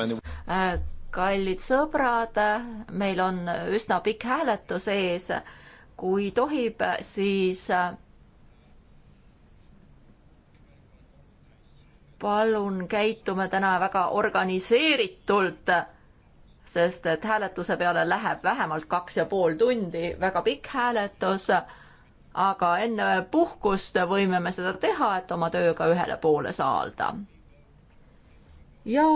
Äh, kallid sõbrad, meil on üsna pikk hääletus ees. kui tohib, siis äh, palun käitume täna väga organiseeritult, sest et hääletuse peale läheb vähemalt kaks ja pool tundi, väga pikk hääletus. aga enne puhkust võime me seda teha, et oma tööga ühele poole saada. ja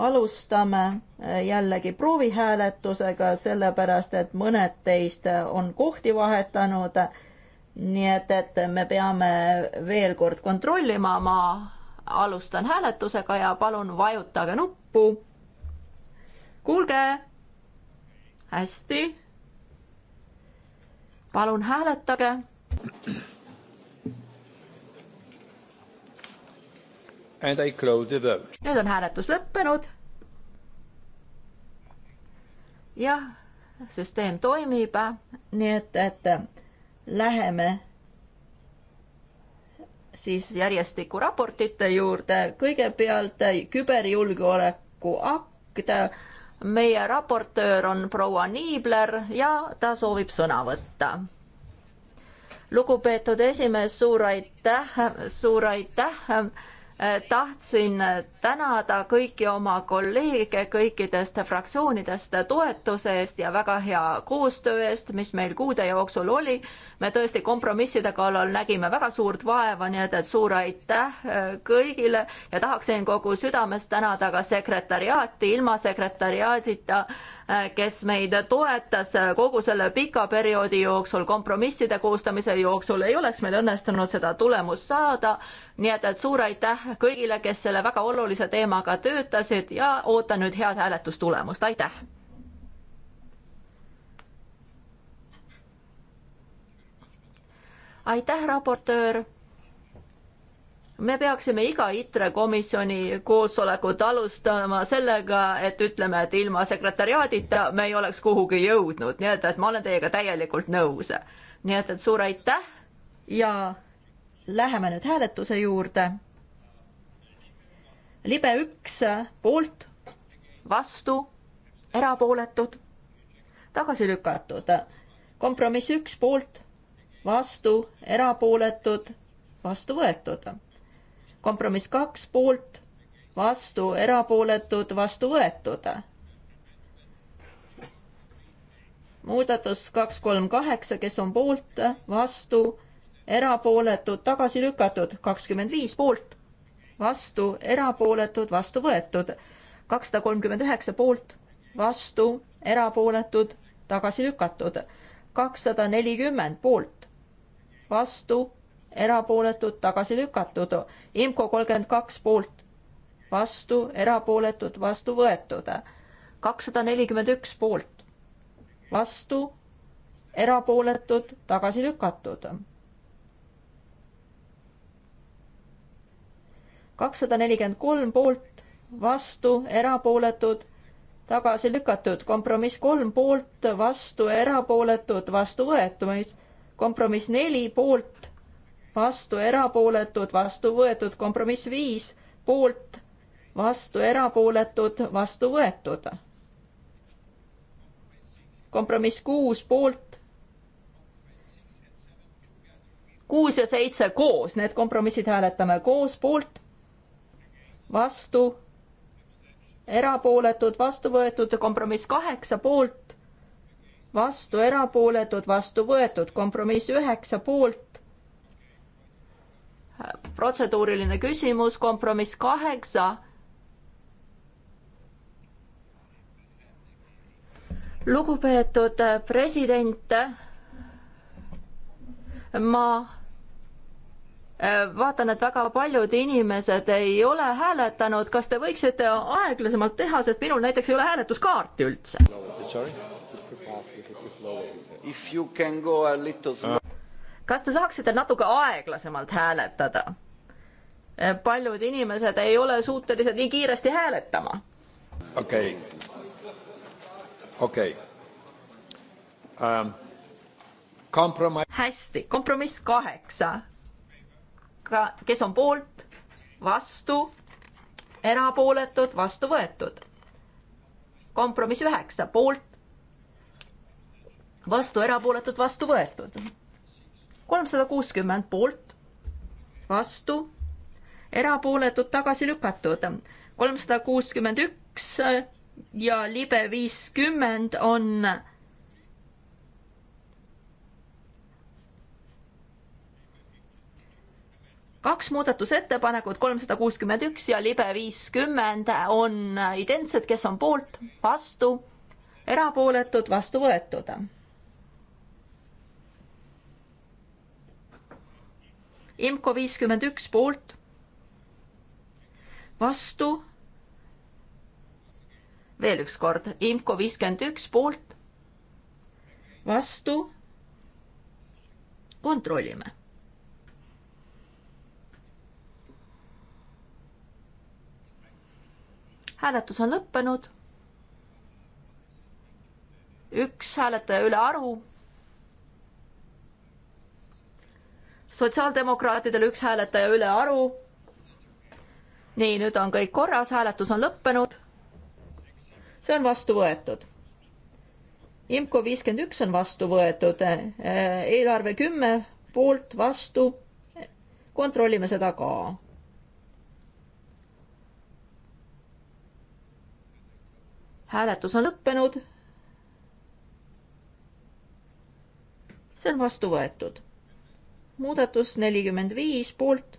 alustame eh, jällegi proovihääletusega, sellepärast et mõned teist eh, on kohti vahetanud. nii et, et me peame veel kord kontrollima, ma alustan hääletusega ja palun vajutage nuppu. kuulge. hästi. palun hääletage. and I close the vote. nüüd on hääletus lõppenud. jah, süsteem toimib, nii et, et läheme siis järjestikku raportite juurde. kõigepealt küberjulgeoleku akt. meie raportöör on proua Niibler ja ta soovib sõna võtta lugupeetud esimees, suur aitäh, suur aitäh Äh, tahtsin tänada kõiki oma kolleege kõikidest fraktsioonidest toetuse eest ja väga hea koostöö eest, mis meil kuude jooksul oli. me tõesti kompromisside kallal nägime väga suurt vaeva, nii et, et suur aitäh äh, kõigile ja tahaksin kogu südamest tänada ka sekretäriaati, ilma sekretäriaadita, äh, kes meid toetas kogu selle pika perioodi jooksul, kompromisside koostamise jooksul, ei oleks meil õnnestunud seda tulemust saada. nii et, et suur aitäh kõigile, kes selle väga olulise teemaga töötasid ja ootan nüüd head hääletustulemust, aitäh! aitäh, raportöör! me peaksime iga ITRE komisjoni koosolekut alustama sellega, et ütleme, et ilma sekretäriaadita me ei oleks kuhugi jõudnud, nii et, et ma olen teiega täielikult nõus. nii et, et suur aitäh ja läheme nüüd hääletuse juurde libe üks poolt, vastu, erapooletud, tagasi lükatud. kompromiss üks poolt, vastu, erapooletud, vastu võetud. kompromiss kaks poolt, vastu, erapooletud, vastu võetud. muudatus kaks, kolm, kaheksa, kes on poolt, vastu, erapooletud, tagasi lükatud, kakskümmend viis poolt vastu, erapooletud, vastu võetud. kakssada kolmkümmend üheksa poolt, vastu, erapooletud, tagasi lükatud. kakssada nelikümmend poolt, vastu, erapooletud, tagasi lükatud. IMCO kolmkümmend kaks poolt, vastu, erapooletud, vastu võetud. kakssada nelikümmend üks poolt, vastu, erapooletud, tagasi lükatud kakssada nelikümmend kolm poolt, vastu, erapooletud, tagasi lükatud. kompromiss kolm poolt, vastu, erapooletud, vastu võetud. kompromiss neli poolt, vastu, erapooletud, vastu võetud. kompromiss viis poolt, vastu, erapooletud, vastu võetud. kompromiss kuus poolt, kuus ja seitse koos, need kompromissid hääletame koos, poolt, vastu, erapooletud, vastu võetud, kompromiss kaheksa poolt, vastu erapooletud, vastu võetud, kompromiss üheksa poolt. protseduuriline küsimus, kompromiss kaheksa. lugupeetud president, ma vaatan, et väga paljud inimesed ei ole hääletanud, kas te võiksite aeglasemalt teha, sest minul näiteks ei ole hääletuskaarti üldse. Uh. kas te saaksite natuke aeglasemalt hääletada? paljud inimesed ei ole suutelised nii kiiresti hääletama. okei, okei. Um, hästi, kompromiss kaheksa ka, kes on poolt, vastu, erapooletud, vastu võetud. kompromiss üheksa, poolt, vastu, erapooletud, vastu võetud. kolmsada kuuskümmend poolt, vastu, erapooletud, tagasi lükatud. kolmsada kuuskümmend üks ja libe viiskümmend on kaks muudatusettepanekut, kolmsada kuuskümmend üks ja libe viiskümmend on identsed, kes on poolt, vastu, erapooletud, vastu võetud. IMCO viiskümmend üks poolt, vastu, veel üks kord, IMCO viiskümmend üks poolt, vastu, kontrollime hääletus on lõppenud. üks hääletaja üle aru. sotsiaaldemokraatidel üks hääletaja üle aru. nii, nüüd on kõik korras, hääletus on lõppenud. see on vastu võetud. IMCO viiskümmend üks on vastu võetud, eelarve kümme poolt vastu. kontrollime seda ka hääletus on lõppenud. see on vastu võetud. muudatus nelikümmend viis poolt,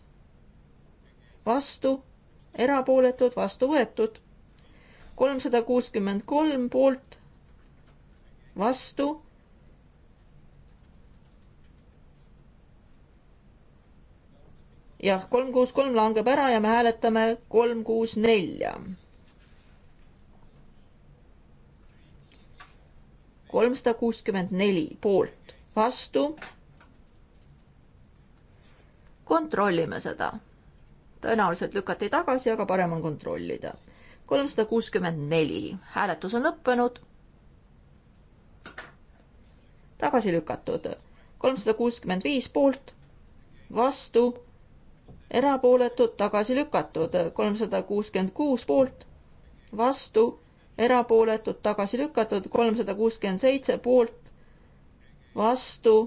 vastu, erapooletud, vastu võetud. kolmsada kuuskümmend kolm poolt, vastu jah, kolm kuus kolm langeb ära ja me hääletame kolm kuus nelja kolmsada kuuskümmend neli poolt, vastu. kontrollime seda. tõenäoliselt lükati tagasi, aga parem on kontrollida. kolmsada kuuskümmend neli, hääletus on lõppenud. tagasi lükatud, kolmsada kuuskümmend viis poolt, vastu, erapooletud, tagasi lükatud, kolmsada kuuskümmend kuus poolt, vastu erapooletud, tagasi lükatud, kolmsada kuuskümmend seitse poolt, vastu.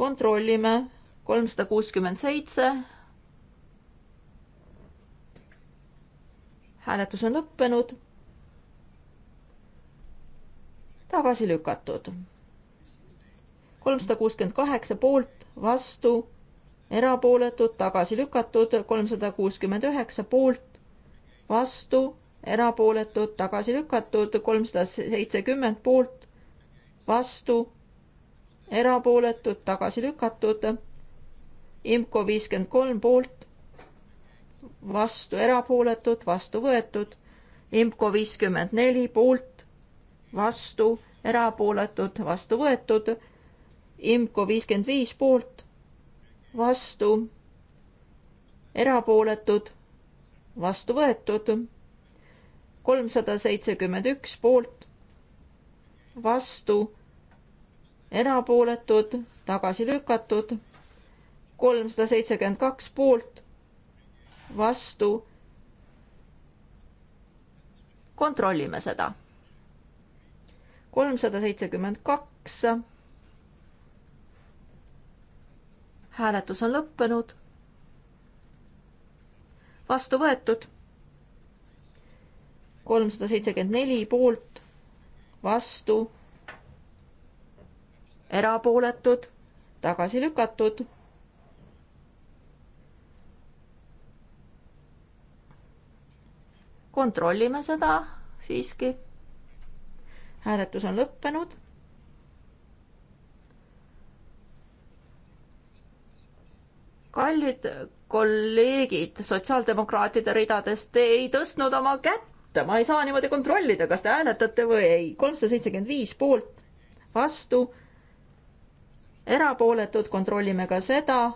kontrollime, kolmsada kuuskümmend seitse. hääletus on lõppenud. tagasi lükatud. kolmsada kuuskümmend kaheksa poolt, vastu, erapooletud, tagasi lükatud, kolmsada kuuskümmend üheksa poolt, vastu erapooletud, tagasi lükatud, kolmsada seitsekümmend poolt, vastu, erapooletud, tagasi lükatud. IMCO viiskümmend kolm poolt, vastu erapooletud, vastu võetud. IMCO viiskümmend neli poolt, vastu erapooletud, vastu võetud. IMCO viiskümmend viis poolt, vastu erapooletud, vastu võetud kolmsada seitsekümmend üks poolt, vastu, erapooletud, tagasi lükatud, kolmsada seitsekümmend kaks poolt, vastu. kontrollime seda. kolmsada seitsekümmend kaks. hääletus on lõppenud. vastu võetud kolmsada seitsekümmend neli poolt, vastu, erapooletud, tagasi lükatud. kontrollime seda siiski. hääletus on lõppenud. kallid kolleegid sotsiaaldemokraatide ridades, te ei tõstnud oma kätt võtta, ma ei saa niimoodi kontrollida, kas te hääletate või ei. kolmsada seitsekümmend viis poolt, vastu, erapooletud, kontrollime ka seda.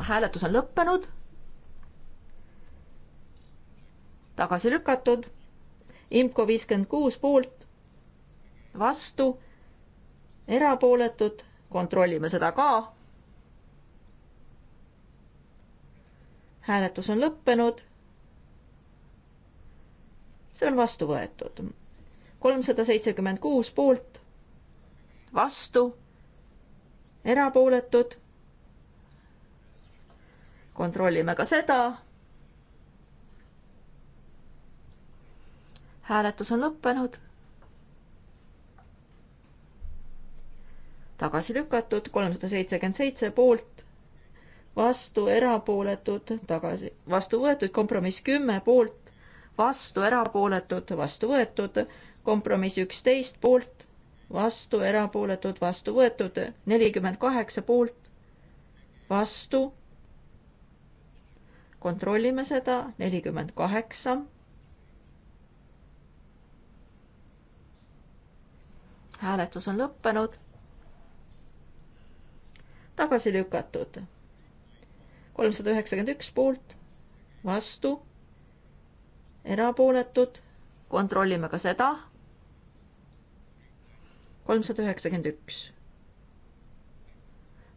hääletus on lõppenud. tagasi lükatud. IMCO viiskümmend kuus poolt, vastu, erapooletud, kontrollime seda ka hääletus on lõppenud. see on vastu võetud. kolmsada seitsekümmend kuus poolt, vastu, erapooletud. kontrollime ka seda. hääletus on lõppenud tagasi lükatud, kolmsada seitsekümmend seitse poolt, vastu, erapooletud, tagasi, vastu võetud, kompromiss kümme poolt, vastu, erapooletud, vastu võetud, kompromiss üksteist poolt, vastu, erapooletud, vastu võetud, nelikümmend kaheksa poolt, vastu. kontrollime seda, nelikümmend kaheksa. hääletus on lõppenud tagasi lükatud kolmsada üheksakümmend üks poolt, vastu, erapooletud, kontrollime ka seda. kolmsada üheksakümmend üks.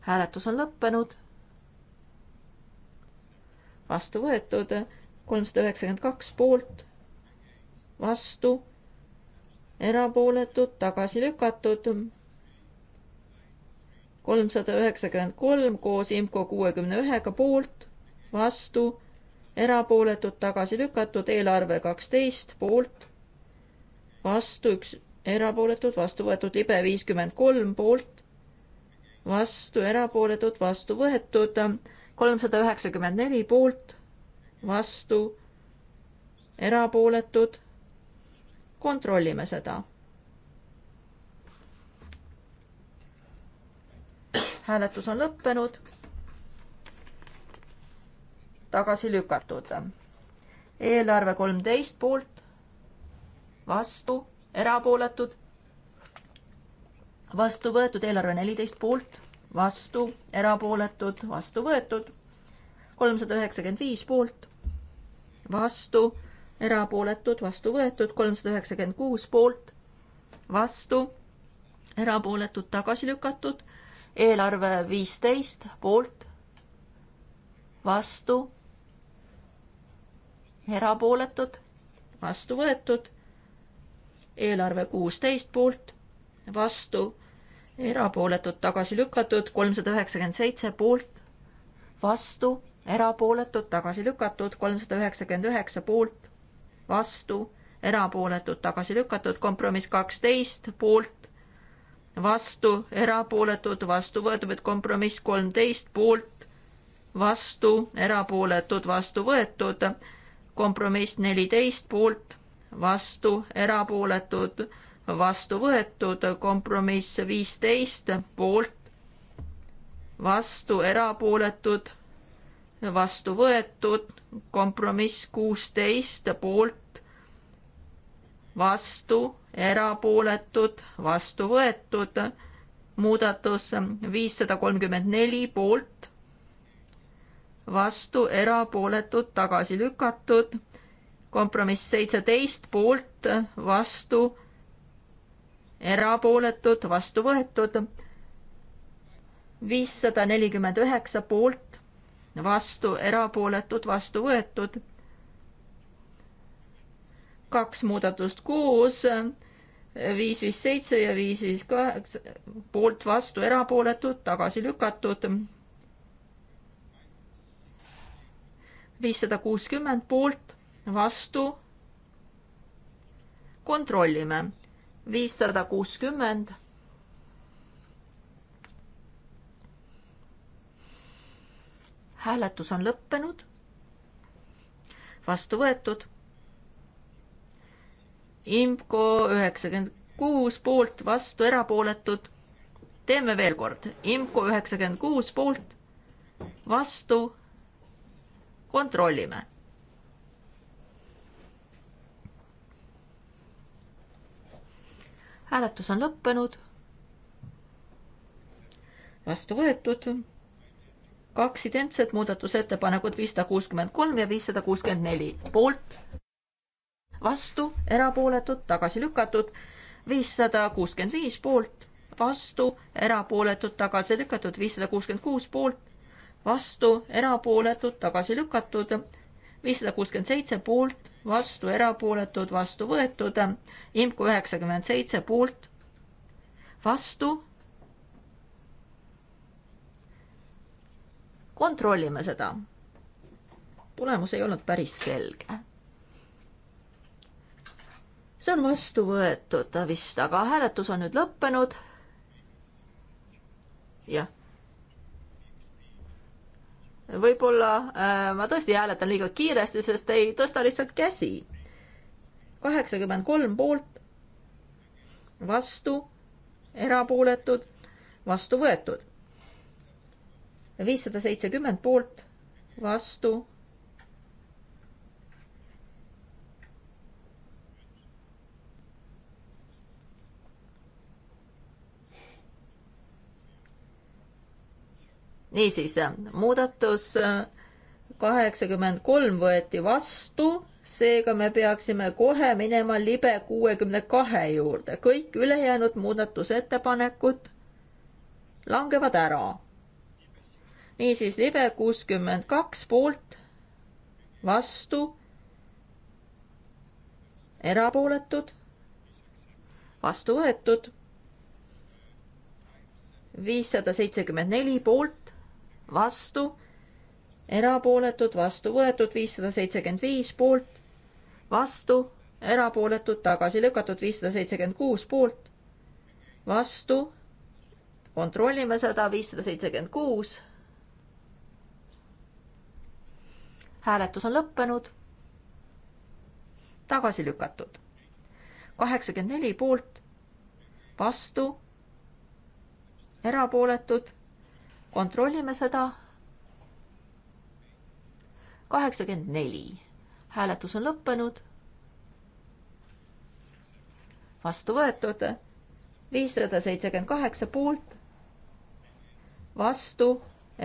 hääletus on lõppenud. vastu võetud kolmsada üheksakümmend kaks poolt, vastu, erapooletud, tagasi lükatud kolmsada üheksakümmend kolm koos IMCO kuuekümne ühega poolt, vastu, erapooletud, tagasi lükatud, eelarve kaksteist poolt, vastu üks, erapooletud, vastu võetud, libe viiskümmend kolm poolt, vastu, erapooletud, vastu võetud, kolmsada üheksakümmend neli poolt, vastu, erapooletud. kontrollime seda hääletus on lõppenud. tagasi lükatud. eelarve kolmteist poolt, vastu, erapooletud. vastu võetud, eelarve neliteist poolt, vastu, erapooletud, vastu võetud. kolmsada üheksakümmend viis poolt, vastu, erapooletud, vastu võetud, kolmsada üheksakümmend kuus poolt, vastu, erapooletud, tagasi lükatud eelarve viisteist poolt, vastu, erapooletud, vastu võetud, eelarve kuusteist poolt, vastu, erapooletud, tagasi lükatud, kolmsada üheksakümmend seitse poolt, vastu, erapooletud, tagasi lükatud, kolmsada üheksakümmend üheksa poolt, vastu, erapooletud, tagasi lükatud, kompromiss kaksteist poolt, vastu, erapooletud, vastu võetud, kompromiss kolmteist poolt, vastu, erapooletud, vastu võetud, kompromiss neliteist poolt, vastu, erapooletud, vastu võetud, kompromiss viisteist poolt, vastu, erapooletud, vastu võetud, kompromiss kuusteist poolt, vastu erapooletud, vastu võetud. muudatus viissada kolmkümmend neli poolt, vastu, erapooletud, tagasi lükatud. kompromiss seitseteist poolt, vastu, erapooletud, vastu võetud. viissada nelikümmend üheksa poolt, vastu, erapooletud, vastu võetud kaks muudatust koos, viis, viis, seitse ja viis, viis, kaheksa, poolt, vastu, erapooletud, tagasi lükatud. viissada kuuskümmend poolt, vastu. kontrollime. viissada kuuskümmend. hääletus on lõppenud. vastu võetud IMCO üheksakümmend kuus poolt, vastu, erapooletud. teeme veel kord, IMCO üheksakümmend kuus poolt, vastu, kontrollime. hääletus on lõppenud. vastu võetud kaks identset muudatusettepanekut, viissada kuuskümmend kolm ja viissada kuuskümmend neli poolt, vastu, erapooletud, tagasi lükatud, viissada kuuskümmend viis poolt, vastu, erapooletud, tagasi lükatud, viissada kuuskümmend kuus poolt, vastu, erapooletud, tagasi lükatud, viissada kuuskümmend seitse poolt, vastu, erapooletud, vastu võetud, IMCO üheksakümmend seitse poolt, vastu. kontrollime seda. tulemus ei olnud päris selge see on vastu võetud vist, aga hääletus on nüüd lõppenud. jah. võib-olla äh, ma tõesti hääletan liiga kiiresti, sest ei tõsta lihtsalt käsi. kaheksakümmend kolm poolt, vastu, erapooletud, vastu võetud. viissada seitsekümmend poolt, vastu niisiis, muudatus äh, kaheksakümmend kolm võeti vastu, seega me peaksime kohe minema libe kuuekümne kahe juurde, kõik ülejäänud muudatusettepanekud langevad ära niisiis libe kuuskümmend kaks poolt, vastu, erapooletud, vastu võetud, viissada seitsekümmend neli poolt, vastu, erapooletud, vastu võetud, viissada seitsekümmend viis poolt, vastu, erapooletud, tagasi lükatud, viissada seitsekümmend kuus poolt, vastu, kontrollime seda, viissada seitsekümmend kuus. hääletus on lõppenud, tagasi lükatud, kaheksakümmend neli poolt, vastu, erapooletud kontrollime seda. kaheksakümmend neli, hääletus on lõppenud. vastu võetud, viissada seitsekümmend kaheksa poolt, vastu,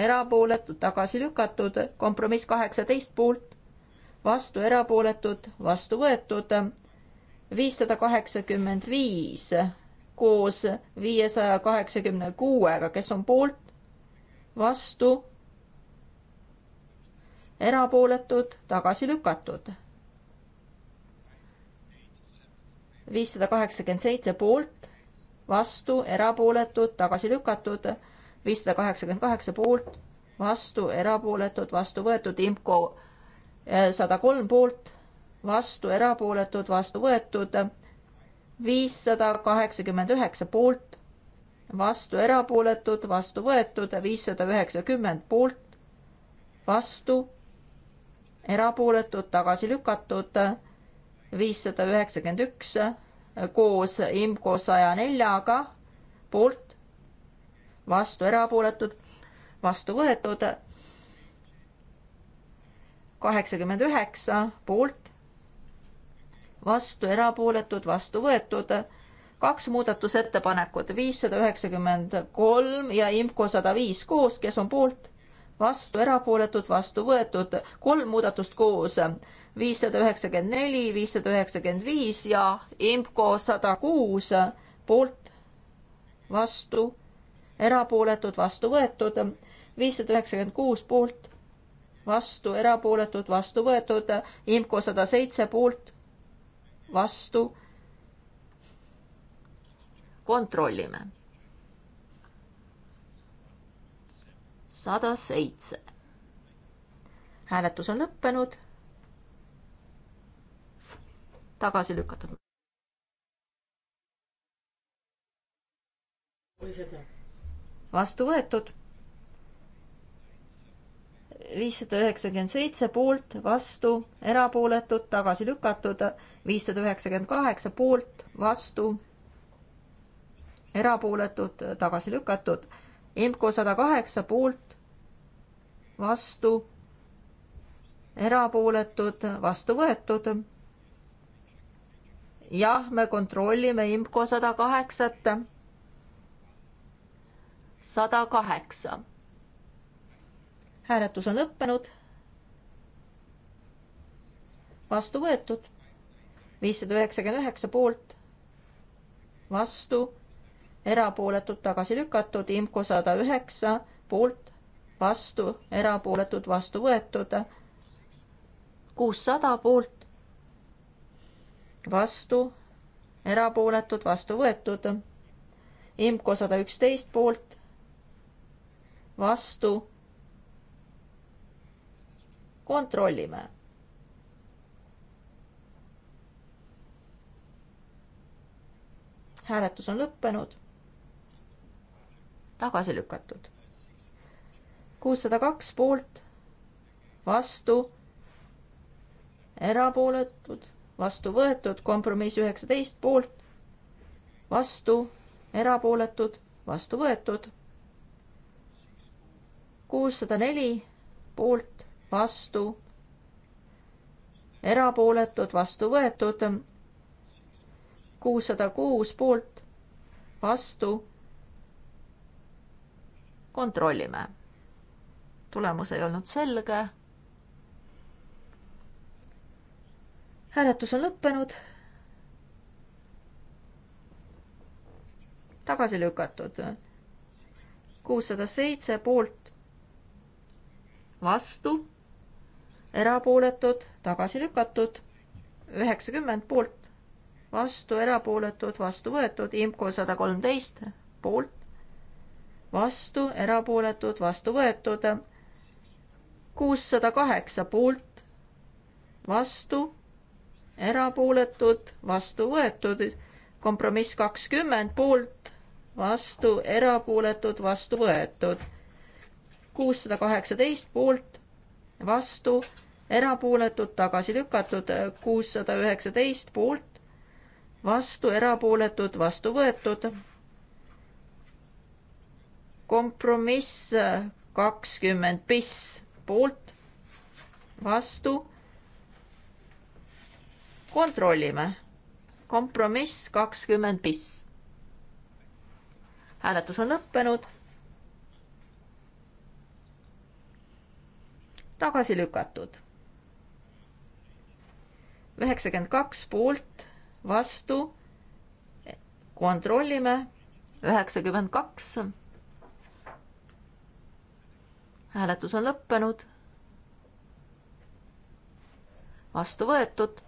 erapooletud, tagasi lükatud, kompromiss kaheksateist poolt, vastu, erapooletud, vastu võetud, viissada kaheksakümmend viis koos viiesaja kaheksakümne kuuega, kes on poolt, vastu, erapooletud, tagasi lükatud. viissada kaheksakümmend seitse poolt, vastu, erapooletud, tagasi lükatud, viissada kaheksakümmend kaheksa poolt, vastu, erapooletud, vastu võetud, IMCO äh, sada kolm poolt, vastu, erapooletud, vastu võetud, viissada kaheksakümmend üheksa poolt, vastu erapooletud, vastu võetud, viissada üheksakümmend poolt, vastu erapooletud, tagasi lükatud, viissada üheksakümmend üks koos IMCO saja neljaga poolt, vastu erapooletud, vastu võetud, kaheksakümmend üheksa poolt, vastu erapooletud, vastu võetud kaks muudatusettepanekut, viissada üheksakümmend kolm ja IMCO sada viis koos, kes on poolt, vastu, erapooletud, vastu võetud, kolm muudatust koos, viissada üheksakümmend neli, viissada üheksakümmend viis ja IMCO sada kuus poolt, vastu, erapooletud, vastu võetud, viissada üheksakümmend kuus poolt, vastu, erapooletud, vastu võetud, IMCO sada seitse poolt, vastu kontrollime. sada seitse. hääletus on lõppenud. tagasi lükatud. vastu võetud. viissada üheksakümmend seitse poolt, vastu, erapooletud, tagasi lükatud. viissada üheksakümmend kaheksa poolt, vastu erapooletud, tagasi lükatud. MK sada kaheksa poolt, vastu, erapooletud, vastu võetud. jah, me kontrollime IMCO sada kaheksat. sada kaheksa. hääletus on lõppenud. vastu võetud, viissada üheksakümmend üheksa poolt, vastu erapooletud, tagasi lükatud, IMCO sada üheksa, poolt, vastu, erapooletud, vastu võetud, kuussada poolt, vastu, erapooletud, vastu võetud, IMCO sada üksteist poolt, vastu, kontrollime hääletus on lõppenud tagasi lükatud. kuussada kaks poolt, vastu, erapooletud, vastu võetud, kompromiss üheksateist poolt, vastu, erapooletud, vastu võetud. kuussada neli poolt, vastu, erapooletud, vastu võetud, kuussada kuus poolt, vastu kontrollime. tulemus ei olnud selge. hääletus on lõppenud. tagasi lükatud. kuussada seitse poolt, vastu, erapooletud, tagasi lükatud, üheksakümmend poolt, vastu, erapooletud, vastu võetud, IMCO sada kolmteist poolt, vastu, erapooletud, vastu võetud. kuussada kaheksa poolt, vastu, erapooletud, vastu võetud. kompromiss kakskümmend poolt, vastu, erapooletud, vastu võetud. kuussada kaheksateist poolt, vastu, erapooletud, tagasi lükatud, kuussada üheksateist poolt, vastu, erapooletud, vastu võetud kompromiss kakskümmend piss poolt, vastu. kontrollime. kompromiss kakskümmend piss. hääletus on lõppenud. tagasi lükatud. üheksakümmend kaks poolt, vastu. kontrollime. üheksakümmend kaks hääletus on lõppenud. vastu võetud.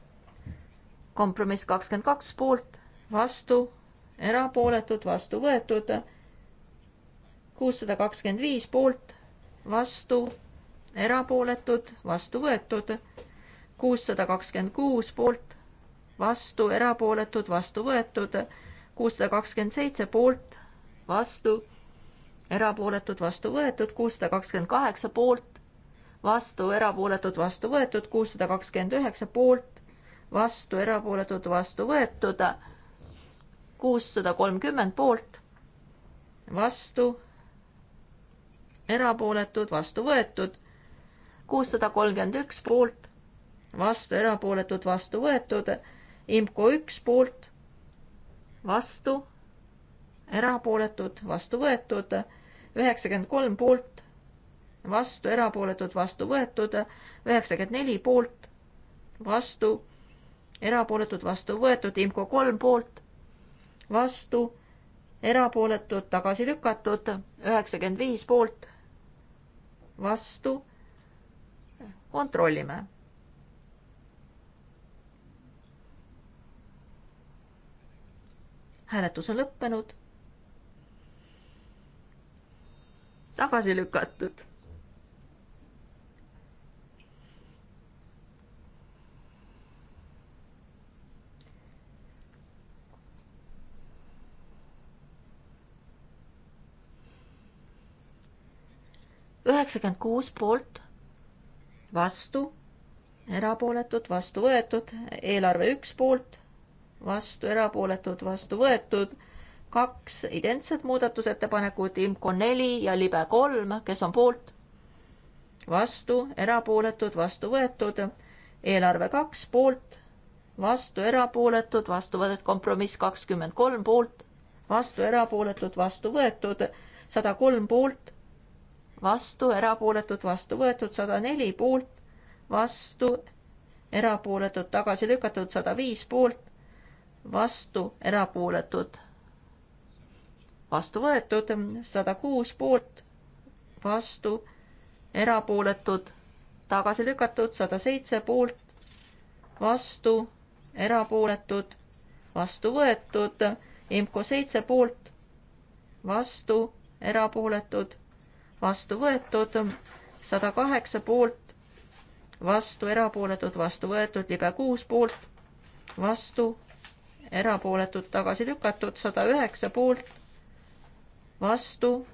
kompromiss kakskümmend kaks poolt, vastu, erapooletud, vastu võetud. kuussada kakskümmend viis poolt, vastu, erapooletud, vastu võetud. kuussada kakskümmend kuus poolt, vastu, erapooletud, vastu võetud. kuussada kakskümmend seitse poolt, vastu erapooletud, vastu võetud, kuussada kakskümmend kaheksa poolt, vastu, erapooletud, vastu võetud, kuussada kakskümmend üheksa poolt, vastu, erapooletud, vastu võetud, kuussada kolmkümmend poolt, vastu, erapooletud, vastu võetud, kuussada kolmkümmend üks poolt, vastu, erapooletud, vastu võetud, IMCO üks poolt, vastu, erapooletud, vastu võetud üheksakümmend kolm poolt, vastu, erapooletud, vastu võetud, üheksakümmend neli poolt, vastu, erapooletud, vastu võetud, IMCO kolm poolt, vastu, erapooletud, tagasi lükatud, üheksakümmend viis poolt, vastu, kontrollime. hääletus on lõppenud tagasi lükatud. üheksakümmend kuus poolt, vastu, erapooletud, vastu võetud, eelarve üks poolt, vastu erapooletud, vastu võetud kaks identset muudatusettepanekut, IMCO neli ja libe kolm, kes on poolt? vastu, erapooletud, vastu võetud. eelarve kaks poolt, vastu, erapooletud, vastu võetud, kompromiss kakskümmend kolm poolt, vastu, erapooletud, vastu võetud, sada kolm poolt, vastu, erapooletud, vastu võetud, sada neli poolt, vastu, erapooletud, tagasi lükatud, sada viis poolt, vastu, erapooletud vastu võetud, sada kuus poolt, vastu, erapooletud, tagasi lükatud, sada seitse poolt, vastu, erapooletud, vastu võetud, IMCO seitse poolt, vastu, erapooletud, vastu võetud, sada kaheksa poolt, vastu, erapooletud, vastu võetud, libe kuus poolt, vastu, erapooletud, tagasi lükatud, sada üheksa poolt vastu,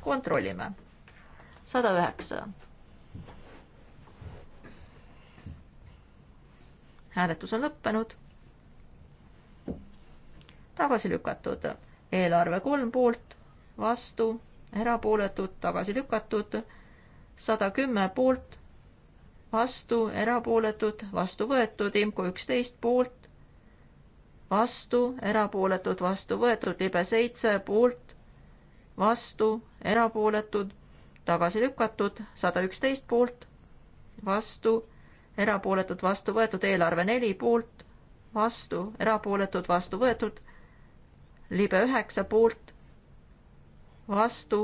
kontrollime, sada üheksa. hääletus on lõppenud. tagasi lükatud, eelarve kolm poolt, vastu, erapooletud, tagasi lükatud, sada kümme poolt, vastu, erapooletud, vastu võetud, IMCO üksteist poolt, vastu, erapooletud, vastu võetud, libe seitse poolt, vastu, erapooletud, tagasi lükatud, sada üksteist poolt, vastu, erapooletud, vastu võetud, eelarve neli poolt, vastu, erapooletud, vastu võetud, libe üheksa poolt, vastu,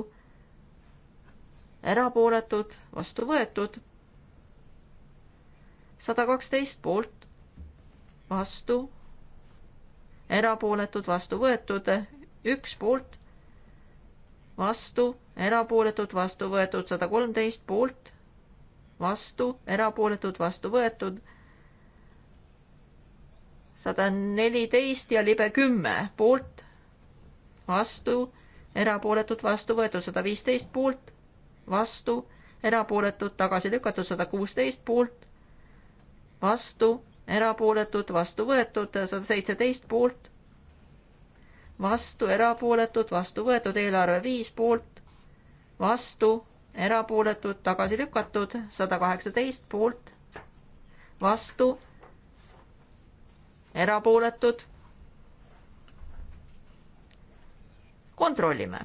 erapooletud, vastu võetud, sada kaksteist poolt, vastu erapooletud, vastu võetud, üks poolt, vastu, erapooletud, vastu võetud, sada kolmteist poolt, vastu, erapooletud, vastu võetud, sada neliteist ja libe kümme poolt, vastu, erapooletud, vastu võetud, sada viisteist poolt, vastu, erapooletud, tagasi lükatud, sada kuusteist poolt, vastu, erapooletud, vastu võetud, sada seitseteist poolt, vastu, erapooletud, vastu võetud, eelarve viis poolt, vastu, erapooletud, tagasi lükatud, sada kaheksateist poolt, vastu, erapooletud. kontrollime.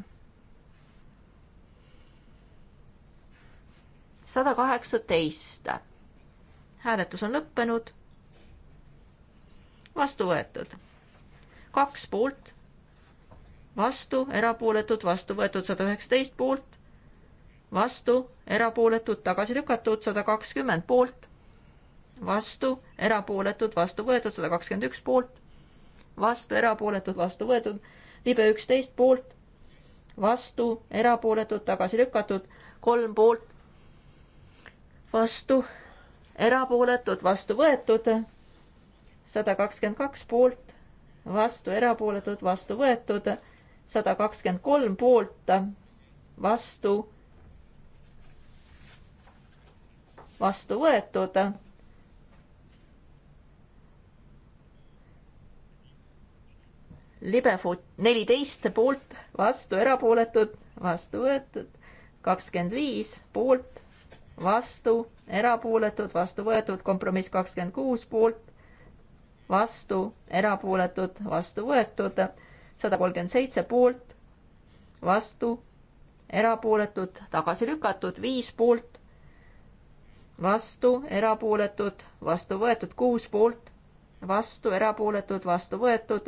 sada kaheksateist. hääletus on lõppenud vastu võetud. kaks poolt, vastu, erapooletud, vastu võetud sada üheksateist poolt, vastu, erapooletud, tagasi lükatud sada kakskümmend poolt, vastu, erapooletud, vastu võetud sada kakskümmend üks poolt, vastu, erapooletud, vastu võetud, libe üksteist poolt, vastu, erapooletud, tagasi lükatud, kolm poolt, vastu, erapooletud, vastu võetud sada kakskümmend kaks poolt, vastu erapooletud, vastu võetud, sada kakskümmend kolm poolt, vastu, vastu võetud. libefoot neliteist poolt, vastu erapooletud, vastu võetud, kakskümmend viis poolt, vastu erapooletud, vastu võetud, kompromiss kakskümmend kuus poolt, vastu, erapooletud, vastu võetud, sada kolmkümmend seitse poolt, vastu, erapooletud, tagasi lükatud, viis poolt, vastu, erapooletud, vastu võetud, kuus poolt, vastu, erapooletud, vastu võetud,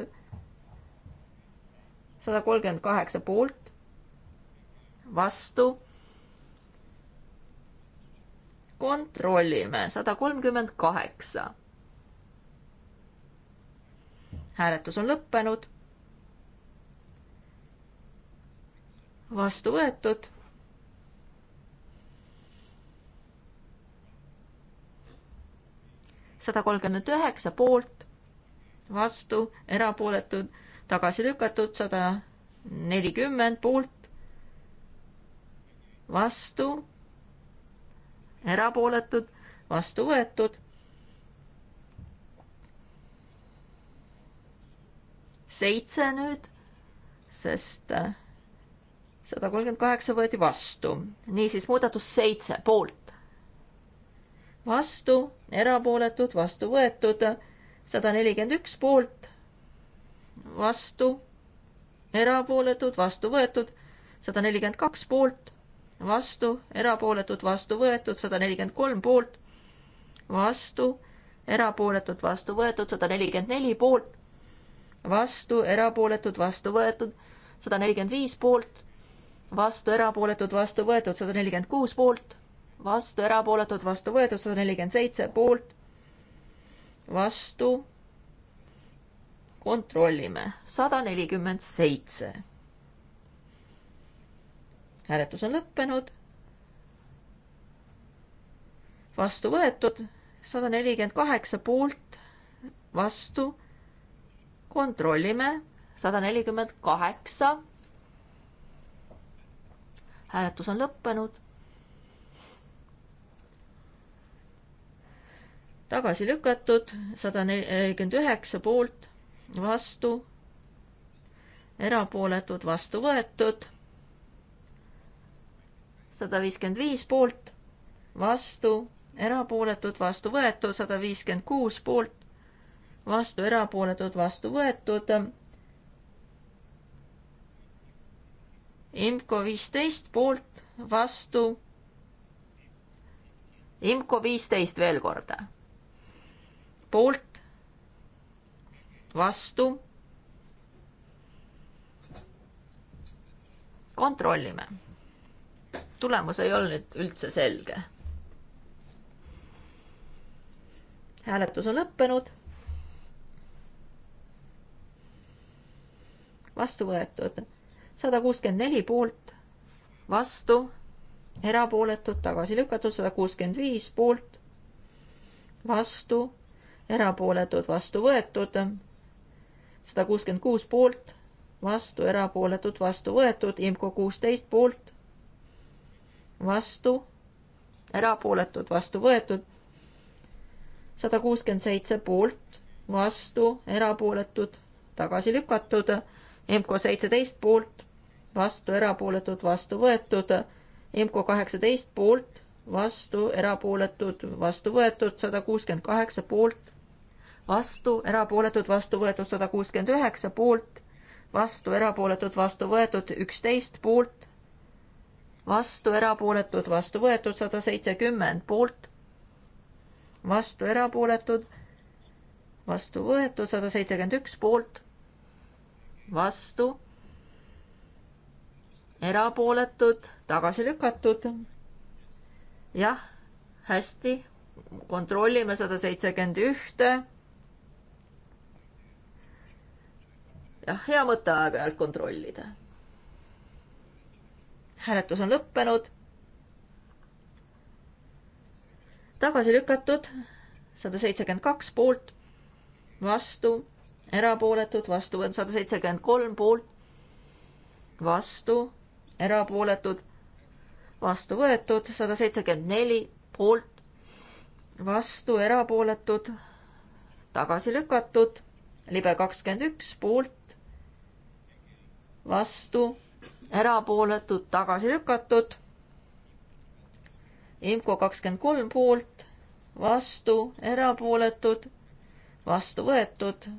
sada kolmkümmend kaheksa poolt, vastu, kontrollime, sada kolmkümmend kaheksa hääletus on lõppenud. vastu võetud. sada kolmkümmend üheksa poolt, vastu, erapooletud, tagasi lükatud, sada nelikümmend poolt, vastu, erapooletud, vastu võetud seitse nüüd, sest äh, sada kolmkümmend kaheksa võeti vastu. niisiis muudatus seitse poolt, vastu, erapooletud, vastu võetud, sada nelikümmend üks poolt, vastu, erapooletud, vastu võetud, sada nelikümmend kaks poolt vastu, erapooletud, vastu võetud, sada nelikümmend kolm poolt, vastu, erapooletud, vastu võetud, sada nelikümmend neli poolt, vastu, erapooletud, vastu võetud, sada nelikümmend viis poolt, vastu, erapooletud, vastu võetud, sada nelikümmend kuus poolt, vastu, erapooletud, vastu võetud, sada nelikümmend seitse poolt, vastu, kontrollime, sada nelikümmend seitse. hääletus on lõppenud. vastu võetud, sada nelikümmend kaheksa poolt, vastu kontrollime, sada nelikümmend kaheksa. hääletus on lõppenud. tagasi lükatud, sada nelikümmend üheksa poolt, vastu, erapooletud, vastu võetud, sada viiskümmend viis poolt, vastu, erapooletud, vastu võetud, sada viiskümmend kuus poolt, vastu erapooletud, vastu võetud. IMCO viisteist poolt, vastu. IMCO viisteist veel kord. poolt, vastu. kontrollime. tulemus ei olnud üldse selge hääletus on lõppenud vastu võetud. sada kuuskümmend neli poolt, vastu, erapooletud, tagasi lükatud, sada kuuskümmend viis poolt, vastu, erapooletud, vastu võetud, sada kuuskümmend kuus poolt, vastu, erapooletud, vastu võetud, IMCO kuusteist poolt, vastu, erapooletud, vastu võetud, sada kuuskümmend seitse poolt, vastu, erapooletud, tagasi lükatud MK seitseteist poolt, vastu, erapooletud, vastu võetud. MK kaheksateist poolt, vastu, erapooletud, vastu võetud, sada kuuskümmend kaheksa poolt, vastu, erapooletud, vastu võetud, sada kuuskümmend üheksa poolt, vastu, erapooletud, vastu võetud, üksteist poolt, vastu, erapooletud, vastu võetud, sada seitsekümmend poolt, vastu, erapooletud, vastu võetud, sada seitsekümmend üks poolt vastu, erapooletud, tagasi lükatud. jah, hästi, kontrollime sada seitsekümmend ühte. jah, hea mõte aeg-ajalt kontrollida. hääletus on lõppenud. tagasi lükatud sada seitsekümmend kaks poolt, vastu erapooletud, vastu võetud sada seitsekümmend kolm poolt, vastu, erapooletud, vastu võetud sada seitsekümmend neli poolt, vastu, erapooletud, tagasi lükatud, libe kakskümmend üks poolt, vastu, erapooletud, tagasi lükatud IMCO kakskümmend kolm poolt, vastu, erapooletud, vastu võetud,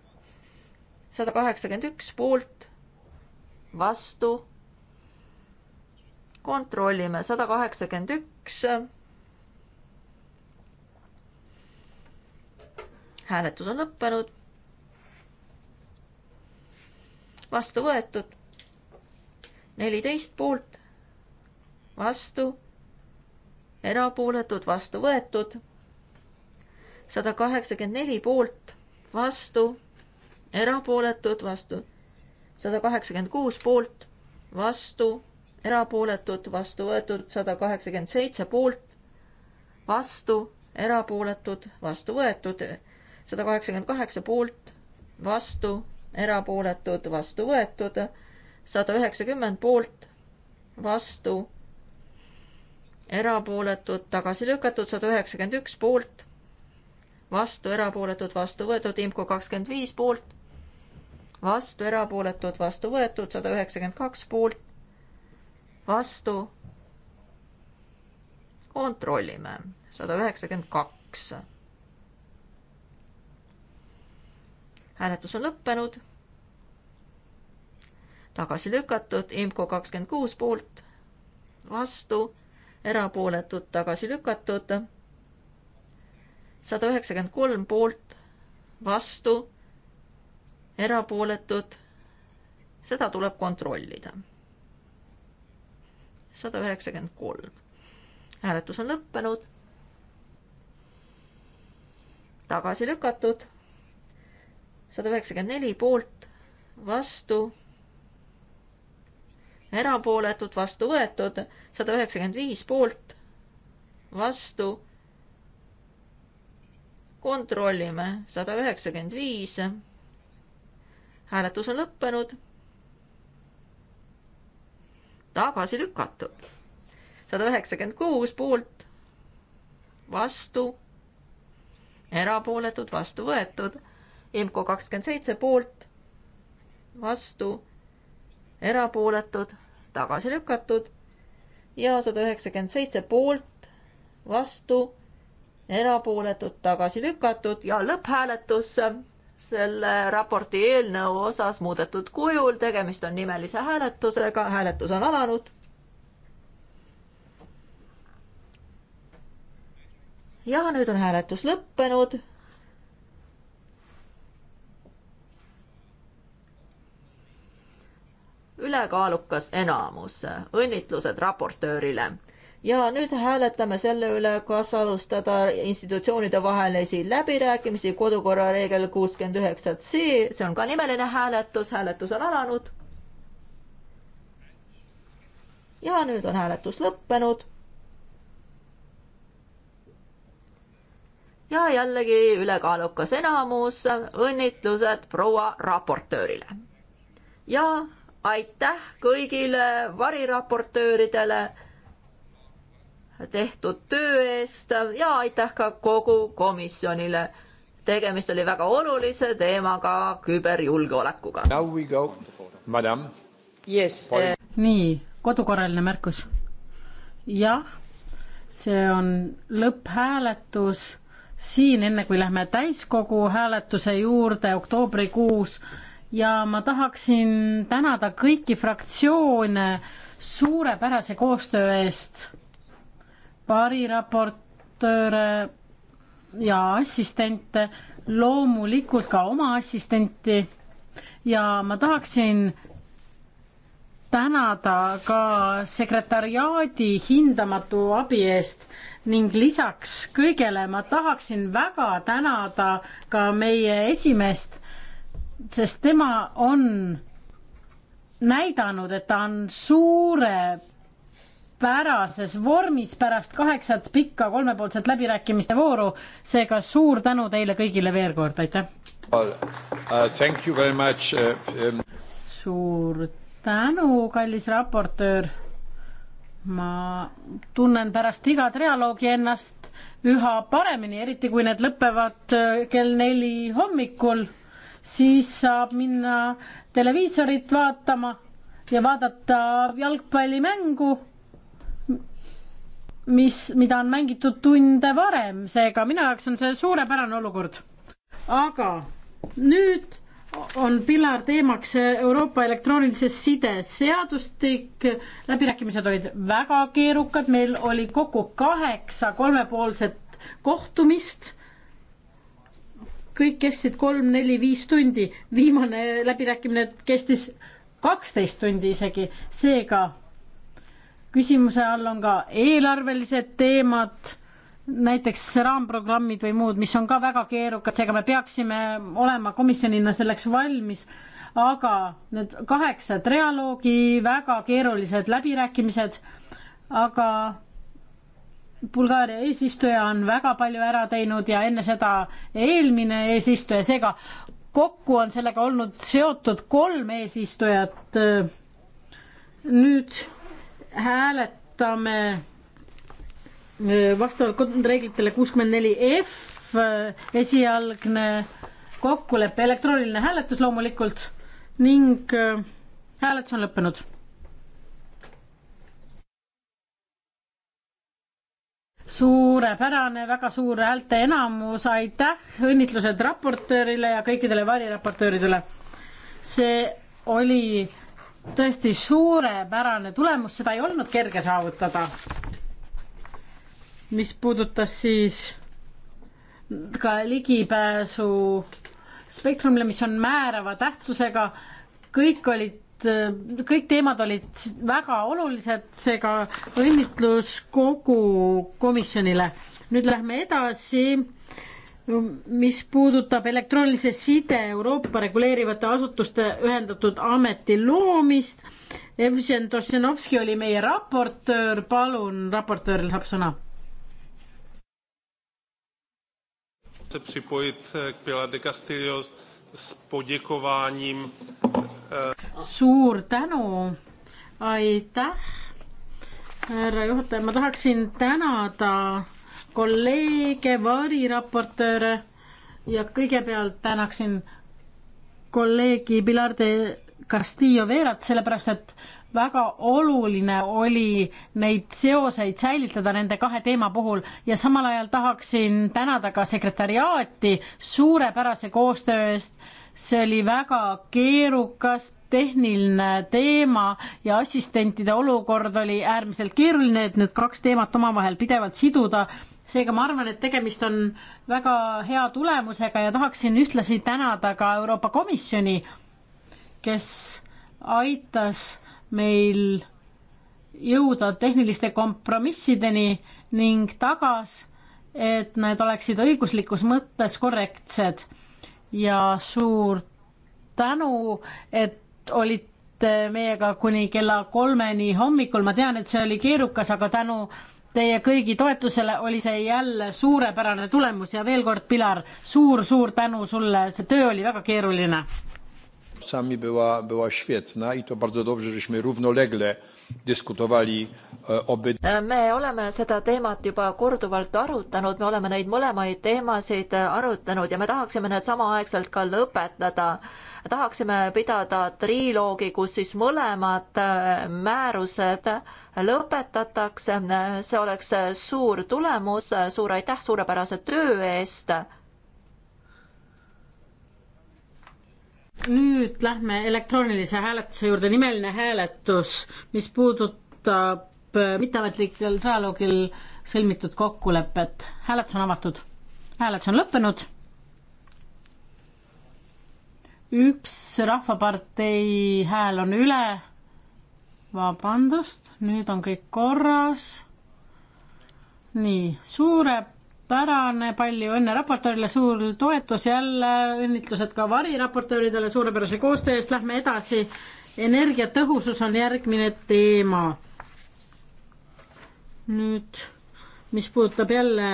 sada kaheksakümmend üks poolt, vastu. kontrollime, sada kaheksakümmend üks. hääletus on lõppenud. vastu võetud. neliteist poolt, vastu, erapooletud, vastu võetud sada kaheksakümmend neli poolt, vastu erapooletud, vastu sada kaheksakümmend kuus poolt, vastu, erapooletud, vastu võetud sada kaheksakümmend seitse poolt, vastu, erapooletud, vastu võetud sada kaheksakümmend kaheksa poolt, vastu, erapooletud, vastu võetud sada üheksakümmend poolt, vastu, erapooletud, tagasi lükatud, sada üheksakümmend üks poolt, vastu, erapooletud, vastu võetud, IMCO kakskümmend viis poolt vastu, erapooletud, vastu võetud, sada üheksakümmend kaks poolt, vastu. kontrollime, sada üheksakümmend kaks. hääletus on lõppenud. tagasi lükatud, IMCO kakskümmend kuus poolt, vastu, erapooletud, tagasi lükatud, sada üheksakümmend kolm poolt, vastu erapooletud, seda tuleb kontrollida. sada üheksakümmend kolm. hääletus on lõppenud. tagasi lükatud. sada üheksakümmend neli poolt, vastu, erapooletud, vastu võetud, sada üheksakümmend viis poolt, vastu kontrollime sada üheksakümmend viis hääletus on lõppenud. tagasi lükatud. sada üheksakümmend kuus poolt, vastu, erapooletud, vastu võetud. IMCO kakskümmend seitse poolt, vastu, erapooletud, tagasi lükatud ja sada üheksakümmend seitse poolt, vastu, erapooletud, tagasi lükatud ja lõpphääletus selle raporti eelnõu osas muudetud kujul, tegemist on nimelise hääletusega, hääletus on alanud. ja nüüd on hääletus lõppenud. ülekaalukas enamus, õnnitlused raportöörile ja nüüd hääletame selle üle, kas alustada institutsioonide vahelisi läbirääkimisi kodukorra reegel kuuskümmend üheksa C, see on ka nimeline hääletus, hääletus on alanud. ja nüüd on hääletus lõppenud. ja jällegi ülekaalukas enamus, õnnitlused proua raportöörile. ja aitäh kõigile variraportööridele tehtud töö eest ja aitäh ka kogu komisjonile. tegemist oli väga olulise teemaga, küberjulgeolekuga. Yes, uh... nii, kodukorraline märkus. jah, see on lõpphääletus siin, enne kui lähme täiskogu hääletuse juurde oktoobrikuus ja ma tahaksin tänada kõiki fraktsioone suurepärase koostöö eest variraportööre ja assistente, loomulikult ka oma assistenti ja ma tahaksin tänada ka sekretariaadi hindamatu abi eest ning lisaks kõigele ma tahaksin väga tänada ka meie esimeest, sest tema on näidanud, et ta on suure pärases vormis pärast kaheksat pikka kolmepoolset läbirääkimiste vooru. seega suur tänu teile kõigile veel kord, aitäh well,! Uh, uh um... suur tänu, kallis raportöör. ma tunnen pärast iga trialoogi ennast üha paremini, eriti kui need lõpevad uh, kell neli hommikul, siis saab minna televiisorit vaatama ja vaadata jalgpallimängu mis, mida on mängitud tunde varem, seega minu jaoks on see suurepärane olukord. aga nüüd on Pilar teemaks Euroopa elektroonilise side seadustik. läbirääkimised olid väga keerukad, meil oli kokku kaheksa kolmepoolset kohtumist. kõik kestsid kolm-neli-viis tundi, viimane läbirääkimine kestis kaksteist tundi isegi, seega küsimuse all on ka eelarvelised teemad, näiteks raamprogrammid või muud, mis on ka väga keerukad, seega me peaksime olema komisjonina selleks valmis, aga need kaheksa trialoogi, väga keerulised läbirääkimised, aga Bulgaaria eesistuja on väga palju ära teinud ja enne seda eelmine eesistuja, seega kokku on sellega olnud seotud kolm eesistujat. nüüd hääletame äh, vastavalt reeglitele kuuskümmend neli F, äh, esialgne kokkulepe, elektrooniline hääletus loomulikult ning äh, hääletus on lõppenud. suurepärane, väga suur häälte enamus, aitäh, õnnitlused raportöörile ja kõikidele variraportööridele. see oli tõesti suurepärane tulemus, seda ei olnud kerge saavutada. mis puudutas siis ka ligipääsu spektrumile, mis on määrava tähtsusega, kõik olid, kõik teemad olid väga olulised, seega õnnitlus kogu komisjonile. nüüd lähme edasi mis puudutab elektroonilise side Euroopa reguleerivate asutuste ühendatud ameti loomist. Evgen Tošenovski oli meie raportöör, palun, raportööril saab sõna. Eh, eh, suur tänu, aitäh, härra juhataja, ma tahaksin tänada ta kolleege, variraportööre ja kõigepealt tänaksin kolleegi Pilar de Castillo Veerat, sellepärast et väga oluline oli neid seoseid säilitada nende kahe teema puhul ja samal ajal tahaksin tänada ka sekretäriaati suurepärase koostöö eest. see oli väga keerukas, tehniline teema ja assistentide olukord oli äärmiselt keeruline, et need kaks teemat omavahel pidevalt siduda. seega ma arvan, et tegemist on väga hea tulemusega ja tahaksin ühtlasi tänada ka Euroopa Komisjoni, kes aitas meil jõuda tehniliste kompromissideni ning tagas, et need oleksid õiguslikus mõttes korrektsed ja suur tänu, et olite meiega kuni kella kolmeni hommikul, ma tean, et see oli keerukas, aga tänu teie kõigi toetusele oli see jälle suurepärane tulemus ja veel kord, Pilar suur,, suur-suur tänu sulle, see töö oli väga keeruline. Sami była, była świetna i to bardzo dobrze, żeśmy równolegle diskutowali e, obe-. me oleme seda teemat juba korduvalt arutanud, me oleme neid mõlemaid teemasid arutanud ja me tahaksime need samaaegselt ka lõpetada tahaksime pidada triloogi, kus siis mõlemad äh, määrused lõpetatakse. see oleks suur tulemus, suur aitäh suurepärase töö eest nüüd lähme elektroonilise hääletuse juurde, nimeline hääletus, mis puudutab äh, mitteametlikel trialoogil sõlmitud kokkulepet. hääletus on avatud, hääletus on lõppenud üks Rahvapartei hääl on üle. vabandust, nüüd on kõik korras. nii, suurepärane, palju õnne raportöörile, suur toetus jälle, õnnitlused ka variraportööridele suurepärase koostöö eest, lähme edasi. energiatõhusus on järgmine teema. nüüd, mis puudutab jälle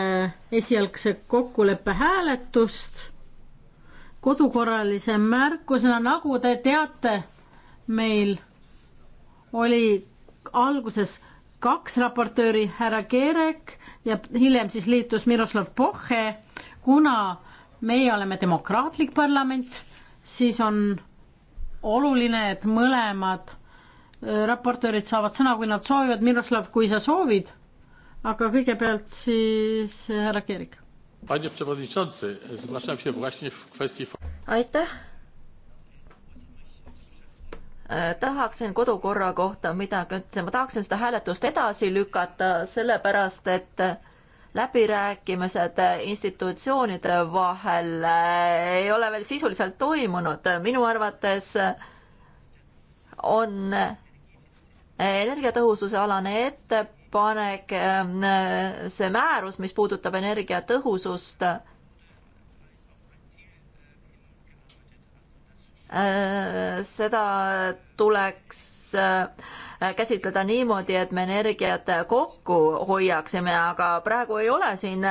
esialgse kokkuleppe hääletust kodukorralise märkusena, nagu te teate, meil oli alguses kaks raportööri, härra Kerek ja hiljem siis liitus Miroslav Pohhe. kuna meie oleme demokraatlik parlament, siis on oluline, et mõlemad äh, raportöörid saavad sõna, kui nad soovivad. Miroslav, kui sa soovid, aga kõigepealt siis äh, härra Kerik aitäh. E, tahaksin kodukorra kohta midagi ütelda, ma tahaksin seda hääletust edasi lükata, sellepärast et läbirääkimised institutsioonide vahel e, ei ole veel sisuliselt toimunud. minu arvates on energiatõhususe alane ette ettepanek, äh, see määrus, mis puudutab energiatõhusust, äh, seda tuleks äh, käsitleda niimoodi, et me energiat kokku hoiaksime, aga praegu ei ole siin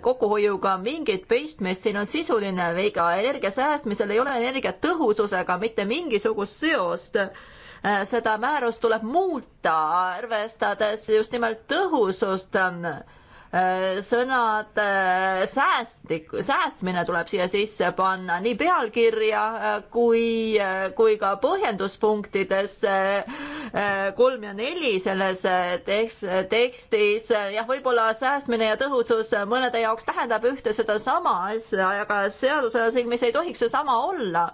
kokkuhoiuga mingit pistmist, siin on sisuline viga, energia säästmisel ei ole energiatõhususega mitte mingisugust seost Äh, seda määrust tuleb muuta, arvestades just nimelt tõhusust äh, sõnad äh, säästlik, säästmine tuleb siia sisse panna nii pealkirja kui, kui ka põhjenduspunktides kolm ja neli selles tekst, tekstis. jah, võib-olla säästmine ja tõhusus mõnede jaoks tähendab ühte sedasama asja, aga seaduse silmis ei tohiks see sama olla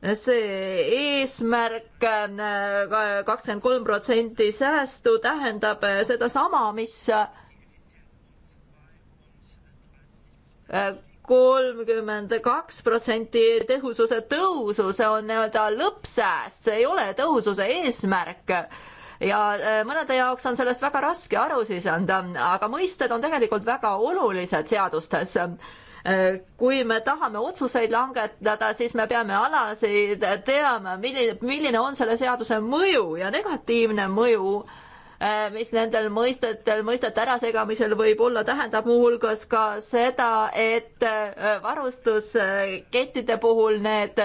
see eesmärk äh, kakskümmend kolm protsenti säästu tähendab äh, sedasama, mis äh, kolmkümmend kaks protsenti tõhususe tõusu, see on nii-öelda lõppsääst, see ei ole tõhususe eesmärk ja mõnede jaoks on sellest väga raske aru sisenda, aga mõisted on tegelikult väga olulised seadustes Äh, kui me tahame otsuseid langetada, siis me peame alasi teama, milline, milline on selle seaduse mõju ja negatiivne mõju, äh, mis nendel mõistetel, mõistete ärasegamisel võib olla, tähendab muuhulgas ka seda, et äh, varustuskettide puhul need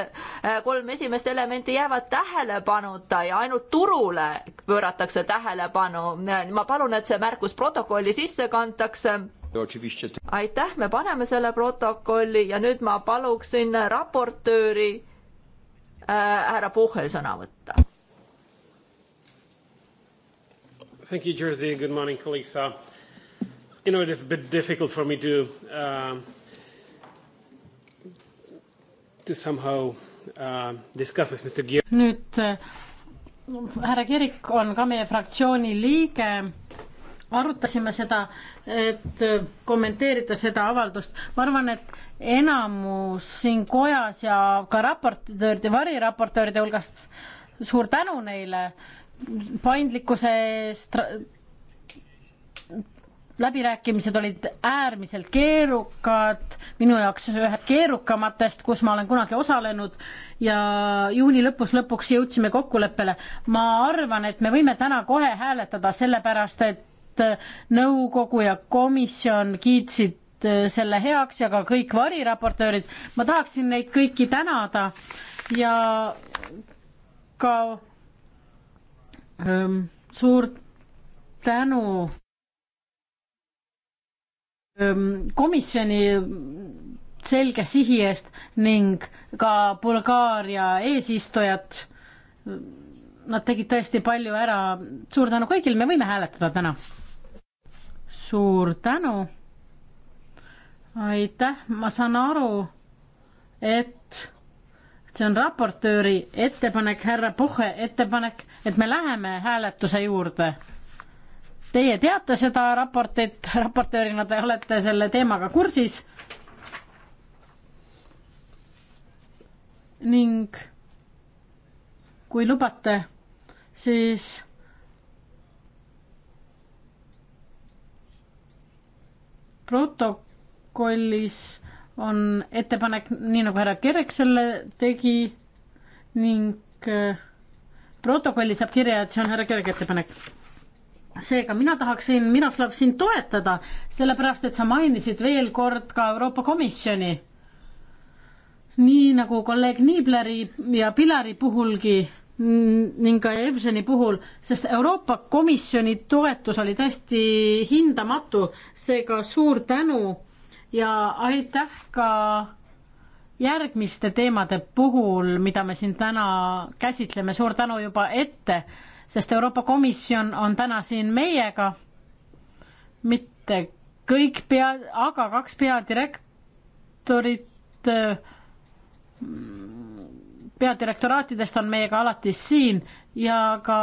kolm esimest elementi jäävad tähelepanuta ja ainult turule pööratakse tähelepanu. ma palun, et see märkus protokolli sisse kantakse aitäh, me paneme selle protokolli ja nüüd ma paluksin raportööri äh, härra Puhhel sõna võtta. Thank you, Jersey. Good morning, colleagues. Uh, you know, it is a bit difficult for me to uh, to somehow uh, discuss with Mr. Geer. nüüd äh, härra Kirik on ka meie fraktsiooni liige arutasime seda, et kommenteerida seda avaldust. ma arvan, et enamus siin kojas ja ka raportööride, variraportööride hulgast, suur tänu neile paindlikkuse eest. läbirääkimised olid äärmiselt keerukad, minu jaoks ühed keerukamatest, kus ma olen kunagi osalenud ja juuni lõpus lõpuks jõudsime kokkuleppele. ma arvan, et me võime täna kohe hääletada, sellepärast et nõukogu ja komisjon kiitsid äh, selle heaks ja ka kõik variraportöörid. ma tahaksin neid kõiki tänada ja ka ähm, suur tänu ähm, komisjoni selge sihi eest ning ka Bulgaaria eesistujat. Nad tegid tõesti palju ära. suur tänu kõigile, me võime hääletada täna suur tänu. aitäh, ma saan aru, et see on raportööri ettepanek, härra Puhhe ettepanek, et me läheme hääletuse juurde. Teie teate seda raportit, raportöörina te olete selle teemaga kursis ning kui lubate, siis protokollis on ettepanek, nii nagu härra Kerek selle tegi ning äh, protokolli saab kirja, et see on härra Kerge ettepanek. seega mina tahaksin, Miroslav, sind toetada, sellepärast et sa mainisid veel kord ka Euroopa Komisjoni. nii nagu kolleeg Niibleri ja Pilari puhulgi Mm, ning ka Evženi puhul, sest Euroopa Komisjoni toetus oli tõesti hindamatu, seega suur tänu ja aitäh ka järgmiste teemade puhul, mida me siin täna käsitleme, suur tänu juba ette, sest Euroopa Komisjon on täna siin meiega, mitte kõik pea, aga kaks peadirektorit äh, peadirektoraatidest on meiega alati siin ja ka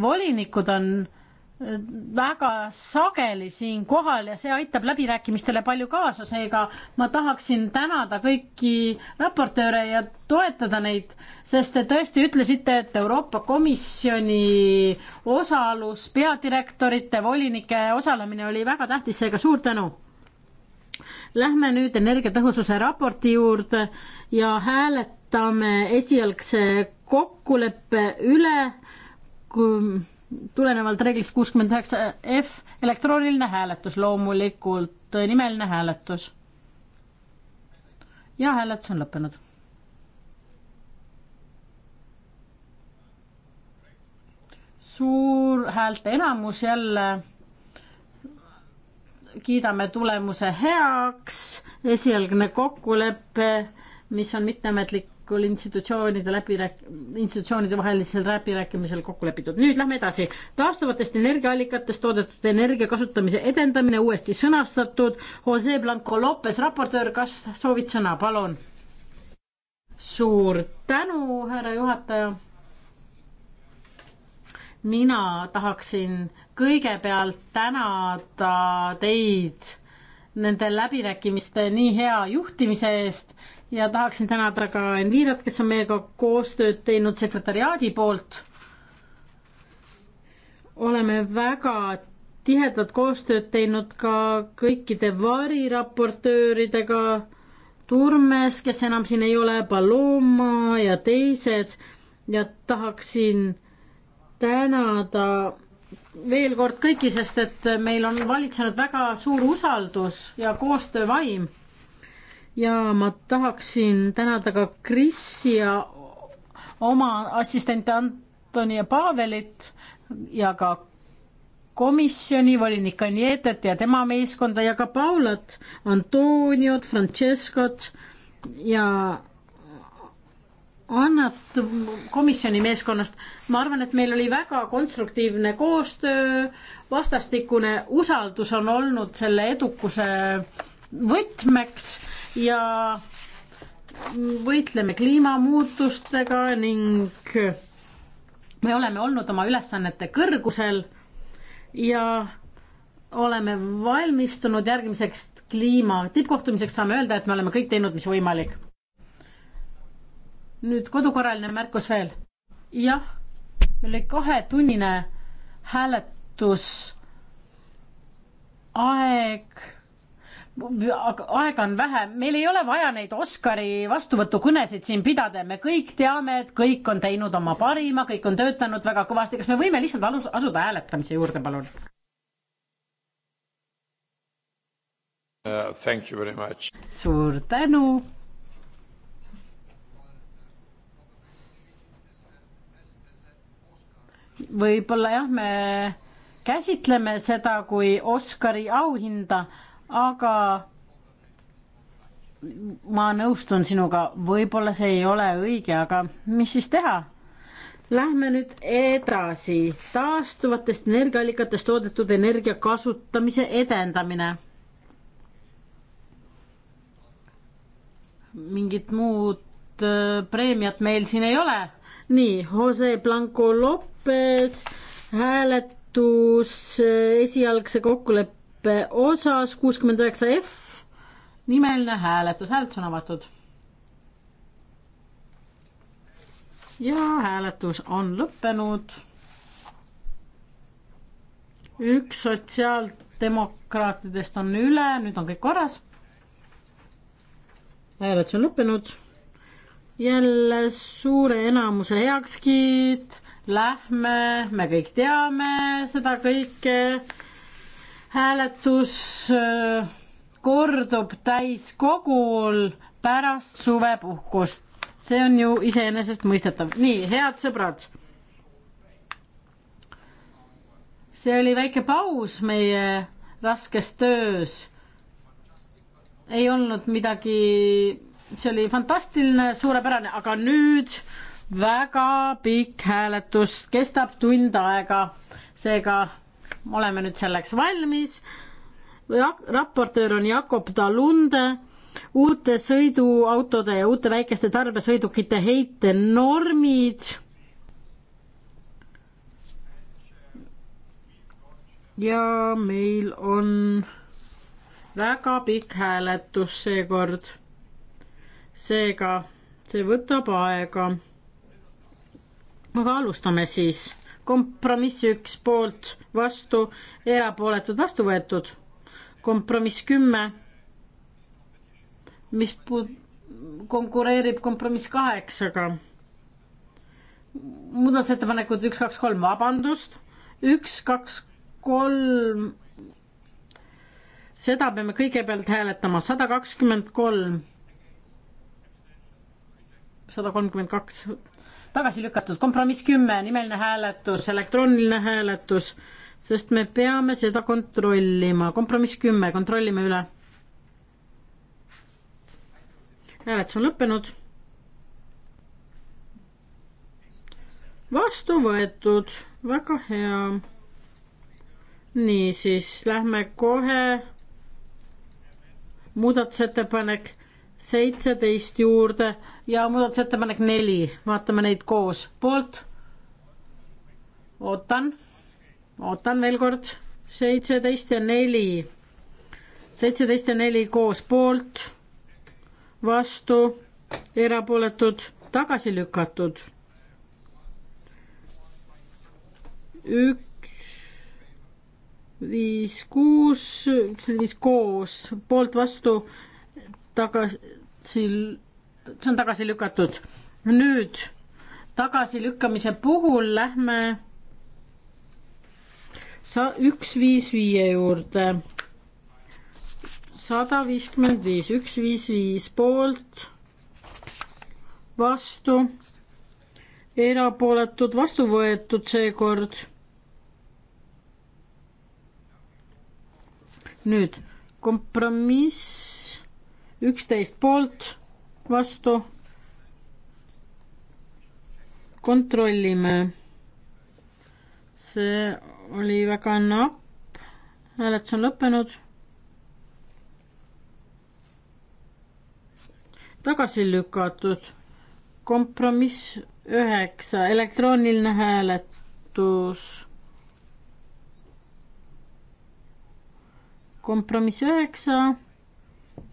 volinikud on eh, väga sageli siin kohal ja see aitab läbirääkimistele palju kaasa, seega ma tahaksin tänada kõiki raportööre ja toetada neid, sest te tõesti ütlesite, et Euroopa Komisjoni osalus, peadirektorite, volinike osalemine oli väga tähtis, seega suur tänu. Lähme nüüd energiatõhususe raporti juurde ja hääletame vaatame esialgse kokkuleppe üle, tulenevalt reeglist kuuskümmend üheksa F, elektrooniline hääletus loomulikult, nimeline hääletus. ja hääletus on lõppenud suur häälte enamus jälle kiidame tulemuse heaks, esialgne kokkulepe, mis on mitteametlik hommikul institutsioonide läbirääk-, institutsioonide vahelisel läbirääkimisel kokku lepitud. nüüd lähme edasi. taastuvatest energiaallikatest toodetud energia kasutamise edendamine uuesti sõnastatud. Jose Blanco Lopez, raportöör, kas soovid sõna, palun? suur tänu, härra juhataja. mina tahaksin kõigepealt tänada teid nende läbirääkimiste nii hea juhtimise eest ja tahaksin tänada ka Envirat, kes on meiega koostööd teinud sekretariaadi poolt. oleme väga tihedat koostööd teinud ka kõikide variraportööridega, Turmes, kes enam siin ei ole, Paloma ja teised ja tahaksin tänada veel kord kõiki, sest et meil on valitsenud väga suur usaldus ja koostöövaim ja ma tahaksin tänada ka Krissi ja oma assistente Antoni ja Pavelit ja ka komisjoni volinik Kanietet ja tema meeskonda ja ka Paulat, Antoniot, Francescot ja Annat komisjoni meeskonnast. ma arvan, et meil oli väga konstruktiivne koostöö, vastastikune usaldus on olnud selle edukuse võtmeks ja võitleme kliimamuutustega ning me oleme olnud oma ülesannete kõrgusel ja oleme valmistunud järgmiseks kliima tippkohtumiseks, saame öelda, et me oleme kõik teinud, mis võimalik. nüüd kodukorraline märkus veel. jah, meil oli kahetunnine hääletusaeg aega on vähe, meil ei ole vaja neid Oscari vastuvõtukõnesid siin pidada, me kõik teame, et kõik on teinud oma parima, kõik on töötanud väga kõvasti, kas me võime lihtsalt alus, asuda hääletamise juurde, palun uh,? suur tänu. võib-olla jah, me käsitleme seda kui Oscari auhinda aga ma nõustun sinuga, võib-olla see ei ole õige, aga mis siis teha? Lähme nüüd edasi. taastuvatest energiaallikatest toodetud energia kasutamise edendamine. mingit muud äh, preemiat meil siin ei ole. nii, Jose Blanco Lopez, hääletus äh, esialgse kokkuleppe leppe osas kuuskümmend üheksa F nimeline hääletus, hääletus on avatud. ja hääletus on lõppenud. üks sotsiaaldemokraatidest on üle, nüüd on kõik korras. hääletus on lõppenud. jälle suure enamuse heakskiit. Lähme, me kõik teame seda kõike hääletus äh, kordub täiskogul pärast suvepuhkust. see on ju iseenesestmõistetav. nii, head sõbrad. see oli väike paus meie raskes töös. ei olnud midagi, see oli fantastiline, suurepärane, aga nüüd väga pikk hääletus, kestab tund aega. seega oleme nüüd selleks valmis. raportöör on Jakob Talunde uute sõiduautode ja uute väikeste tarbesõidukite heitenormid. ja meil on väga pikk hääletus seekord. seega see võtab aega. aga alustame siis kompromiss üks poolt, vastu, erapooletud, vastu võetud. kompromiss kümme, mis puud-, konkureerib kompromiss kaheksaga. muudatusettepanekud üks, kaks, kolm, vabandust, üks, kaks, kolm, seda peame kõigepealt hääletama, sada kakskümmend kolm, sada kolmkümmend kaks tagasi lükatud, kompromiss kümme, nimeline hääletus, elektrooniline hääletus, sest me peame seda kontrollima, kompromiss kümme, kontrollime üle. hääletus on lõppenud. vastu võetud, väga hea. niisiis, lähme kohe muudatusettepanek seitseteist juurde ja muudatusettepanek neli, vaatame neid koos, poolt. ootan, ootan veel kord, seitseteist ja neli, seitseteist ja neli koos, poolt, vastu, erapooletud, tagasi lükatud. üks, viis, kuus, viis koos, poolt, vastu, tagasi, see on tagasi lükatud. nüüd tagasilükkamise puhul lähme sa-, üks viis viie juurde. sada viiskümmend viis, üks viis viis poolt, vastu, erapooletud, vastu võetud seekord. nüüd kompromiss üksteist poolt, vastu. kontrollime. see oli väga napp. hääletus on lõppenud. tagasi lükatud. kompromiss üheksa, elektrooniline hääletus. kompromiss üheksa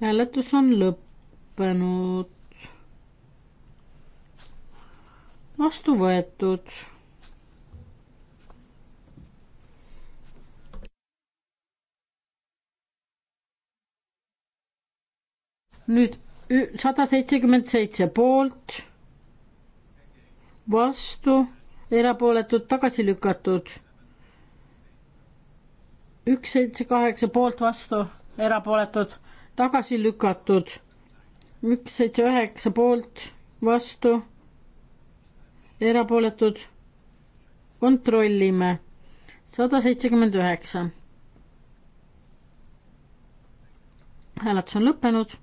hääletus on lõppenud. vastu võetud. nüüd sada seitsekümmend seitse poolt, vastu, erapooletud, tagasi lükatud. üks seitse kaheksa poolt, vastu, erapooletud tagasi lükatud. üks, seitse, üheksa poolt, vastu, erapooletud. kontrollime. sada seitsekümmend üheksa. hääletus on lõppenud.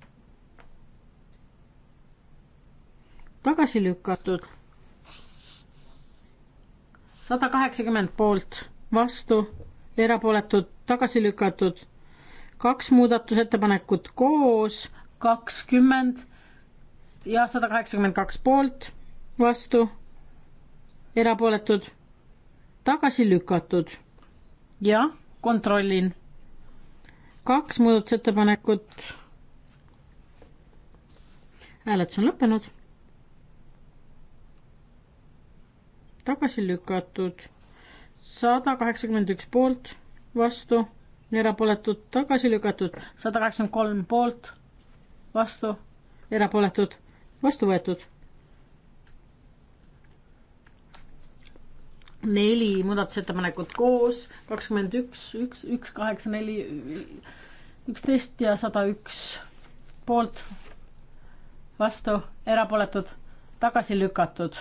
tagasi lükatud. sada kaheksakümmend poolt, vastu, erapooletud, tagasi lükatud kaks muudatusettepanekut koos, kakskümmend ja sada kaheksakümmend kaks poolt, vastu, erapooletud, tagasi lükatud. jah, kontrollin. kaks muudatusettepanekut. hääletus on lõppenud. tagasi lükatud, sada kaheksakümmend üks poolt, vastu erapooletud, tagasi lükatud, sada kaheksakümmend kolm poolt, vastu, erapooletud, vastu võetud. neli muudatusettepanekut koos, kakskümmend üks, üks, üks, kaheksa, neli, üksteist ja sada üks poolt, vastu, erapooletud, tagasi lükatud.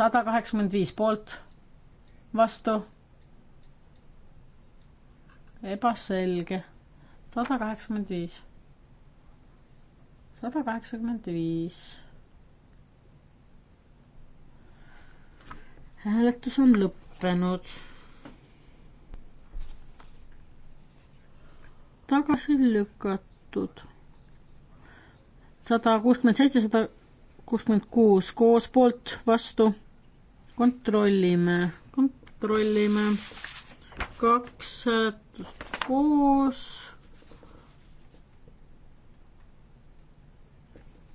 sada kaheksakümmend viis poolt, vastu ebaselge. sada kaheksakümmend viis. sada kaheksakümmend viis. hääletus on lõppenud. tagasi lükatud. sada kuuskümmend seitse, sada kuuskümmend kuus koos poolt vastu. kontrollime, kontrollime kaks hääletus koos.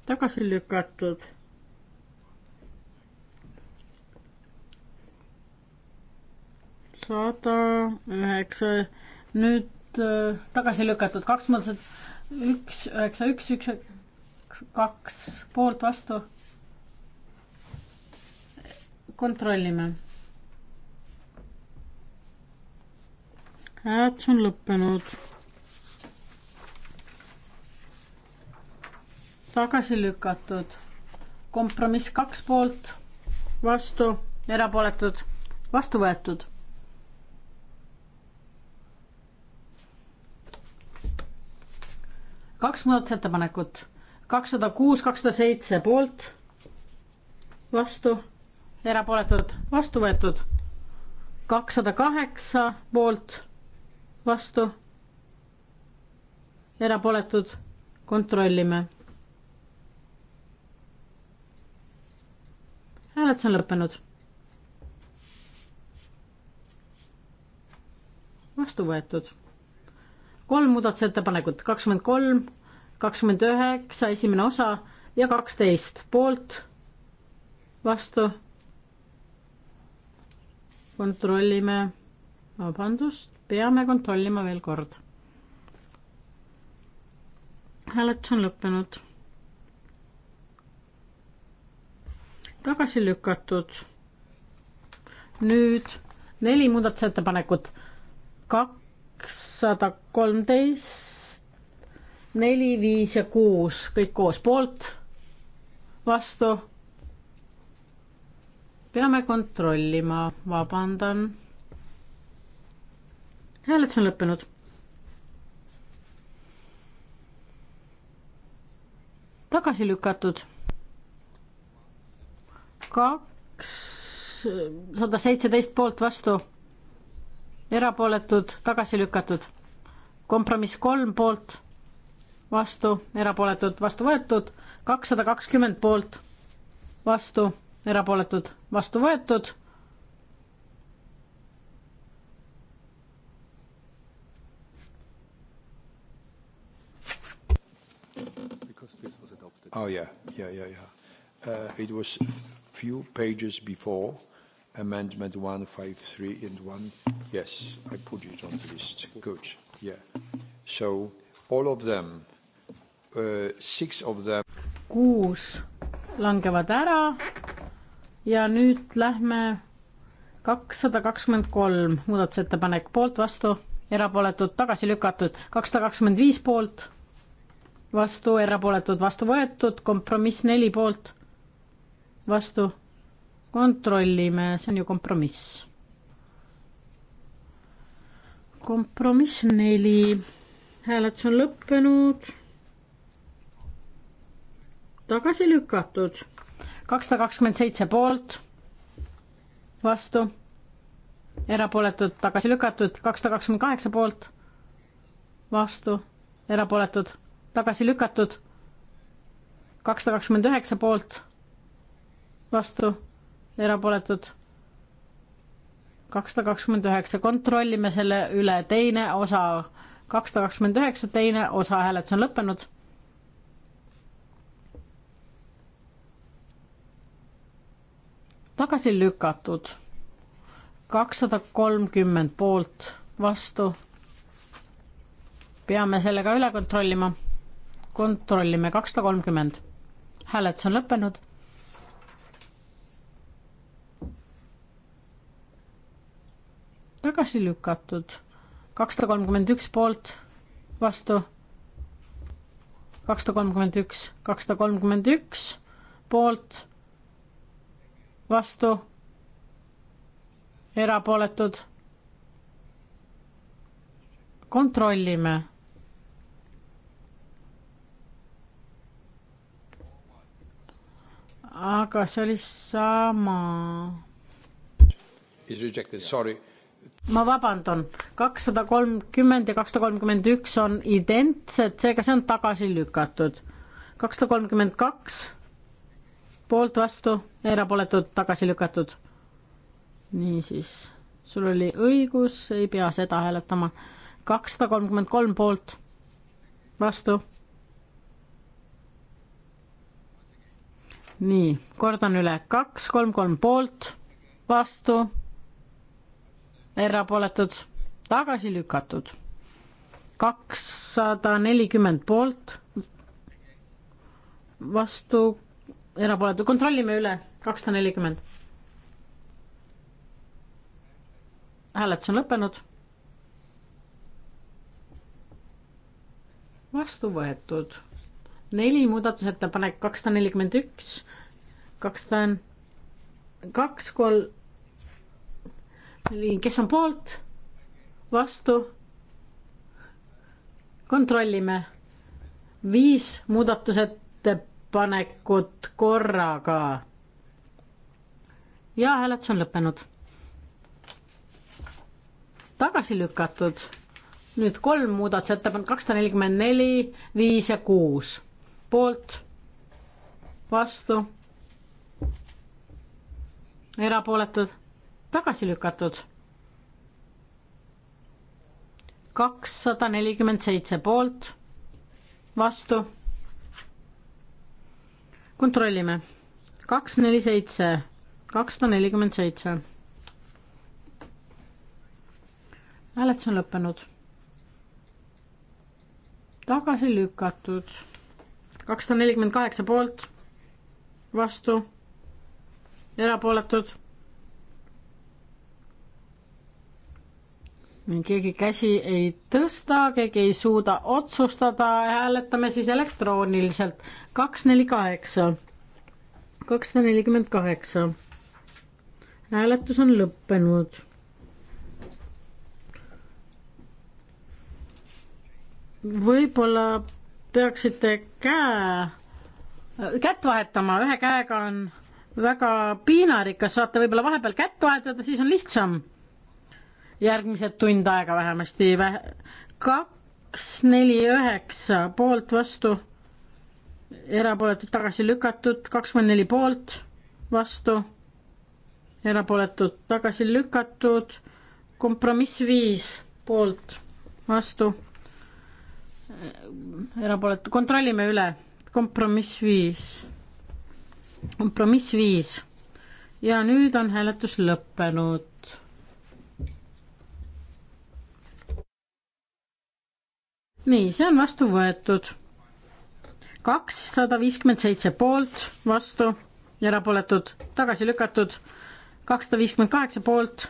tagasi lükatud sada üheksa, nüüd äh, tagasi lükatud kaks mõttes, et üks, üheksa, üks, üks, kaks poolt vastu. kontrollime hääletus on lõppenud. tagasi lükatud. kompromiss kaks poolt, vastu, erapooletud, vastu võetud. kaks muudatusettepanekut, kakssada kuus, kakssada seitse poolt, vastu, erapooletud, vastu võetud kakssada kaheksa poolt, vastu, erapooletud, kontrollime. hääletus on lõppenud. vastu võetud. kolm muudatusettepanekut, kakskümmend kolm, kakskümmend üheksa, esimene osa ja kaksteist poolt, vastu. kontrollime, vabandust peame kontrollima veel kord. hääletus on lõppenud. tagasi lükatud. nüüd neli muudatusettepanekut. kakssada kolmteist, neli, viis ja kuus, kõik koos poolt, vastu. peame kontrollima, vabandan hääletus on lõppenud. tagasi lükatud. kakssada seitseteist poolt vastu, erapooletud, tagasi lükatud. kompromiss kolm poolt vastu, erapooletud, vastu võetud, kakssada kakskümmend poolt, vastu, erapooletud, vastu võetud Oh, yeah, yeah, yeah, yeah. Uh, it was few pages before amendment 153 and 1. Yes, I put it on the list. Good, yeah. So all of them, uh, six of them. kuus langevad ära ja nüüd lähme kakssada kakskümmend kolm muudatusettepanek poolt vastu, erapooletud tagasi lükatud, kakssada kakskümmend viis poolt vastu, erapooletud, vastu võetud, kompromiss neli poolt, vastu. kontrollime, see on ju kompromiss. kompromiss neli, hääletus on lõppenud. tagasi lükatud, kakssada kakskümmend seitse poolt, vastu, erapooletud, tagasi lükatud, kakssada kakskümmend kaheksa poolt, vastu, erapooletud tagasi lükatud. kakssada kakskümmend üheksa poolt, vastu, erapooletud. kakssada kakskümmend üheksa, kontrollime selle üle, teine osa, kakssada kakskümmend üheksa, teine osa hääletus on lõppenud tagasi lükatud. kakssada kolmkümmend poolt, vastu. peame selle ka üle kontrollima kontrollime kakssada kolmkümmend. hääletus on lõppenud. tagasi lükatud kakssada kolmkümmend üks poolt, vastu kakssada kolmkümmend üks, kakssada kolmkümmend üks poolt, vastu erapooletud. kontrollime aga see oli sama. ma vabandan, kakssada kolmkümmend ja kakssada kolmkümmend üks on identsed, seega see on tagasi lükatud. kakssada kolmkümmend kaks poolt vastu, erapooletud tagasi lükatud. niisiis, sul oli õigus, ei pea seda hääletama. kakssada kolmkümmend kolm poolt vastu nii, kordan üle, kaks, kolm, kolm poolt, vastu, erapooletud, tagasi lükatud. kakssada nelikümmend poolt, vastu, erapooletu, kontrollime üle, kakssada nelikümmend. hääletus on lõppenud. vastu võetud neli muudatusettepanek kakssada nelikümmend üks, kakssada kaks, kolm, neli, kes on poolt, vastu? kontrollime viis muudatusettepanekut korraga. ja hääletus on lõppenud. tagasi lükatud nüüd kolm muudatusettepanekut, kakssada nelikümmend neli, viis ja kuus poolt, vastu, erapooletud, tagasi lükatud. kakssada nelikümmend seitse poolt, vastu. kontrollime, kaks neli seitse, kakssada nelikümmend seitse. hääletus on lõppenud tagasi lükatud kakssada nelikümmend kaheksa poolt, vastu, erapooletud. keegi käsi ei tõsta, keegi ei suuda otsustada, hääletame siis elektrooniliselt. kaks, neli, kaheksa, kakssada nelikümmend kaheksa. hääletus on lõppenud võib-olla peaksite käe, kätt vahetama, ühe käega on väga piinarikas, saate võib-olla vahepeal kätt vahetada, siis on lihtsam. järgmised tund aega vähemasti vähe., kaks, neli, üheksa poolt vastu, erapooletud tagasi lükatud, kakskümmend neli poolt vastu, erapooletud tagasi lükatud, kompromiss viis poolt vastu erapooletu, kontrollime üle, kompromiss viis, kompromiss viis ja nüüd on hääletus lõppenud. nii, see on vastu võetud. kakssada viiskümmend seitse poolt, vastu, erapooletud, tagasi lükatud, kakssada viiskümmend kaheksa poolt,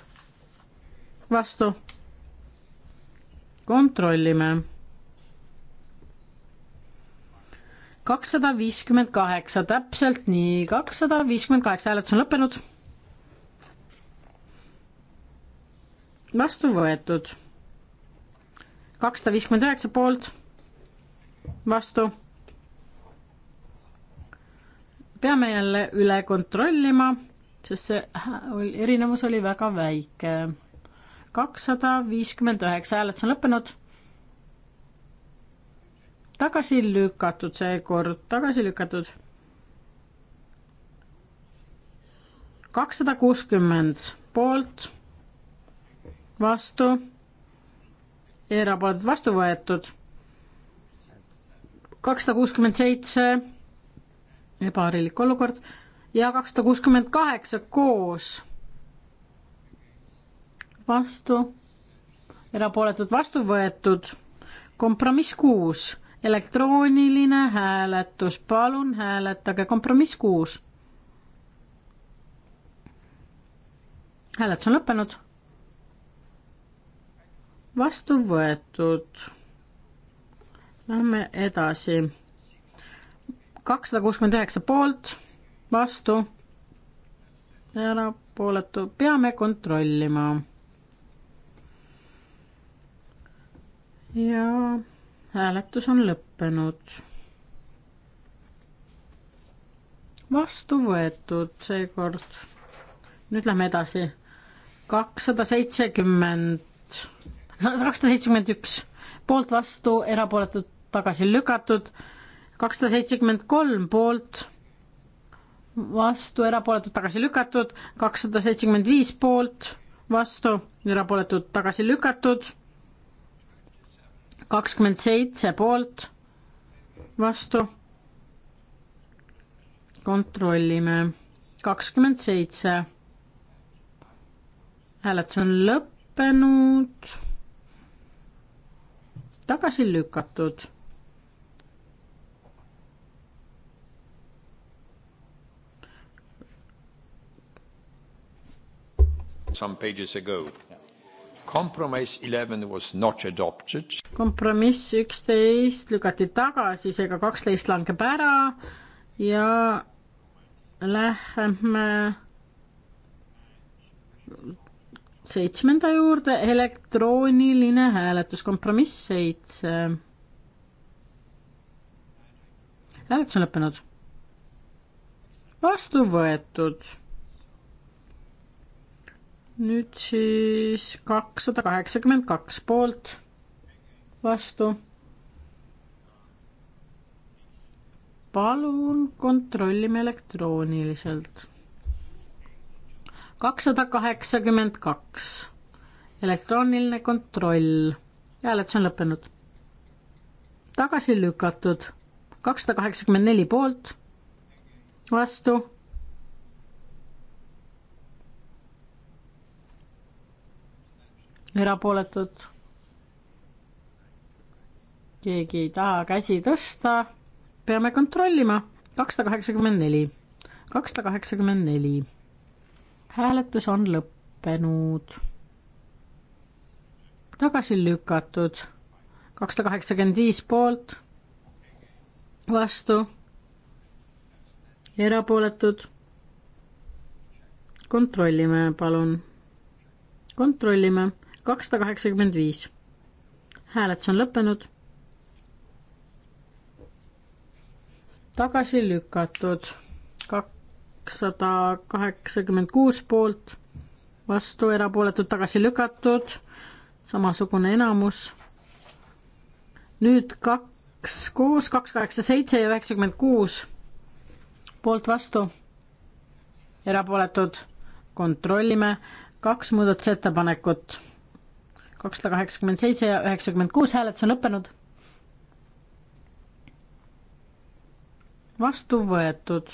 vastu. kontrollime kakssada viiskümmend kaheksa, täpselt nii, kakssada viiskümmend kaheksa, hääletus on lõppenud. vastu võetud. kakssada viiskümmend üheksa poolt, vastu. peame jälle üle kontrollima, sest see erinevus oli väga väike. kakssada viiskümmend üheksa, hääletus on lõppenud tagasi lükatud seekord, tagasi lükatud. kakssada kuuskümmend poolt, vastu, erapooletud vastu võetud. kakssada kuuskümmend seitse, ebaharilik olukord, ja kakssada kuuskümmend kaheksa koos, vastu, erapooletud vastu võetud, kompromiss kuus elektrooniline hääletus, palun hääletage, kompromiss kuus. hääletus on lõppenud. vastu võetud. Lähme edasi. kakssada kuuskümmend üheksa poolt, vastu, erapooletu, peame kontrollima. ja hääletus on lõppenud. vastu võetud seekord. nüüd lähme edasi. kakssada seitsekümmend, kakssada seitsekümmend üks, poolt vastu, erapooletud tagasi lükatud. kakssada seitsekümmend kolm poolt, vastu, erapooletud tagasi lükatud. kakssada seitsekümmend viis poolt, vastu, erapooletud tagasi lükatud kakskümmend seitse poolt, vastu. kontrollime, kakskümmend seitse. hääletus on lõppenud. tagasi lükatud. Some pages ago kompromiss üksteist lükati tagasi, seega kaksteist langeb ära ja läheme seitsmenda juurde, elektrooniline hääletus, kompromiss seitse. hääletus on lõppenud. vastu võetud nüüd siis kakssada kaheksakümmend kaks poolt, vastu. palun kontrollime elektrooniliselt. kakssada kaheksakümmend kaks, elektrooniline kontroll, hääletus on lõppenud. tagasi lükatud, kakssada kaheksakümmend neli poolt, vastu erapooletud. keegi ei taha käsi tõsta, peame kontrollima. kakssada kaheksakümmend neli, kakssada kaheksakümmend neli. hääletus on lõppenud. tagasi lükatud, kakssada kaheksakümmend viis poolt, vastu, erapooletud. kontrollime, palun kontrollime kakssada kaheksakümmend viis. hääletus on lõppenud. tagasi lükatud kakssada kaheksakümmend kuus poolt, vastu erapooletud tagasi lükatud, samasugune enamus. nüüd kaks koos, kaks kaheksa seitse ja üheksakümmend kuus poolt vastu, erapooletud kontrollime kaks muudatusettepanekut kakssada kaheksakümmend seitse ja üheksakümmend kuus hääletus on lõppenud. vastu võetud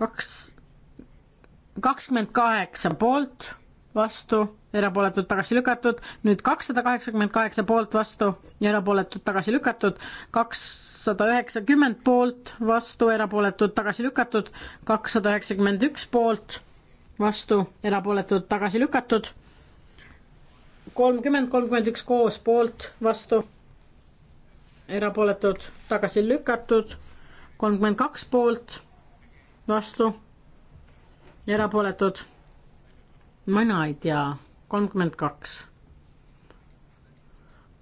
kaks, kakskümmend kaheksa poolt, vastu, erapooletud, tagasi lükatud, nüüd kakssada kaheksakümmend kaheksa poolt, vastu, erapooletud, tagasi lükatud, kakssada üheksakümmend poolt, vastu, erapooletud, tagasi lükatud, kakssada üheksakümmend üks poolt, vastu, erapooletud, tagasi lükatud kolmkümmend, kolmkümmend üks koos poolt, vastu, erapooletud, tagasi lükatud, kolmkümmend kaks poolt, vastu, erapooletud, mina ei tea, kolmkümmend kaks.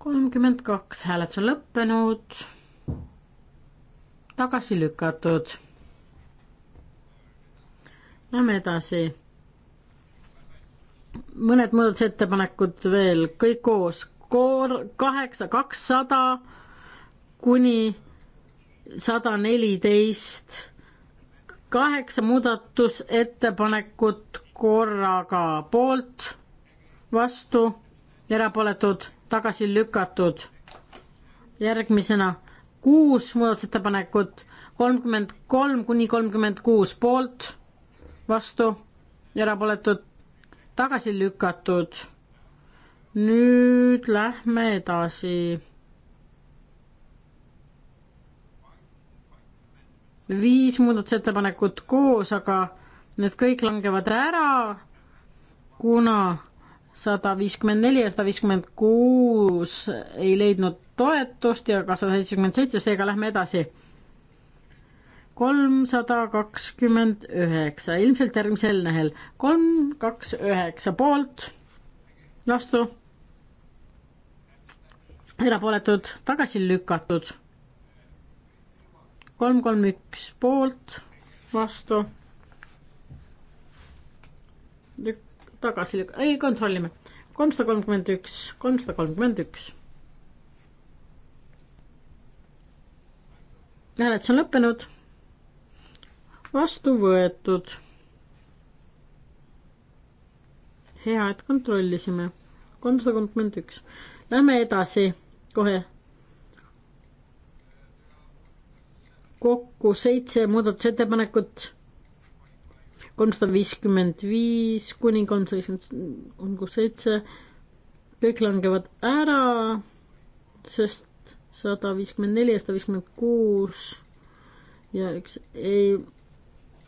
kolmkümmend kaks, hääletus on lõppenud, tagasi lükatud. Lähme edasi mõned muudatusettepanekud veel, kõik koos, koor-, kaheksa, kakssada kuni sada neliteist, kaheksa muudatusettepanekut korraga poolt, vastu, erapooletud, tagasi lükatud. järgmisena kuus muudatusettepanekut, kolmkümmend kolm kuni kolmkümmend kuus poolt, vastu, erapooletud, tagasi lükatud. nüüd lähme edasi. viis muudatusettepanekut koos, aga need kõik langevad ära, kuna sada viiskümmend neli ja sada viiskümmend kuus ei leidnud toetust ja ka sada seitsekümmend seitse, seega lähme edasi kolmsada kakskümmend üheksa, ilmselt järgmisel lehel, kolm, kaks, üheksa poolt, vastu, erapooletud, tagasi lükatud, kolm, kolm, üks poolt, vastu, tagasi lük-, ei, kontrollime, kolmsada kolmkümmend üks, kolmsada kolmkümmend üks. hääletus on lõppenud vastu võetud. hea, et kontrollisime. kolmsada kolmkümmend üks. Lähme edasi kohe. kokku seitse muudatusettepanekut. kolmsada viiskümmend viis kuni kolmsada viiskümmend seitse. kõik langevad ära, sest sada viiskümmend neli ja sada viiskümmend kuus ja üks ei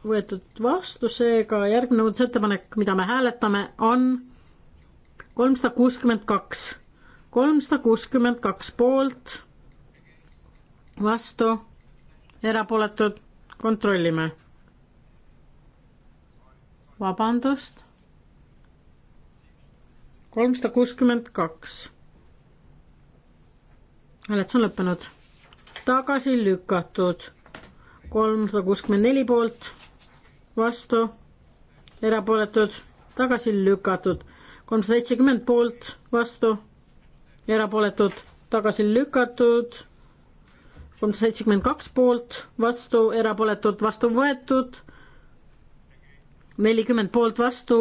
võetud vastu, seega järgmine muudatusettepanek, mida me hääletame, on kolmsada kuuskümmend kaks, kolmsada kuuskümmend kaks poolt, vastu, erapooletud, kontrollime. vabandust, kolmsada kuuskümmend kaks. hääletus on lõppenud, tagasi lükatud, kolmsada kuuskümmend neli poolt vastu, erapooletud, tagasi lükatud. kolmsada seitsekümmend poolt, vastu, erapooletud, tagasi lükatud. kolmsada seitsekümmend kaks poolt, vastu, erapooletud, vastu võetud. nelikümmend poolt vastu,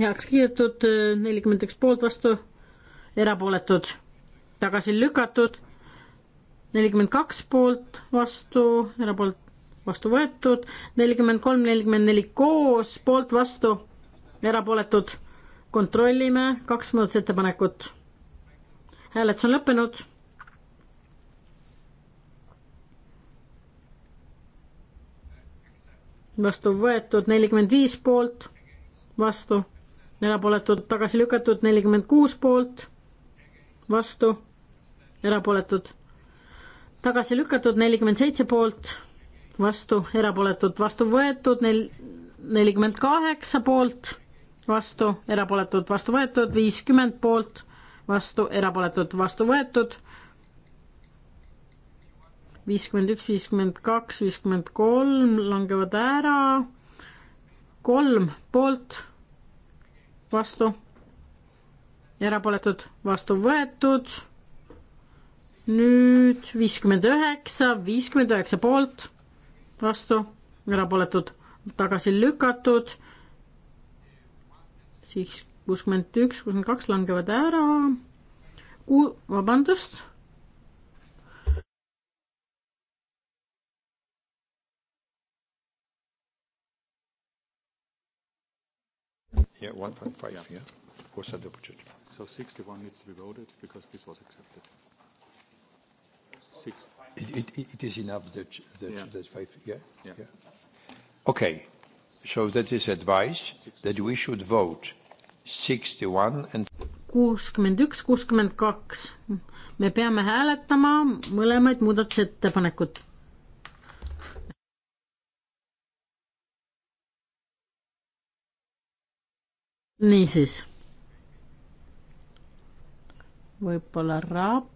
heaks kiidetud, nelikümmend üks poolt vastu, erapooletud, tagasi lükatud nelikümmend kaks poolt vastu, erapoolt vastu võetud, nelikümmend kolm, nelikümmend neli koos, poolt, vastu, erapooletud. kontrollime, kaks muudatusettepanekut. hääletus on lõppenud. vastu võetud nelikümmend viis poolt, vastu, erapooletud, tagasi lükatud nelikümmend kuus poolt, vastu, erapooletud, tagasi lükatud nelikümmend seitse poolt vastu, erapooletud, vastu võetud, nel-, nelikümmend kaheksa poolt, vastu, erapooletud, vastu võetud, viiskümmend poolt, vastu, erapooletud, vastu võetud, viiskümmend üks, viiskümmend kaks, viiskümmend kolm langevad ära, kolm poolt, vastu, erapooletud, vastu võetud, nüüd viiskümmend üheksa, viiskümmend üheksa poolt vastu, erapooletud tagasi lükatud, siis kuuskümmend üks, kuuskümmend kaks langevad ära, ku-, vabandust, Yeah, 1.5, yeah. yeah. Was that the budget? So 61 needs to be voted because this was accepted. Six. It is enough that five. Yeah? Yeah. Okay. That is advice that we should vote 61 and. 61, 62. me peame hääletama mõlemaid muudatusettepanekut. niisiis. võib-olla rap-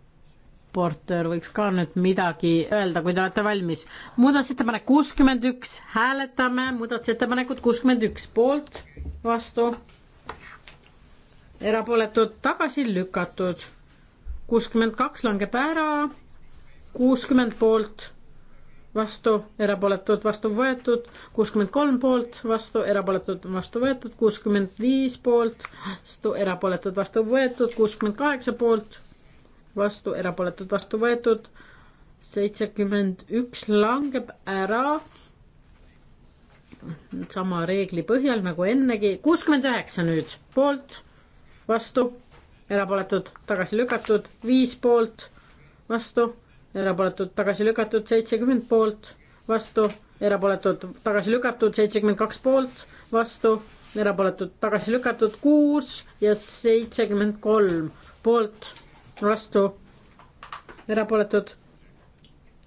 raportöör võiks ka nüüd midagi öelda, kui te olete valmis. muudatusettepanek kuuskümmend üks, hääletame muudatusettepanekut kuuskümmend üks poolt, vastu, erapooletud, tagasi lükatud. kuuskümmend kaks langeb ära, kuuskümmend poolt, vastu, erapooletud, vastu võetud, kuuskümmend kolm poolt, vastu, erapooletud, vastu võetud, kuuskümmend viis poolt, vastu, erapooletud, vastu võetud, kuuskümmend kaheksa poolt vastu, erapooletud vastu võetud. seitsekümmend üks langeb ära. sama reegli põhjal nagu ennegi, kuuskümmend üheksa nüüd poolt, vastu, erapooletud, tagasi lükatud, viis poolt, vastu, erapooletud, tagasi lükatud, seitsekümmend poolt, vastu, erapooletud, tagasi lükatud, seitsekümmend kaks poolt, vastu erapooletud tagasi lükatud kuus ja seitsekümmend kolm poolt vastu, erapooletud,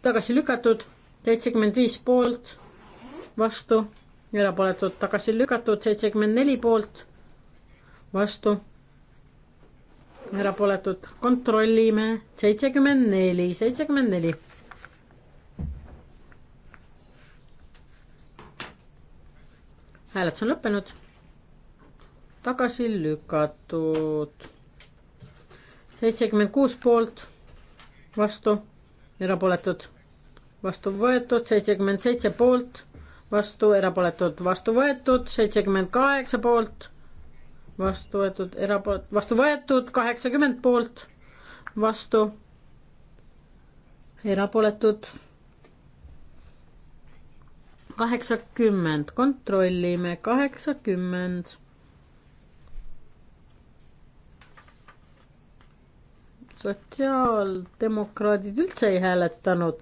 tagasi lükatud, seitsekümmend viis poolt, vastu, erapooletud, tagasi lükatud, seitsekümmend neli poolt, vastu, erapooletud, kontrollime, seitsekümmend neli, seitsekümmend neli. hääletus on lõppenud, tagasi lükatud seitsekümmend kuus poolt, vastu, erapooletud, vastu võetud, seitsekümmend seitse poolt, vastu, erapooletud, vastu võetud, seitsekümmend kaheksa poolt, vastu võetud, erapoolet-, vastu võetud, kaheksakümmend poolt, vastu, erapooletud, kaheksakümmend, kontrollime, kaheksakümmend sotsiaaldemokraadid üldse ei hääletanud.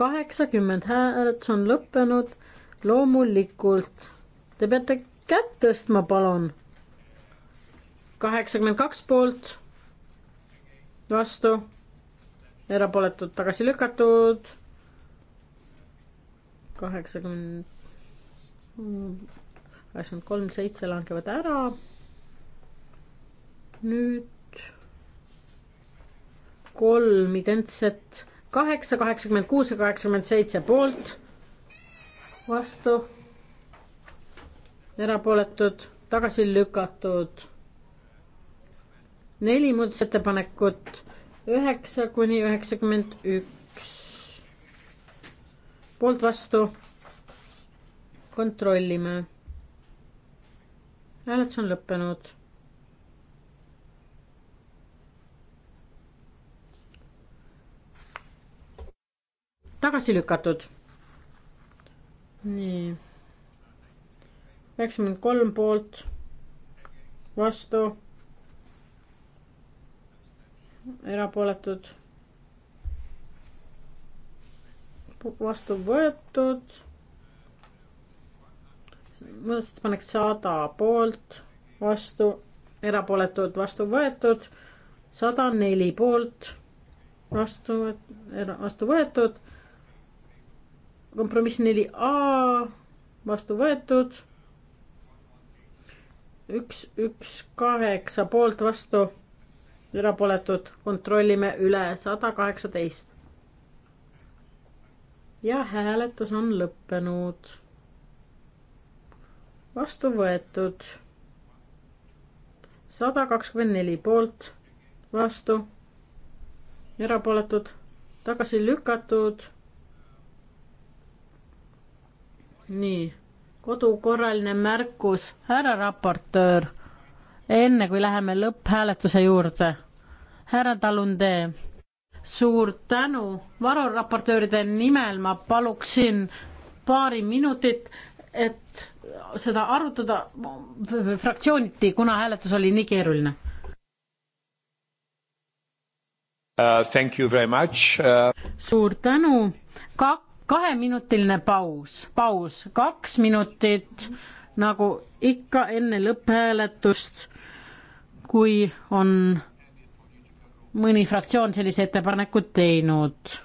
kaheksakümmend hääletus on lõppenud, loomulikult. Te peate kätt tõstma, palun. kaheksakümmend kaks poolt, vastu, erapooletud tagasi lükatud, kaheksakümmend, kaheksakümmend kolm, seitse langevad ära. nüüd kolm identset, kaheksa, kaheksakümmend kuus ja kaheksakümmend seitse poolt, vastu, erapooletud, tagasi lükatud. neli muudatusettepanekut, üheksa kuni üheksakümmend üks. poolt, vastu, kontrollime. hääletus on lõppenud tagasi lükatud. nii. üheksakümmend kolm poolt, vastu, erapooletud, vastu võetud. muudatusettepanek sada poolt, vastu, erapooletud, vastu võetud, sada neli poolt, vastu, vastu võetud kompromiss neli A vastu võetud. üks, üks, kaheksa poolt vastu, erapooletud, kontrollime üle sada kaheksateist. ja hääletus on lõppenud. vastu võetud sada kakskümmend neli poolt, vastu, erapooletud, tagasi lükatud nii, kodukorraline märkus, härra raportöör, enne kui läheme lõpphääletuse juurde, härra Talundee, suur tänu, vararaportööride nimel ma paluksin paari minutit, et seda arutada fraktsiooniti, kuna hääletus oli nii keeruline uh,. Thank you very much uh.... suur tänu, kaks kaheminutiline paus, paus kaks minutit nagu ikka enne lõpphääletust, kui on mõni fraktsioon sellise ettepaneku teinud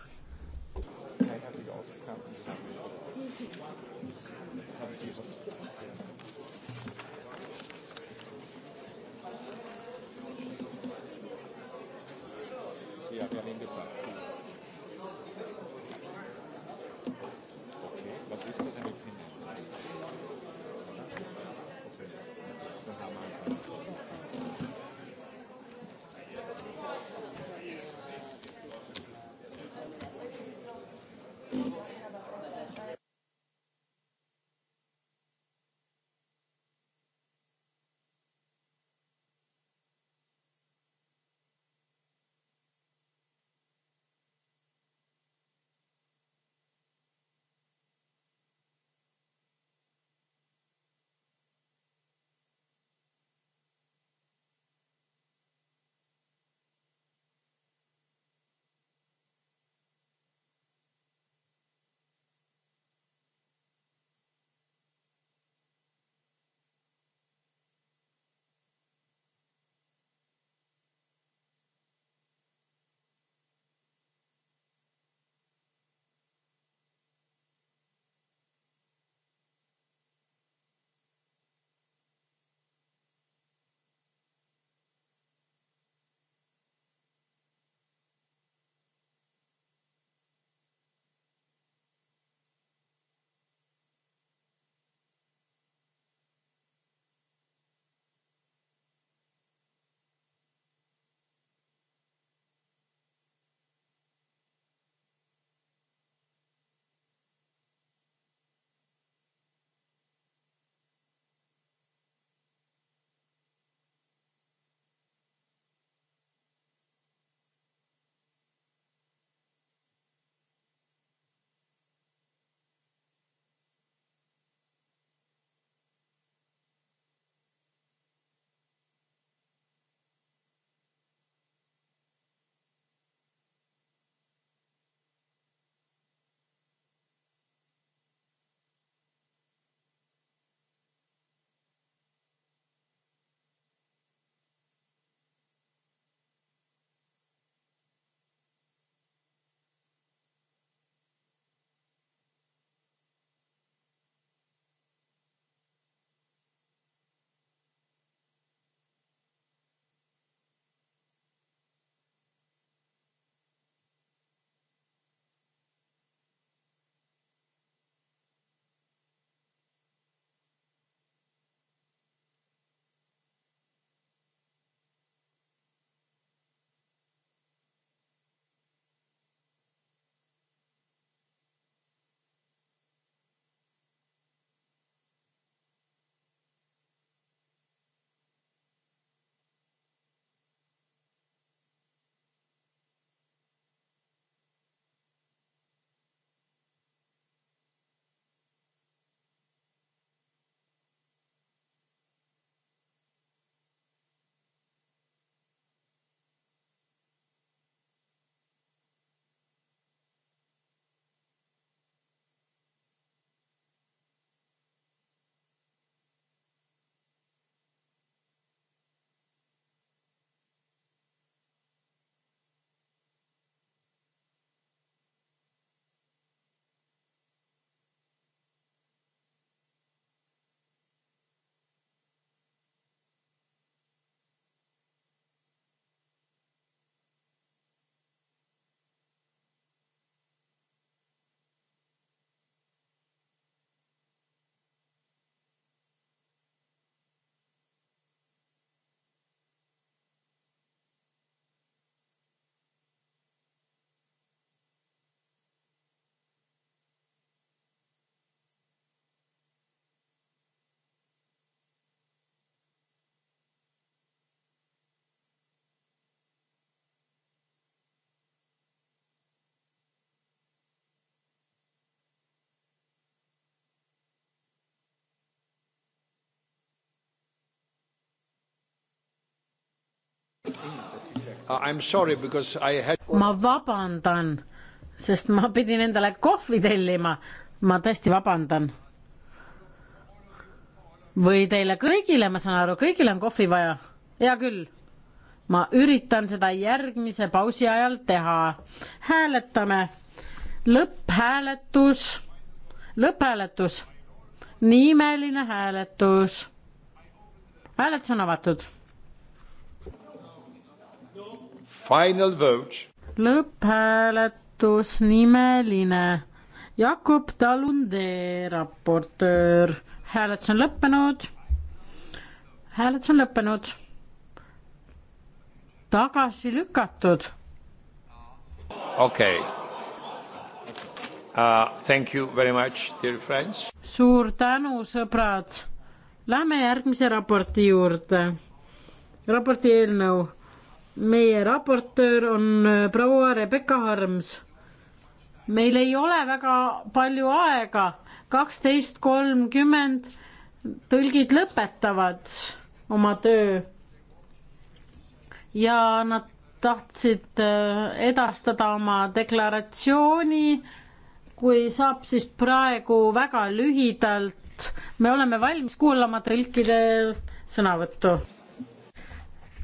Had... ma vabandan, sest ma pidin endale kohvi tellima. ma tõesti vabandan. või teile kõigile, ma saan aru, kõigil on kohvi vaja. hea küll. ma üritan seda järgmise pausi ajal teha. hääletame. lõpphääletus, lõpphääletus, nimeline hääletus. hääletus on avatud Final vote. lõpphääletus nimeline. Jakob Talunde, raportöör. hääletus on lõppenud. hääletus on lõppenud. tagasi lükatud. okei okay. uh,. Thank you very much, dear friends. suur tänu, sõbrad. Lähme järgmise raporti juurde. raporti eelnõu meie raportöör on äh, proua Rebecca Harms. meil ei ole väga palju aega, kaksteist kolmkümmend tõlgid lõpetavad oma töö. ja nad tahtsid äh, edastada oma deklaratsiooni. kui saab, siis praegu väga lühidalt, me oleme valmis kuulama tõlkide sõnavõttu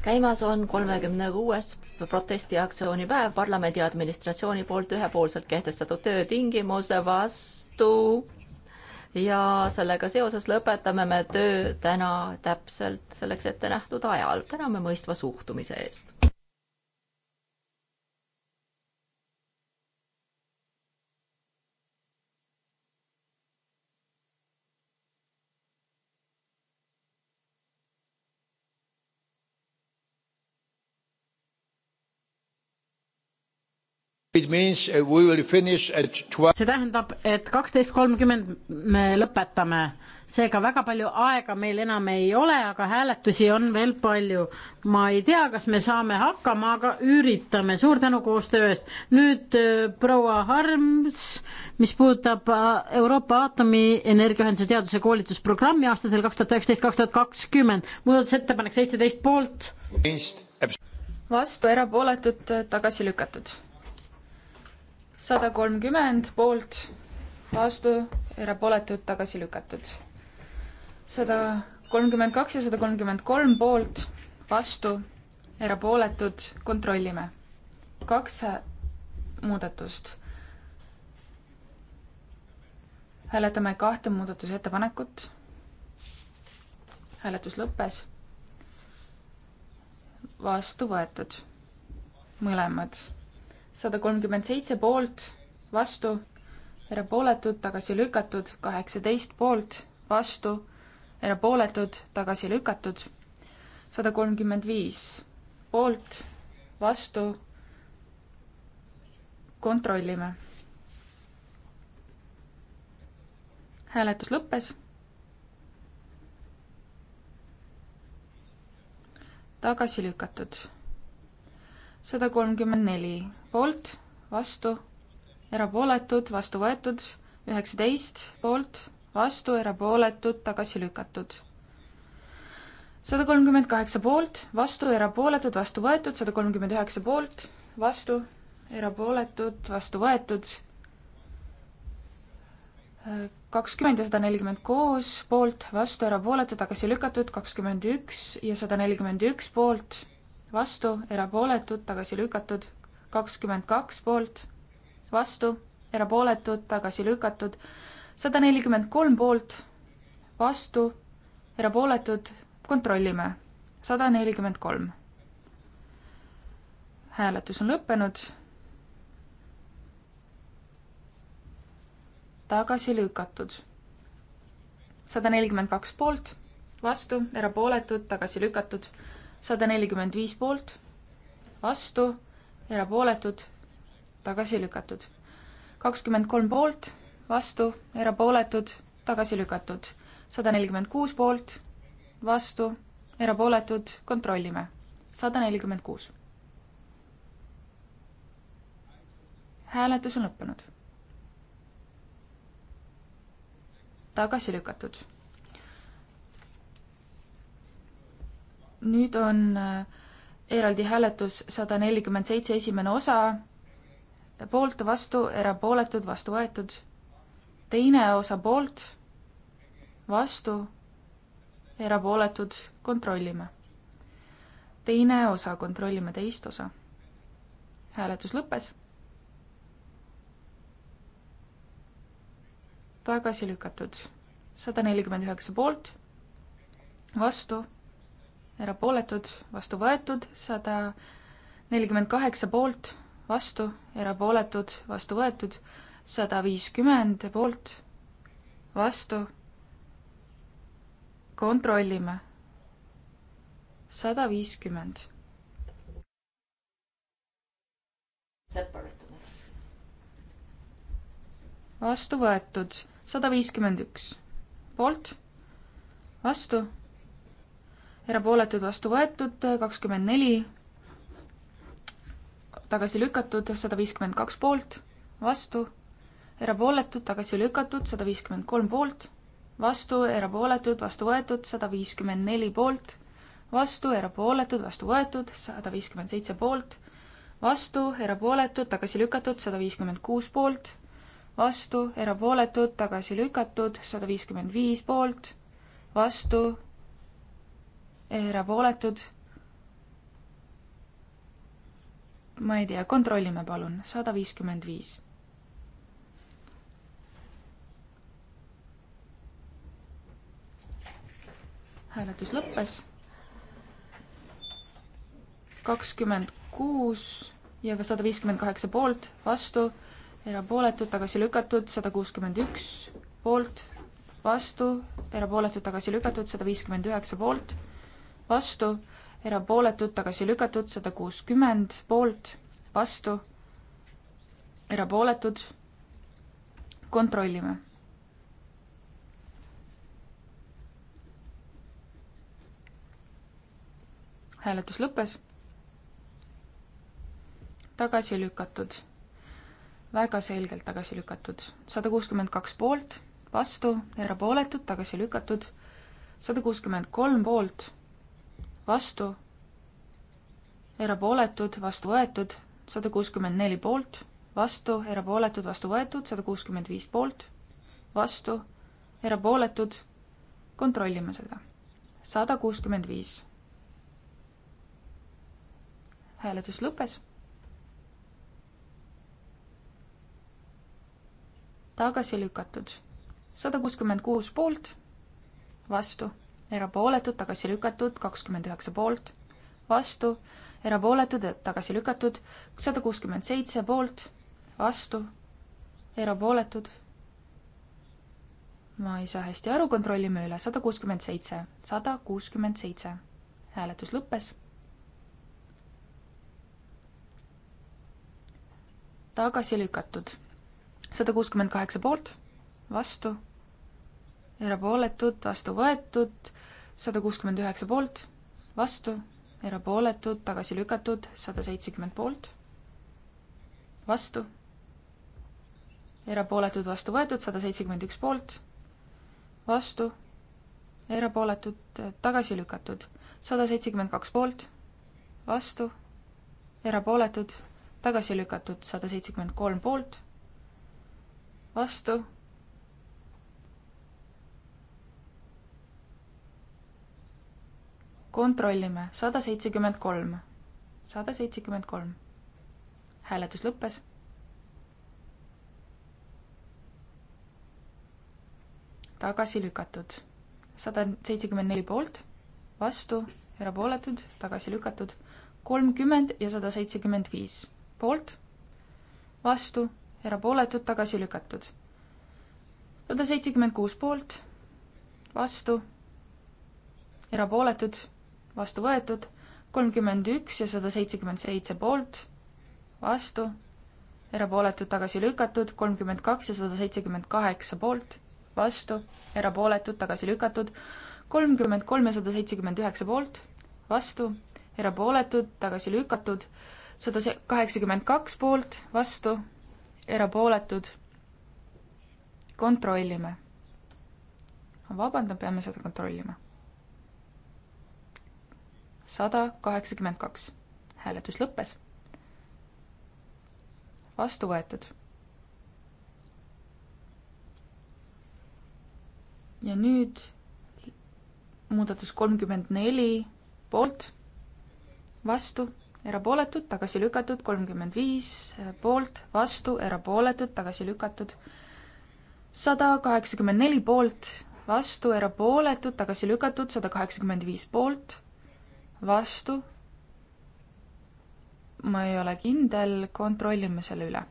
käimas on kolmekümne kuues protestiaktsiooni päev parlamendi administratsiooni poolt ühepoolselt kehtestatud töötingimuse vastu ja sellega seoses lõpetame me töö täna täpselt selleks ette nähtud ajal. täname mõistva suhtumise eest. Uh, see tähendab, et kaksteist kolmkümmend me lõpetame, seega väga palju aega meil enam ei ole, aga hääletusi on veel palju. ma ei tea, kas me saame hakkama, aga üritame, suur tänu koostöö eest. nüüd äh, proua Harms, mis puudutab äh, Euroopa Aatomienergiaühenduse teaduse koolitusprogrammi aastatel kaks tuhat üheksateist, kaks tuhat kakskümmend, muudatusettepanek seitseteist poolt. vastu, erapooletud, tagasi lükatud sada kolmkümmend poolt, vastu, erapooletud, tagasi lükatud. sada kolmkümmend kaks ja sada kolmkümmend kolm poolt, vastu, erapooletud, kontrollime. kaks muudatust. hääletame kahte muudatusettepanekut. hääletus lõppes. vastu võetud, mõlemad sada kolmkümmend seitse poolt, vastu, erapooletud, tagasi lükatud, kaheksateist poolt, vastu, erapooletud, tagasi lükatud, sada kolmkümmend viis poolt, vastu, kontrollime. hääletus lõppes. tagasi lükatud sada kolmkümmend neli poolt, vastu, erapooletud, vastu võetud, üheksateist poolt, vastu, erapooletud, tagasi lükatud. sada kolmkümmend kaheksa poolt, vastu, erapooletud, vastu võetud, sada kolmkümmend üheksa poolt, vastu, erapooletud, vastu võetud, kakskümmend ja sada nelikümmend koos, poolt, vastu, erapooletu, tagasi lükatud, kakskümmend üks ja sada nelikümmend üks poolt, vastu, erapooletud, tagasi lükatud, kakskümmend kaks poolt, vastu, erapooletud, tagasi lükatud, sada nelikümmend kolm poolt, vastu, erapooletud, kontrollime, sada nelikümmend kolm. hääletus on lõppenud. tagasi lükatud, sada nelikümmend kaks poolt, vastu, erapooletud, tagasi lükatud sada nelikümmend viis poolt, vastu, erapooletud, tagasi lükatud. kakskümmend kolm poolt, vastu, erapooletud, tagasi lükatud. sada nelikümmend kuus poolt, vastu, erapooletud, kontrollime. sada nelikümmend kuus. hääletus on lõppenud. tagasi lükatud nüüd on äh, eraldi hääletus sada nelikümmend seitse, esimene osa, poolt, vastu, erapooletud, vastu võetud. teine osa poolt, vastu, erapooletud, kontrollime. teine osa, kontrollime teist osa. hääletus lõppes. tagasi lükatud sada nelikümmend üheksa poolt, vastu erapooletud, vastu võetud, sada nelikümmend kaheksa poolt, vastu, erapooletud, vastu võetud, sada viiskümmend poolt, vastu, kontrollime, sada viiskümmend. vastu võetud, sada viiskümmend üks poolt, vastu erapooletud vastu võetud, kakskümmend neli tagasi lükatud, sada viiskümmend kaks poolt, vastu, erapooletud, tagasi lükatud, sada viiskümmend kolm poolt, vastu, erapooletud, vastu võetud, sada viiskümmend neli poolt, vastu, erapooletud, vastu võetud, sada viiskümmend seitse poolt, vastu, erapooletud, tagasi lükatud, sada viiskümmend kuus poolt, vastu, erapooletud, tagasi lükatud, sada viiskümmend viis poolt, vastu, erapooletud. ma ei tea, kontrollime palun, sada viiskümmend viis. hääletus lõppes. kakskümmend kuus ja sada viiskümmend kaheksa poolt, vastu, erapooletud, tagasi lükatud, sada kuuskümmend üks poolt, vastu, erapooletud, tagasi lükatud, sada viiskümmend üheksa poolt vastu, erapooletud, tagasi lükatud, sada kuuskümmend poolt, vastu, erapooletud, kontrollime. hääletus lõppes. tagasi lükatud, väga selgelt tagasi lükatud, sada kuuskümmend kaks poolt, vastu, erapooletud, tagasi lükatud, sada kuuskümmend kolm poolt vastu, erapooletud, vastu võetud, sada kuuskümmend neli poolt, vastu, erapooletud, vastu võetud, sada kuuskümmend viis poolt, vastu, erapooletud, kontrollime seda. sada kuuskümmend viis. hääletus lõppes. tagasi lükatud, sada kuuskümmend kuus poolt, vastu erapooletud, tagasi lükatud, kakskümmend üheksa poolt, vastu, erapooletud, tagasi lükatud, sada kuuskümmend seitse poolt, vastu, erapooletud. ma ei saa hästi aru, kontrollime üle, sada kuuskümmend seitse, sada kuuskümmend seitse. hääletus lõppes. tagasi lükatud, sada kuuskümmend kaheksa poolt, vastu erapooletud, vastu võetud, sada kuuskümmend üheksa poolt, vastu, erapooletud, tagasi lükatud, sada seitsekümmend poolt, vastu, erapooletud, vastu võetud, sada seitsekümmend üks poolt, vastu, erapooletud, tagasi lükatud, sada seitsekümmend kaks poolt, vastu, erapooletud, tagasi lükatud, sada seitsekümmend kolm poolt, vastu kontrollime, sada seitsekümmend kolm, sada seitsekümmend kolm. hääletus lõppes. tagasi lükatud, sada seitsekümmend neli poolt, vastu, erapooletud, tagasi lükatud, kolmkümmend ja sada seitsekümmend viis poolt, vastu, erapooletud, tagasi lükatud. sada seitsekümmend kuus poolt, vastu, erapooletud vastu võetud, kolmkümmend üks ja sada seitsekümmend seitse poolt, vastu, erapooletud tagasi lükatud, kolmkümmend kaks ja sada seitsekümmend kaheksa poolt, vastu, erapooletud tagasi lükatud, kolmkümmend kolm ja sada seitsekümmend üheksa poolt, vastu, erapooletud tagasi lükatud, sada kaheksakümmend kaks poolt, vastu, erapooletud. kontrollime. vabandan, peame seda kontrollima sada kaheksakümmend kaks. hääletus lõppes. vastu võetud. ja nüüd muudatus kolmkümmend neli poolt, vastu erapooletud, tagasi lükatud, kolmkümmend viis poolt, vastu, erapooletud, tagasi lükatud, sada kaheksakümmend neli poolt, vastu, erapooletud, tagasi lükatud, sada kaheksakümmend viis poolt, vastu. ma ei ole kindel, kontrollime selle üle.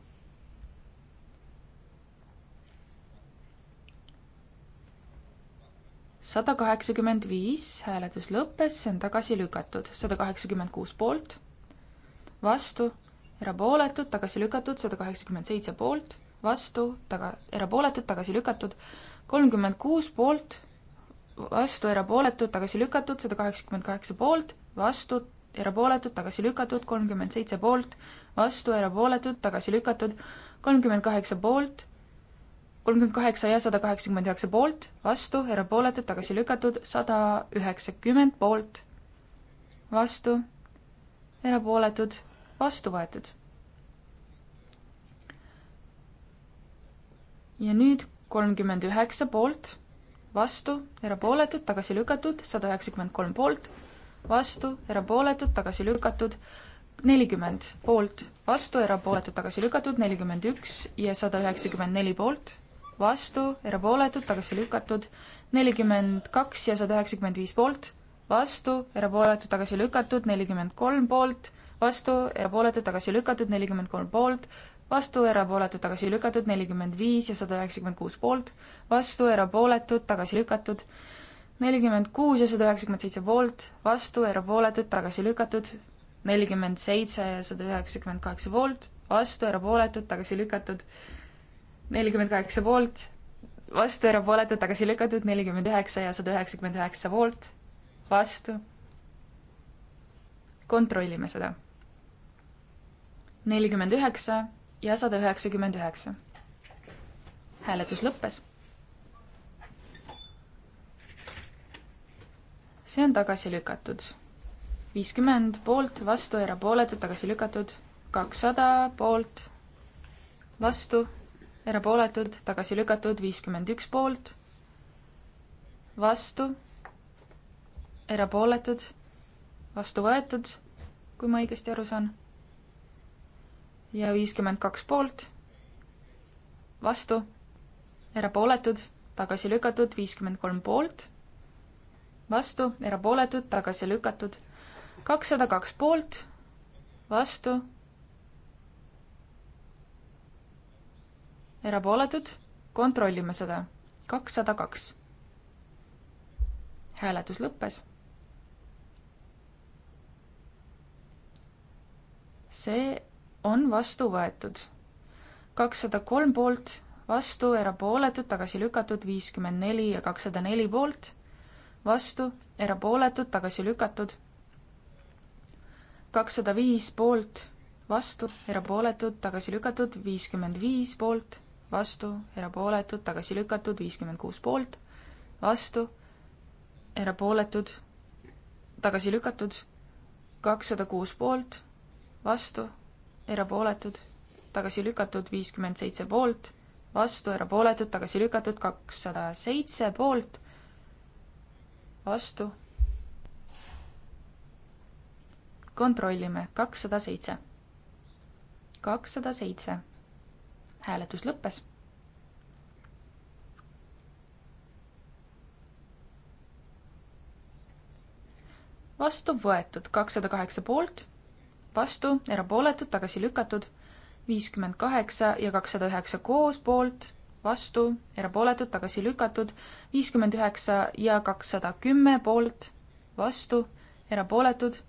sada kaheksakümmend viis, hääletus lõppes, see on tagasi lükatud, sada kaheksakümmend kuus poolt, vastu, erapooletud, tagasi lükatud, sada kaheksakümmend seitse poolt, vastu, taga, erapooletud, tagasi lükatud, kolmkümmend kuus poolt vastu, erapooletud, tagasi lükatud, sada kaheksakümmend kaheksa poolt, vastu, erapooletud, tagasi lükatud, kolmkümmend seitse poolt, vastu, erapooletud, tagasi lükatud, kolmkümmend kaheksa poolt, kolmkümmend kaheksa ja sada kaheksakümmend üheksa poolt, vastu, erapooletud, tagasi lükatud, sada üheksakümmend poolt, vastu, erapooletud, vastu võetud. ja nüüd kolmkümmend üheksa poolt vastu, erapooletud, tagasi lükatud, sada üheksakümmend kolm poolt, vastu, erapooletud, tagasi lükatud, nelikümmend poolt, vastu, erapooletud, tagasi lükatud, nelikümmend üks ja sada üheksakümmend neli poolt, vastu, erapooletud, tagasi lükatud, nelikümmend kaks ja sada üheksakümmend viis poolt, vastu, erapooletud, tagasi lükatud, nelikümmend kolm poolt, vastu, erapooletud, tagasi lükatud, nelikümmend kolm poolt, vastu, erapooletud, tagasi lükatud, nelikümmend viis ja sada üheksakümmend kuus poolt, vastu, erapooletud, tagasi lükatud, nelikümmend kuus ja sada üheksakümmend seitse poolt, vastu, erapooletud, tagasi lükatud, nelikümmend seitse ja sada üheksakümmend kaheksa poolt, vastu, erapooletud, tagasi lükatud, nelikümmend kaheksa poolt, vastu, erapooletud, tagasi lükatud, nelikümmend üheksa ja sada üheksakümmend üheksa poolt, vastu. kontrollime seda nelikümmend üheksa ja sada üheksakümmend üheksa. hääletus lõppes. see on tagasi lükatud. viiskümmend poolt, vastu, erapooletud, tagasi lükatud. kakssada poolt, vastu, erapooletud, tagasi lükatud. viiskümmend üks poolt, vastu, erapooletud, vastu võetud, kui ma õigesti aru saan ja viiskümmend kaks poolt, vastu, erapooletud, tagasi lükatud, viiskümmend kolm poolt, vastu, erapooletud, tagasi lükatud, kakssada kaks poolt, vastu, erapooletud, kontrollime seda, kakssada kaks. hääletus lõppes see on vastu võetud. kakssada kolm poolt, vastu, erapooletud, tagasi lükatud, viiskümmend neli ja kakssada neli poolt, vastu, erapooletud, tagasi lükatud, kakssada viis poolt, vastu, erapooletud, tagasi lükatud, viiskümmend viis poolt, vastu, erapooletud, tagasi lükatud, viiskümmend kuus poolt, vastu, erapooletud, tagasi lükatud, kakssada kuus poolt, vastu, erapooletud, tagasi lükatud, viiskümmend seitse poolt, vastu, erapooletud, tagasi lükatud, kakssada seitse poolt, vastu. kontrollime, kakssada seitse. kakssada seitse. hääletus lõppes vastu võetud kakssada kaheksa poolt, vastu, erapooletud, tagasi lükatud, viiskümmend kaheksa ja kakssada üheksa koos poolt, vastu, erapooletud, tagasi lükatud, viiskümmend üheksa ja kakssada kümme poolt, vastu, erapooletud,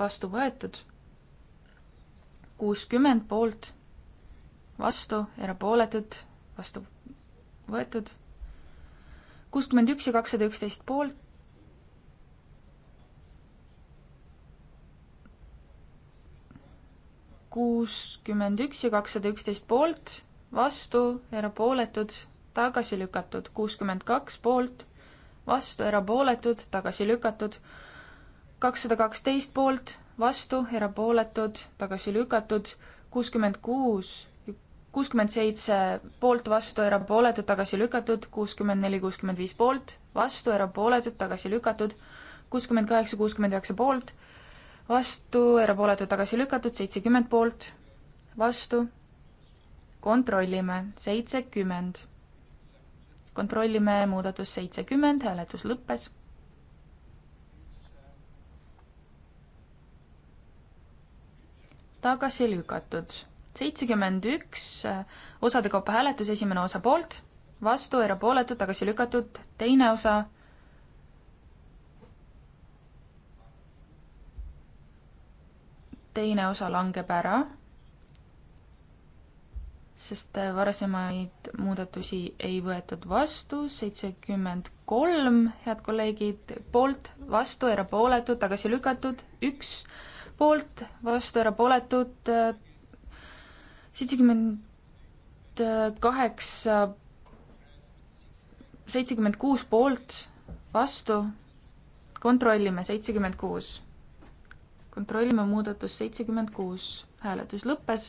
vastu võetud, kuuskümmend poolt, vastu, erapooletud, vastu võetud kuuskümmend üks ja kakssada üksteist poolt, kuuskümmend üks ja kakssada üksteist poolt, vastu, erapooletud, tagasi lükatud, kuuskümmend kaks poolt, vastu, erapooletud, tagasi lükatud, kakssada kaksteist poolt, vastu, erapooletud, tagasi lükatud, kuuskümmend kuus kuuskümmend seitse poolt, vastu, erapooletud, tagasi lükatud, kuuskümmend neli, kuuskümmend viis poolt, vastu, erapooletud, tagasi lükatud, kuuskümmend kaheksa, kuuskümmend üheksa poolt, vastu, erapooletud tagasi lükatud, seitsekümmend poolt, vastu. kontrollime, seitsekümmend. kontrollime muudatus seitsekümmend, hääletus lõppes. tagasi lükatud, seitsekümmend üks, osade kaupa hääletus, esimene osa poolt, vastu, erapooletud, tagasi lükatud, teine osa teine osa langeb ära, sest varasemaid muudatusi ei võetud vastu, seitsekümmend kolm, head kolleegid, poolt, vastu, erapooletud, tagasi lükatud, üks, poolt, vastu, erapooletud, seitsekümmend kaheksa, seitsekümmend kuus poolt, vastu, kontrollime, seitsekümmend kuus kontrollime muudatust seitsekümmend kuus. hääletus lõppes.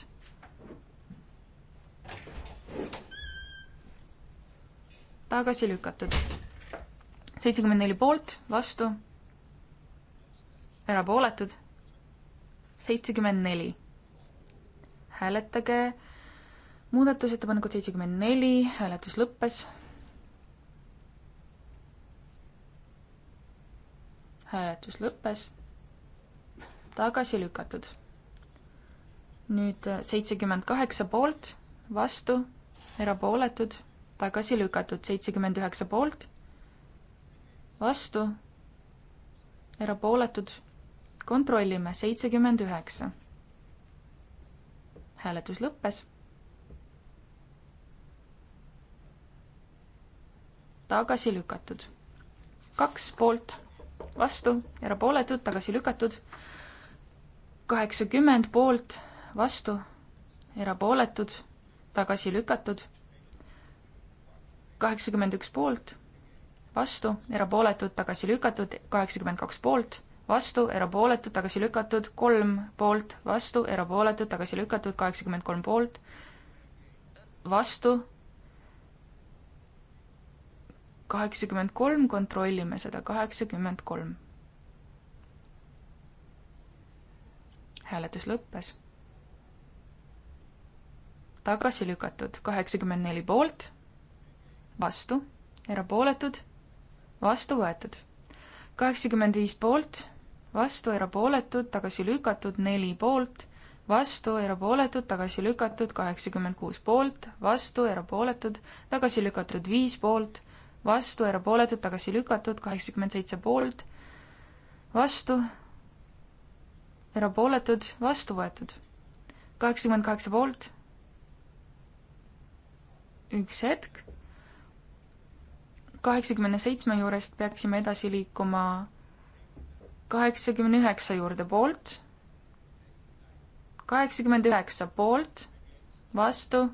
tagasi lükatud. seitsekümmend neli poolt, vastu, erapooletud, seitsekümmend neli. hääletage muudatusettepanekut seitsekümmend neli, hääletus lõppes. hääletus lõppes tagasi lükatud. nüüd äh, seitsekümmend kaheksa poolt, vastu, erapooletud, tagasi lükatud, seitsekümmend üheksa poolt, vastu, erapooletud, kontrollime, seitsekümmend üheksa. hääletus lõppes. tagasi lükatud, kaks poolt, vastu, erapooletud, tagasi lükatud kaheksakümmend poolt, vastu, erapooletud, tagasi lükatud. kaheksakümmend üks poolt, vastu, erapooletud, tagasi lükatud, kaheksakümmend kaks poolt, vastu, erapooletud, tagasi lükatud, kolm poolt, vastu, erapooletud, tagasi lükatud, kaheksakümmend kolm poolt, vastu, kaheksakümmend kolm, kontrollime seda, kaheksakümmend kolm hääletus lõppes. tagasi lükatud kaheksakümmend neli poolt, vastu, erapooletud, vastu võetud. kaheksakümmend viis poolt, vastu, erapooletud, tagasi lükatud, neli poolt, vastu, erapooletud, tagasi lükatud, kaheksakümmend kuus poolt, vastu, erapooletud, tagasi lükatud, viis poolt, vastu, erapooletud, tagasi lükatud, kaheksakümmend seitse poolt, vastu, erapooletud, vastu võetud. kaheksakümmend kaheksa poolt. üks hetk. kaheksakümne seitsme juurest peaksime edasi liikuma kaheksakümne üheksa juurde poolt. kaheksakümmend üheksa poolt, vastu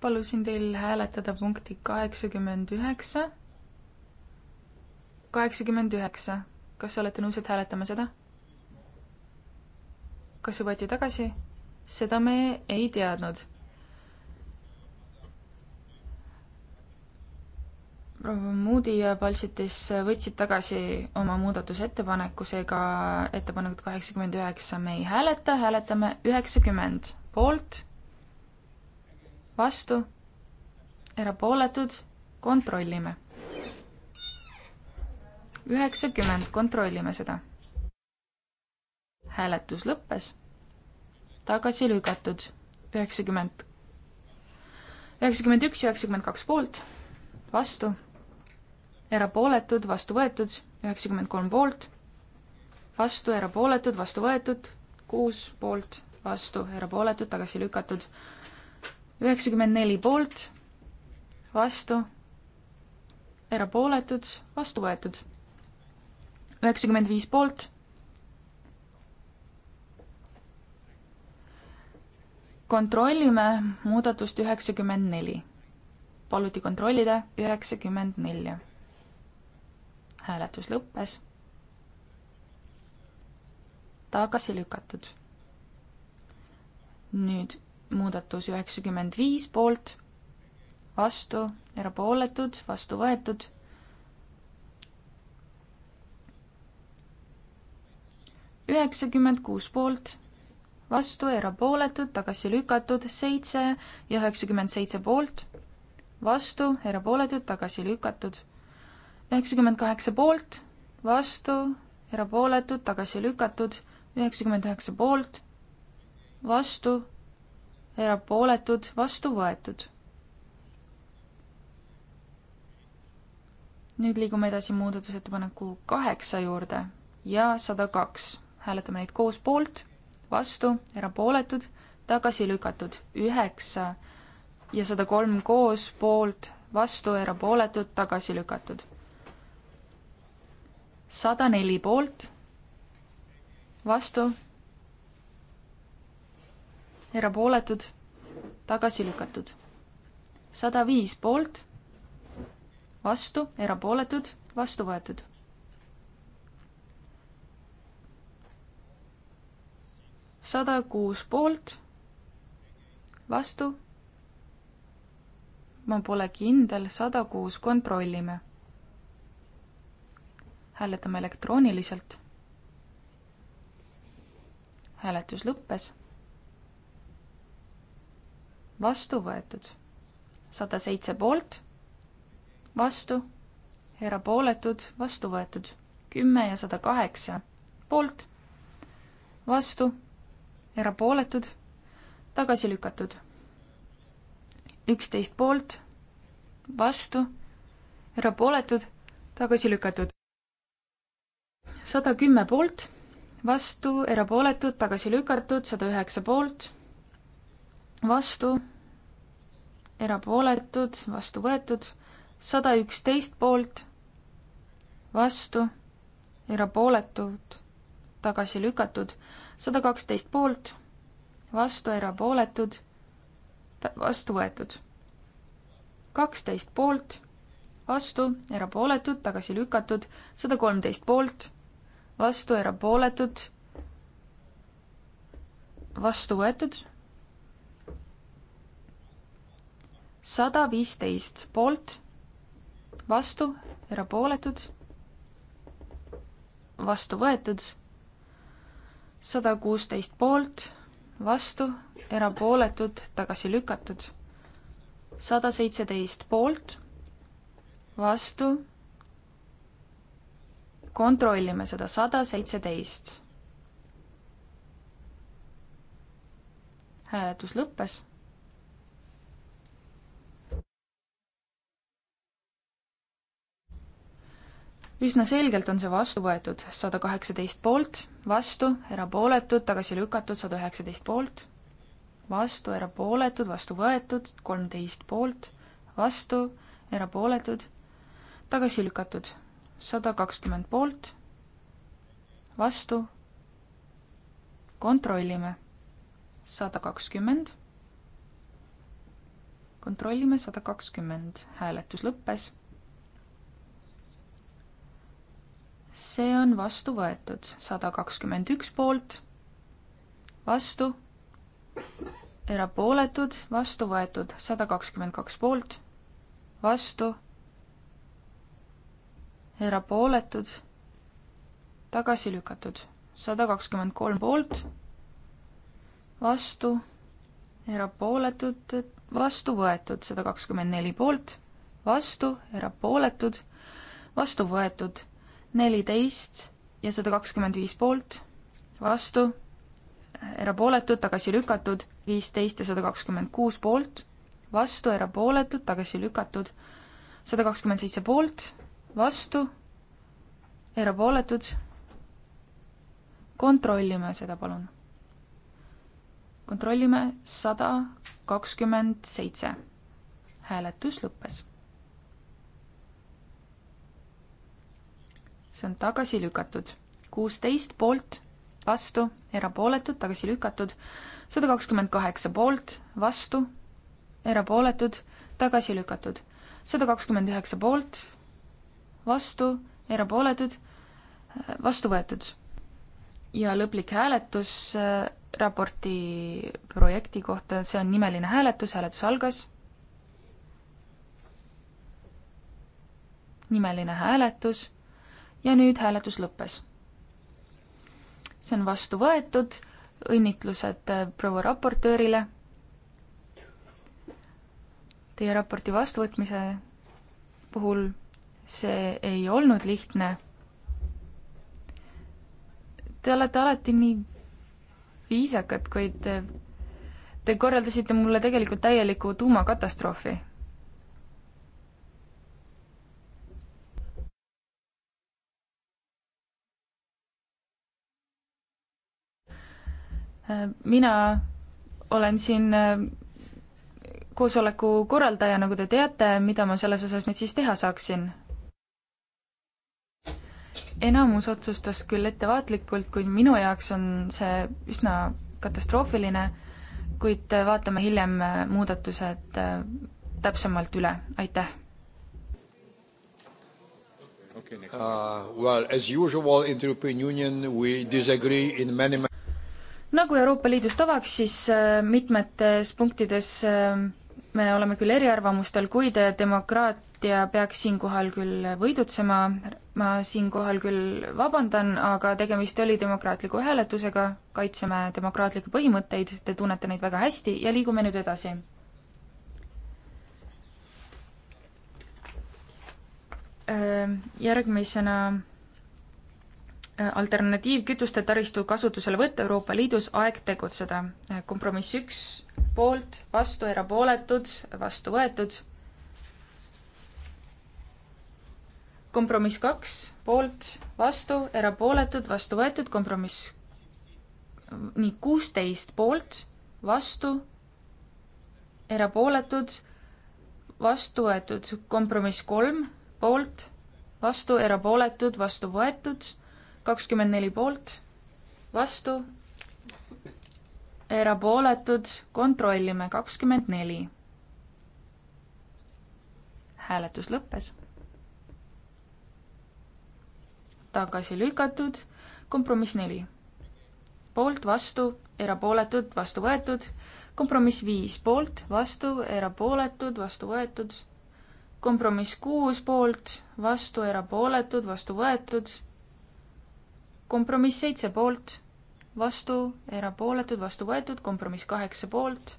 palusin teil hääletada punkti kaheksakümmend üheksa. kaheksakümmend üheksa, kas olete nõus, et hääletame seda? kas see võeti tagasi? seda me ei teadnud. proua Moody ja Balsitis võtsid tagasi oma muudatusettepaneku, seega ettepanekut kaheksakümmend üheksa me ei hääleta, hääletame üheksakümmend poolt vastu, erapooletud, kontrollime. üheksakümmend, kontrollime seda. hääletus lõppes, tagasi lükatud, üheksakümmend, üheksakümmend üks, üheksakümmend kaks poolt, vastu, erapooletud, vastu võetud, üheksakümmend kolm poolt, vastu, erapooletud, vastu võetud, kuus poolt, vastu, erapooletud, tagasi lükatud üheksakümmend neli poolt, vastu, erapooletud, vastu võetud. üheksakümmend viis poolt. kontrollime muudatust üheksakümmend neli. paluti kontrollida üheksakümmend nelja. hääletus lõppes. tagasi lükatud. nüüd muudatus üheksakümmend viis poolt, vastu, erapooletud, vastu võetud. üheksakümmend kuus poolt, vastu, erapooletud, tagasi lükatud, seitse ja üheksakümmend seitse poolt, vastu, erapooletud, tagasi lükatud. üheksakümmend kaheksa poolt, vastu, erapooletud, tagasi lükatud, üheksakümmend üheksa poolt, vastu erapooletud, vastu võetud. nüüd liigume edasi muudatusettepaneku kaheksa juurde ja sada kaks. hääletame neid koos poolt, vastu, erapooletud, tagasi lükatud, üheksa ja sada kolm koos poolt, vastu, erapooletud, tagasi lükatud. sada neli poolt, vastu erapooletud, tagasi lükatud. sada viis poolt, vastu, erapooletud, vastu võetud. sada kuus poolt, vastu. ma pole kindel, sada kuus, kontrollime. hääletame elektrooniliselt hääletus lõppes vastu võetud. sada seitse poolt, vastu, erapooletud, vastu võetud. kümme ja sada kaheksa poolt, vastu, erapooletud, tagasi lükatud. üksteist poolt, vastu, erapooletud, tagasi lükatud. sada kümme poolt, vastu, erapooletud, tagasi lükatud, sada üheksa poolt, vastu erapooletud, vastu võetud, sada üksteist poolt, vastu, erapooletud, tagasi lükatud, sada kaksteist poolt, vastu, erapooletud, vastu võetud, kaksteist poolt, vastu, erapooletud, tagasi lükatud, sada kolmteist poolt, vastu, erapooletud, vastu võetud sada viisteist poolt, vastu, erapooletud, vastu võetud, sada kuusteist poolt, vastu, erapooletud, tagasi lükatud, sada seitseteist poolt, vastu, kontrollime seda, sada seitseteist. hääletus lõppes üsna selgelt on see vastu võetud, sada kaheksateist poolt, vastu, erapooletud, tagasi lükatud, sada üheksateist poolt, vastu, erapooletud, vastu võetud, kolmteist poolt, vastu, erapooletud, tagasi lükatud, sada kakskümmend poolt, vastu, kontrollime, sada kakskümmend kontrollime sada kakskümmend, hääletus lõppes. see on vastu võetud, sada kakskümmend üks poolt, vastu, erapooletud, vastu võetud, sada kakskümmend kaks poolt, vastu, erapooletud, tagasi lükatud, sada kakskümmend kolm poolt, vastu, erapooletud, vastu võetud, sada kakskümmend neli poolt, vastu, erapooletud, vastu võetud neliteist ja sada kakskümmend viis poolt, vastu, erapooletud, tagasi lükatud, viisteist ja sada kakskümmend kuus poolt, vastu, erapooletud, tagasi lükatud, sada kakskümmend seitse poolt, vastu, erapooletud. kontrollime seda, palun. kontrollime sada kakskümmend seitse. hääletus lõppes see on tagasi lükatud. kuusteist poolt, vastu, erapooletud, tagasi lükatud. sada kakskümmend kaheksa poolt, vastu, erapooletud, tagasi lükatud. sada kakskümmend üheksa poolt, vastu, erapooletud, vastu võetud. ja lõplik hääletus äh, raporti projekti kohta, see on nimeline hääletus, hääletus algas nimeline hääletus ja nüüd hääletus lõppes. see on vastu võetud, õnnitlused äh, proua raportöörile. Teie raporti vastuvõtmise puhul see ei olnud lihtne. Te olete alati nii viisakad, kuid äh, te korraldasite mulle tegelikult täieliku tuumakatastroofi Äh, mina olen siin äh, koosoleku korraldaja, nagu te teate, mida ma selles osas nüüd siis teha saaksin? enamus otsustas küll ettevaatlikult, kuid minu jaoks on see üsna katastroofiline, kuid äh, vaatame hiljem muudatused täpsemalt üle, aitäh. Uh, well, as usual in the European Union we disagree in many nagu Euroopa Liidus tavaks, siis äh, mitmetes punktides äh, me oleme küll eriarvamustel, kuid äh, demokraatia peaks siinkohal küll võidutsema, ma siinkohal küll vabandan, aga tegemist oli demokraatliku hääletusega, kaitseme demokraatlikke põhimõtteid, te tunnete neid väga hästi ja liigume nüüd edasi järgmisena alternatiivkütuste taristu kasutuselevõtt Euroopa Liidus, aeg tegutseda. kompromiss üks, poolt, vastu, erapooletud, vastu võetud. kompromiss kaks, poolt, vastu, erapooletud, vastu võetud, kompromiss nii kuusteist poolt, vastu, erapooletud, vastu võetud, kompromiss kolm, poolt, vastu, erapooletud, vastu võetud kakskümmend neli poolt, vastu, erapooletud, kontrollime, kakskümmend neli. hääletus lõppes. tagasi lükatud, kompromiss neli. poolt, vastu, erapooletud, vastu võetud, kompromiss viis poolt, vastu, erapooletud, vastu võetud, kompromiss kuus poolt, vastu, erapooletud, vastu võetud kompromiss seitse poolt, vastu, erapooletud, vastu võetud, kompromiss kaheksa poolt,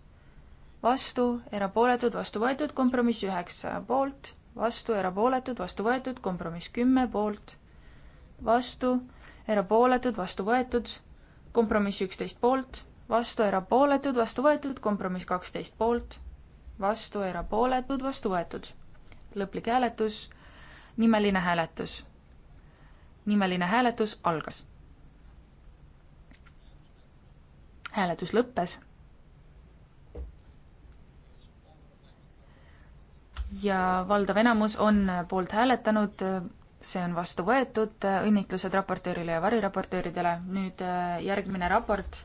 vastu, erapooletud, vastu võetud, kompromiss üheksa poolt, vastu, erapooletud, vastu võetud, kompromiss kümme poolt, vastu, erapooletud, vastu võetud, kompromiss üksteist poolt, vastu, erapooletud, vastu võetud, kompromiss kaksteist poolt, vastu, erapooletud, vastu võetud. lõplik hääletus, nimeline hääletus nimeline hääletus algas. hääletus lõppes. ja valdav enamus on poolt hääletanud, see on vastu võetud, õnnitlused raportöörile ja variraportööridele. nüüd äh, järgmine raport.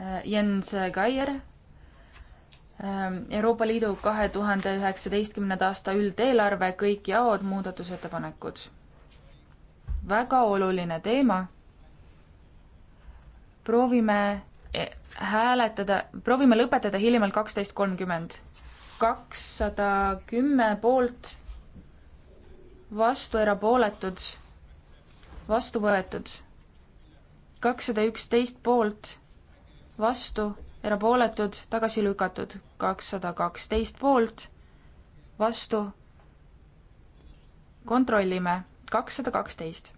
Äh, Jens Kaier ähm, Euroopa Liidu kahe tuhande üheksateistkümnenda aasta üldeelarve, kõik jaod, muudatusettepanekud väga oluline teema. proovime eh, hääletada, proovime lõpetada hiljemalt kaksteist kolmkümmend. kakssada kümme poolt, vastu erapooletud, vastu võetud. kakssada üksteist poolt, vastu erapooletud, tagasi lükatud. kakssada kaksteist poolt, vastu. kontrollime kakssada kaksteist.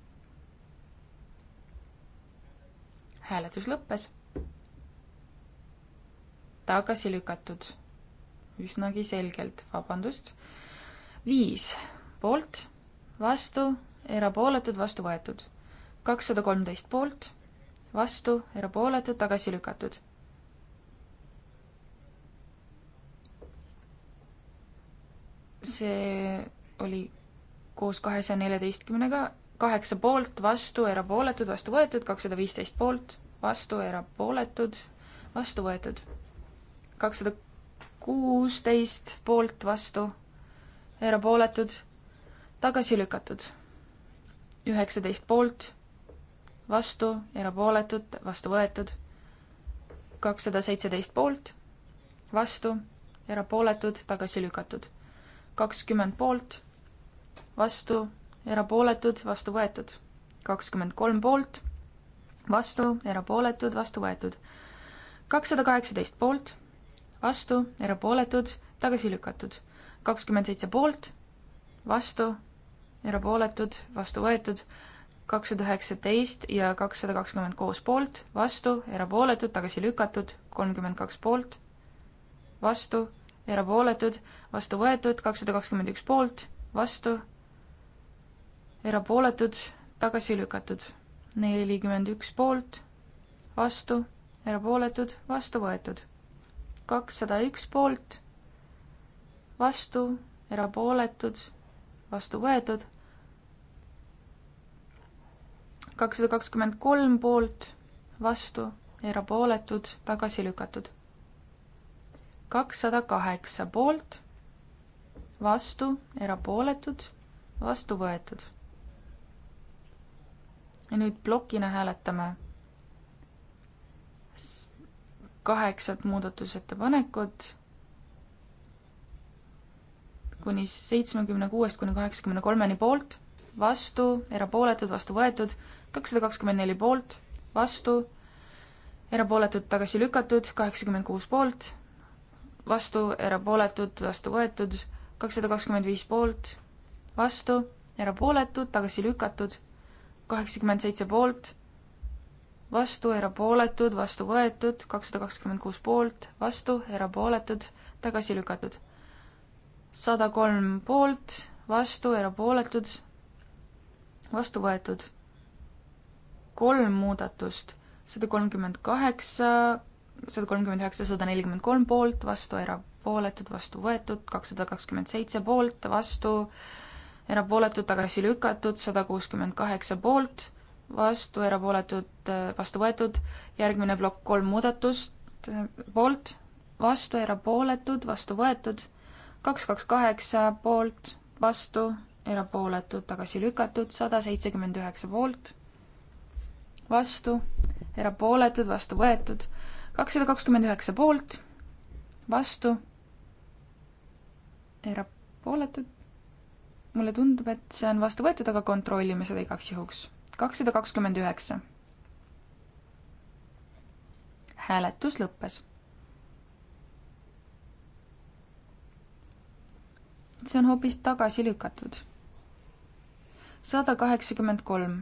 hääletus lõppes. tagasi lükatud. üsnagi selgelt, vabandust. viis poolt, vastu, erapooletud, vastu võetud. kakssada kolmteist poolt, vastu, erapooletud, tagasi lükatud see oli koos kahesaja neljateistkümnega, kaheksa poolt, vastu, erapooletud, vastu võetud, kakssada viisteist poolt, vastu, erapooletud, vastu võetud. kakssada kuusteist poolt, vastu, erapooletud, tagasi lükatud. üheksateist poolt, vastu, erapooletud, vastu võetud. kakssada seitseteist poolt, vastu, erapooletud, tagasi lükatud. kakskümmend poolt vastu, erapooletud, vastu võetud. kakskümmend kolm poolt, vastu, erapooletud, vastu võetud. kakssada kaheksateist poolt, vastu, erapooletud, tagasi lükatud. kakskümmend seitse poolt, vastu, erapooletud, vastu võetud kakssada üheksateist ja kakssada kakskümmend koos poolt, vastu, erapooletud, tagasi lükatud, kolmkümmend kaks poolt, vastu, erapooletud, vastu võetud, kakssada kakskümmend üks poolt, vastu, erapooletud, tagasi lükatud. nelikümmend üks poolt, vastu, erapooletud, vastu võetud. kakssada üks poolt, vastu, erapooletud, vastu võetud. kakssada kakskümmend kolm poolt, vastu, erapooletud, tagasi lükatud. kakssada kaheksa poolt, vastu, erapooletud, vastu võetud nüüd plokina hääletame kaheksat muudatusettepanekut kuni seitsmekümne kuuest kuni kaheksakümne kolmeni poolt, vastu, erapooletud, vastu võetud, kakssada kakskümmend neli poolt, vastu, erapooletud, tagasi lükatud, kaheksakümmend kuus poolt, vastu, erapooletud, vastu võetud, kakssada kakskümmend viis poolt, vastu, erapooletud, tagasi lükatud, kaheksakümmend seitse poolt, vastu, erapooletud, vastu võetud, kakssada kakskümmend kuus poolt, vastu, erapooletud, tagasi lükatud. sada kolm poolt, vastu, erapooletud, vastu võetud. kolm muudatust, sada kolmkümmend kaheksa, sada kolmkümmend üheksa, sada nelikümmend kolm poolt, vastu, erapooletud, vastu võetud, kakssada kakskümmend seitse poolt, vastu, erapooletud, tagasi lükatud, sada kuuskümmend kaheksa poolt, vastu, erapooletud, vastu võetud, järgmine plokk kolm muudatust, poolt, vastu, erapooletud, vastu võetud, kaks, kaks, kaheksa poolt, vastu, erapooletud, tagasi lükatud, sada seitsekümmend üheksa poolt, vastu, erapooletud, vastu võetud, kakssada kakskümmend üheksa poolt, vastu, erapooletud, mulle tundub, et see on vastu võetud, aga kontrollime seda igaks juhuks. kakssada kakskümmend üheksa. hääletus lõppes. see on hoopis tagasi lükatud. sada kaheksakümmend kolm.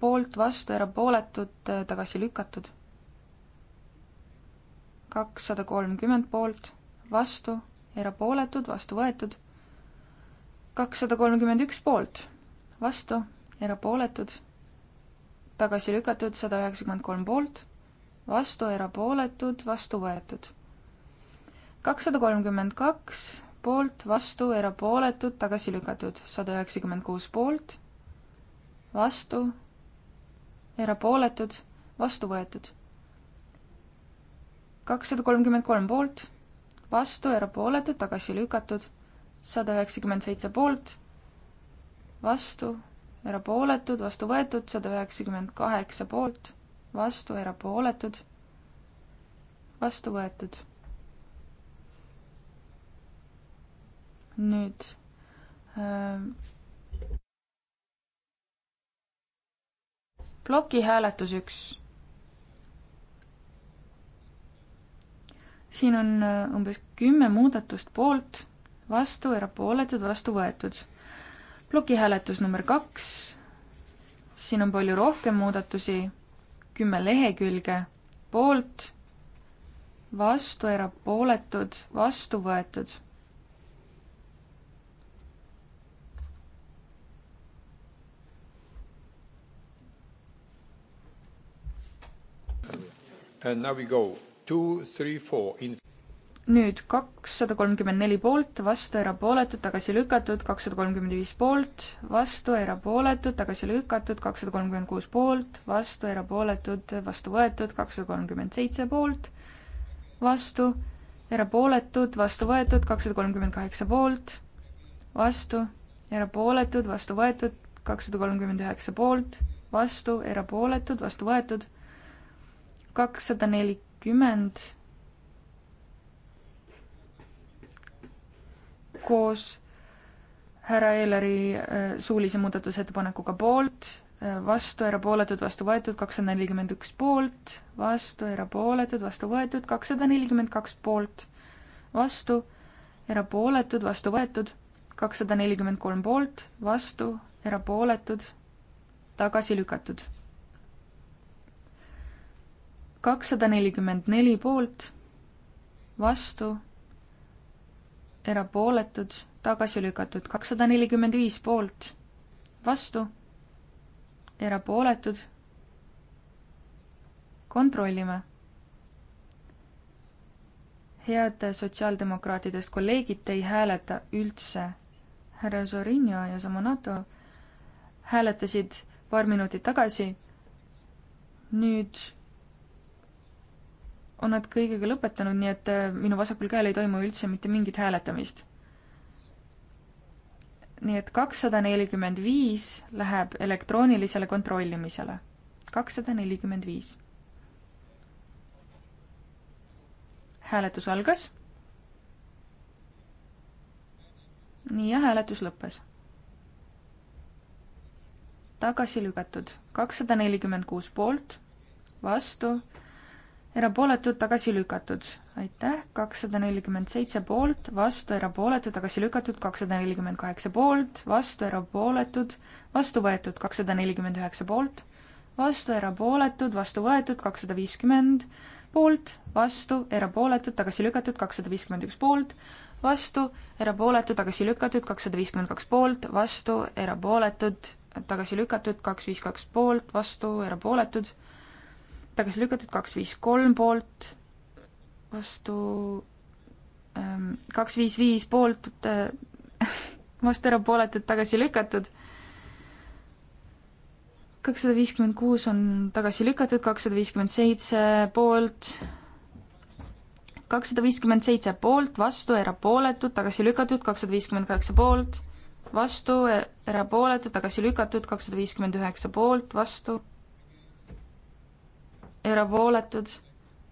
poolt, vastu, erapooletud, tagasi lükatud. kakssada kolmkümmend poolt, vastu, erapooletud, vastu võetud kakssada kolmkümmend üks poolt, vastu, erapooletud, tagasi lükatud sada üheksakümmend kolm poolt, vastu, erapooletud, vastu võetud. kakssada kolmkümmend kaks poolt, vastu, erapooletud, tagasi lükatud, sada üheksakümmend kuus poolt, vastu, erapooletud, vastu võetud. kakssada kolmkümmend kolm poolt, vastu, erapooletud, tagasi lükatud sada üheksakümmend seitse poolt, vastu, erapooletud, vastu võetud, sada üheksakümmend kaheksa poolt, vastu, erapooletud, vastu võetud. nüüd äh, plokihääletus üks siin on äh, umbes kümme muudatust poolt, vastu, erapooletud, vastu võetud. plokihääletus number kaks, siin on palju rohkem muudatusi, kümme lehekülge, poolt, vastu, erapooletud, vastu võetud And now we go two, three, four in nüüd kakssada kolmkümmend neli poolt, vastu, erapooletud, tagasi lükatud, kakssada kolmkümmend viis poolt, vastu, erapooletud, tagasi lükatud, kakssada kolmkümmend kuus poolt, vastu, erapooletud, vastu võetud, kakssada kolmkümmend seitse poolt, vastu, erapooletud, vastu võetud, kakssada kolmkümmend kaheksa poolt, vastu, erapooletud, vastu võetud, kakssada kolmkümmend üheksa poolt, vastu, erapooletud, vastu võetud, kakssada nelikümmend koos härra Eeleri äh, suulise muudatusettepanekuga poolt, äh, vastu, erapooletud, vastu võetud, kakssada nelikümmend üks poolt, vastu, erapooletud, vastu võetud, kakssada nelikümmend kaks poolt, vastu, erapooletud, vastu võetud, kakssada nelikümmend kolm poolt, vastu, erapooletud, tagasi lükatud. kakssada nelikümmend neli poolt, vastu erapooletud, tagasi lükatud, kakssada nelikümmend viis poolt, vastu, erapooletud. kontrollime. head sotsiaaldemokraatidest kolleegid ei hääleta üldse. härra Zorinio ja Samanato hääletasid paar minutit tagasi. nüüd on nad kõigega lõpetanud, nii et äh, minu vasakul käel ei toimu üldse mitte mingit hääletamist. nii et kakssada nelikümmend viis läheb elektroonilisele kontrollimisele. kakssada nelikümmend viis. hääletus algas. nii, ja hääletus lõppes tagasi lükatud. kakssada nelikümmend kuus poolt, vastu, erapooletud, tagasi lükatud. aitäh, kakssada nelikümmend seitse poolt, vastu, erapooletud, tagasi lükatud, kakssada nelikümmend kaheksa poolt, vastu, erapooletud, vastu võetud, kakssada nelikümmend üheksa poolt, vastu, erapooletud, vastu võetud, kakssada viiskümmend poolt, vastu, erapooletud, tagasi lükatud, kakssada viiskümmend üks poolt, vastu, erapooletu, tagasi lükatud, kakssada viiskümmend kaks poolt, vastu, erapooletud, tagasi lükatud, kaks viis kaks poolt, vastu, erapooletud tagasi lükatud, kaks viis kolm poolt, vastu ähm, kaks viis viis poolt, äh, vastu erapooletud, tagasi lükatud. kakssada viiskümmend kuus on tagasi lükatud, kakssada viiskümmend seitse poolt, kakssada viiskümmend seitse poolt, vastu, erapooletud, tagasi lükatud, kakssada viiskümmend kaheksa poolt, vastu, e-, erapooletud, tagasi lükatud, kakssada viiskümmend üheksa poolt, vastu erapooletud,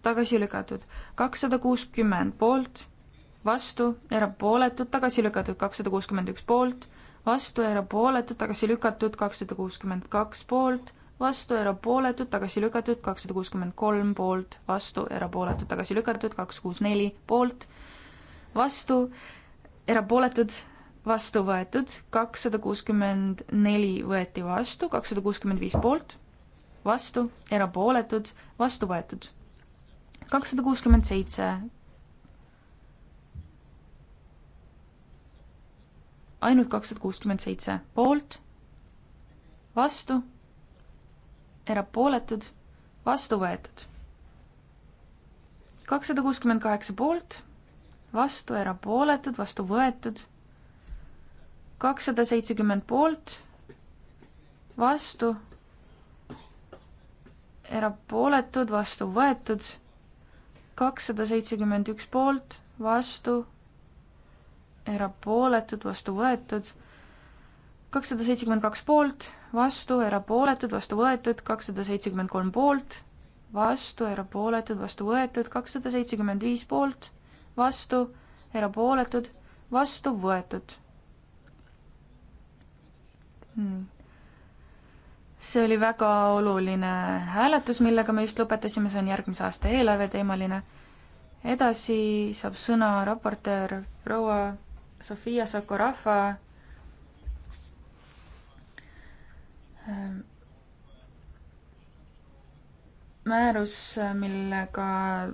tagasi lükatud. kakssada kuuskümmend poolt, vastu, erapooletud, tagasi lükatud. kakssada kuuskümmend üks poolt, vastu, erapooletud, tagasi lükatud. kakssada kuuskümmend kaks poolt, vastu, erapooletud, tagasi lükatud. kakssada kuuskümmend kolm poolt, vastu, erapooletud, tagasi lükatud. kaks kuus neli poolt, vastu, erapooletud vastu võetud, kakssada kuuskümmend neli võeti vastu, kakssada kuuskümmend viis poolt vastu, erapooletud, vastu võetud. kakssada kuuskümmend seitse. ainult kakssada kuuskümmend seitse poolt, vastu, erapooletud, vastu võetud. kakssada kuuskümmend kaheksa poolt, vastu, erapooletud, vastu võetud. kakssada seitsekümmend poolt, vastu erapooletud, vastu võetud, kakssada seitsekümmend üks poolt, vastu, erapooletud, vastu võetud, kakssada seitsekümmend kaks poolt, vastu, erapooletud, vastu võetud, kakssada seitsekümmend kolm poolt, vastu, erapooletud, vastu võetud, kakssada seitsekümmend viis poolt, vastu, erapooletud, vastu võetud. nii hmm see oli väga oluline hääletus, millega me just lõpetasime, see on järgmise aasta eelarve teemaline. edasi saab sõna raportöör proua Sofia Sokorafa. määrus, millega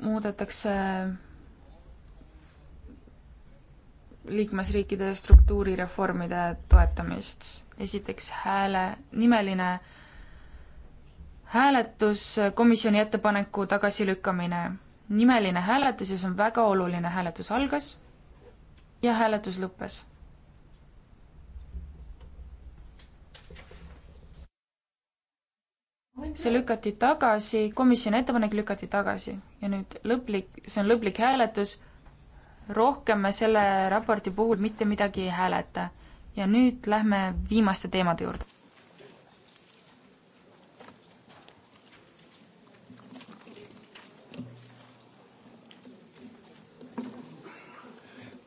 muudetakse liikmesriikide struktuurireformide toetamist. esiteks hääle, nimeline hääletus, komisjoni ettepaneku tagasilükkamine. nimeline hääletus ja see on väga oluline, hääletus algas ja hääletus lõppes. see lükati tagasi, komisjoni ettepanek lükati tagasi ja nüüd lõplik, see on lõplik hääletus rohkem me selle raporti puhul mitte midagi ei hääleta. ja nüüd lähme viimaste teemade juurde.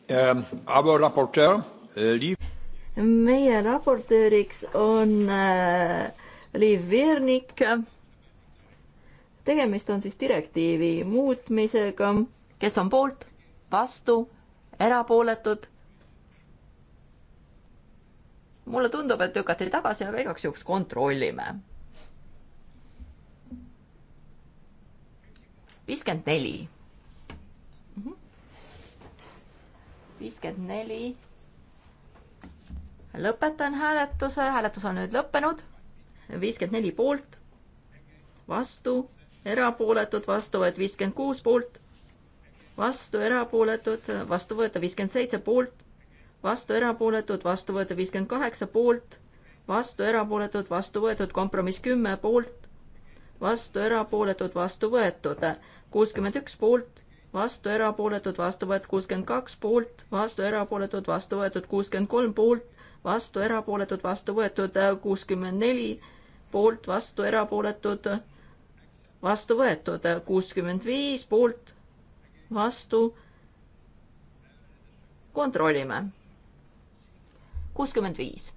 Ähm, äh, meie raportööriks on äh, Liiv Virnik. tegemist on siis direktiivi muutmisega, kes on poolt vastu, erapooletud. mulle tundub, et lükati tagasi, aga igaks juhuks kontrollime. viiskümmend neli. viiskümmend neli. lõpetan hääletuse, hääletus on nüüd lõppenud. viiskümmend neli poolt, vastu, erapooletud, vastu, et viiskümmend kuus poolt vastu erapooletud, vastu võeta viiskümmend seitse poolt, vastu erapooletud, vastu võeta viiskümmend kaheksa poolt, vastu erapooletud, vastu võetud, kompromiss kümme poolt, vastu erapooletud, vastu võetud, kuuskümmend üks poolt, vastu erapooletud, vastu võetud kuuskümmend kaks poolt, vastu erapooletud, vastu võetud kuuskümmend kolm poolt, vastu erapooletud, vastu võetud kuuskümmend neli poolt, vastu erapooletud, vastu võetud kuuskümmend viis poolt vastu. kontrollime. kuuskümmend viis.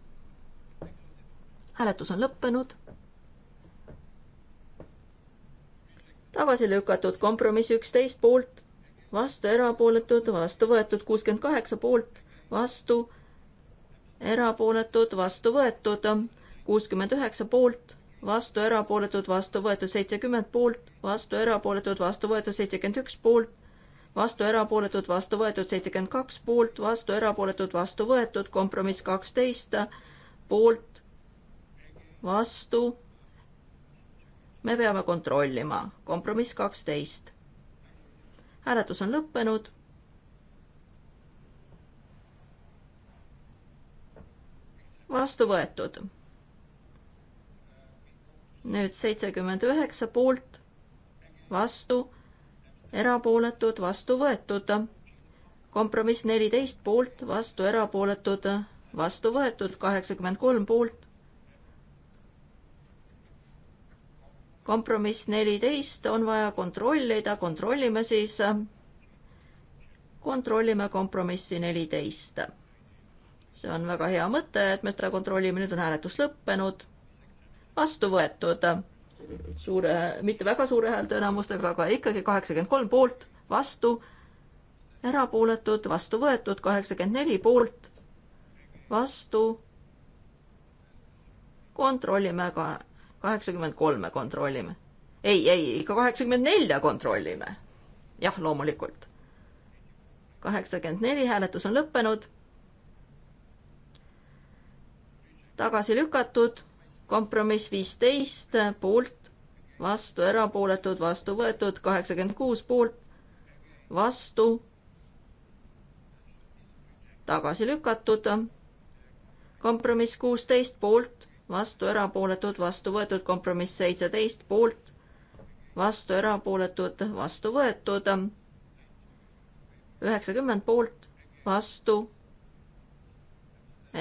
hääletus on lõppenud. tagasi lükatud kompromiss üksteist poolt, vastu erapooletud, vastu võetud kuuskümmend kaheksa poolt, vastu erapooletud, vastu võetud kuuskümmend üheksa poolt vastu erapooletud, vastu võetud seitsekümmend poolt, vastu erapooletud, vastu võetud seitsekümmend üks poolt, vastu erapooletud, vastu võetud seitsekümmend kaks, poolt vastu erapooletud, vastu võetud, kompromiss kaksteist, poolt vastu. me peame kontrollima, kompromiss kaksteist. hääletus on lõppenud. vastu võetud. nüüd seitsekümmend üheksa poolt, vastu erapooletud, vastu võetud. kompromiss neliteist poolt, vastu erapooletud, vastu võetud, kaheksakümmend kolm poolt. kompromiss neliteist on vaja kontrollida, kontrollime siis. kontrollime kompromissi neliteist. see on väga hea mõte, et me seda kontrollime, nüüd on hääletus lõppenud. vastu võetud suure, mitte väga suure häälteenamustega, aga ikkagi kaheksakümmend kolm poolt, vastu, erapooletud, vastu võetud, kaheksakümmend neli poolt, vastu. kontrollime ka, kaheksakümmend kolme kontrollime. ei, ei, ikka kaheksakümmend nelja kontrollime. jah, loomulikult. kaheksakümmend neli, hääletus on lõppenud tagasi lükatud kompromiss viisteist poolt, vastu erapooletud, vastu võetud, kaheksakümmend kuus poolt, vastu, tagasi lükatud. kompromiss kuusteist poolt, vastu erapooletud, vastu võetud, kompromiss seitseteist poolt, vastu erapooletud, vastu võetud. üheksakümmend poolt, vastu,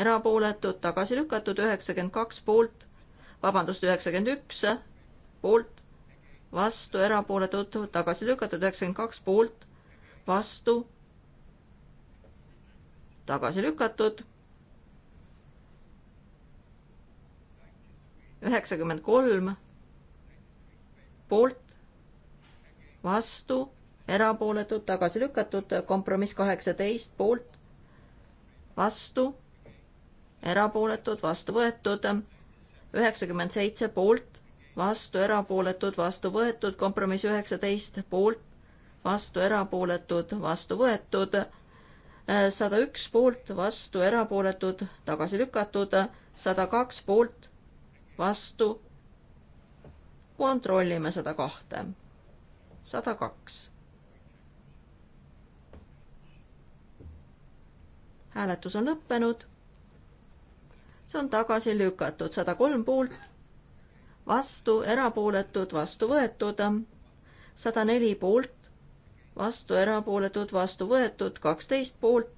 erapooletud, tagasi lükatud, üheksakümmend kaks poolt vabandust, üheksakümmend üks poolt, vastu, erapooletud, tagasi lükatud, üheksakümmend kaks poolt, vastu, tagasi lükatud, üheksakümmend kolm poolt, vastu, erapooletud, tagasi lükatud, kompromiss kaheksateist poolt, vastu, erapooletud, vastu võetud üheksakümmend seitse poolt, vastu erapooletud, vastu võetud, kompromiss üheksateist poolt, vastu erapooletud, vastu võetud, sada üks poolt, vastu erapooletud, tagasi lükatud, sada kaks poolt, vastu, kontrollime sada kahte, sada kaks. hääletus on lõppenud see on tagasi lükatud, sada kolm poolt, vastu, erapooletud, vastu võetud, sada neli poolt, vastu, erapooletud, vastu võetud, kaksteist poolt,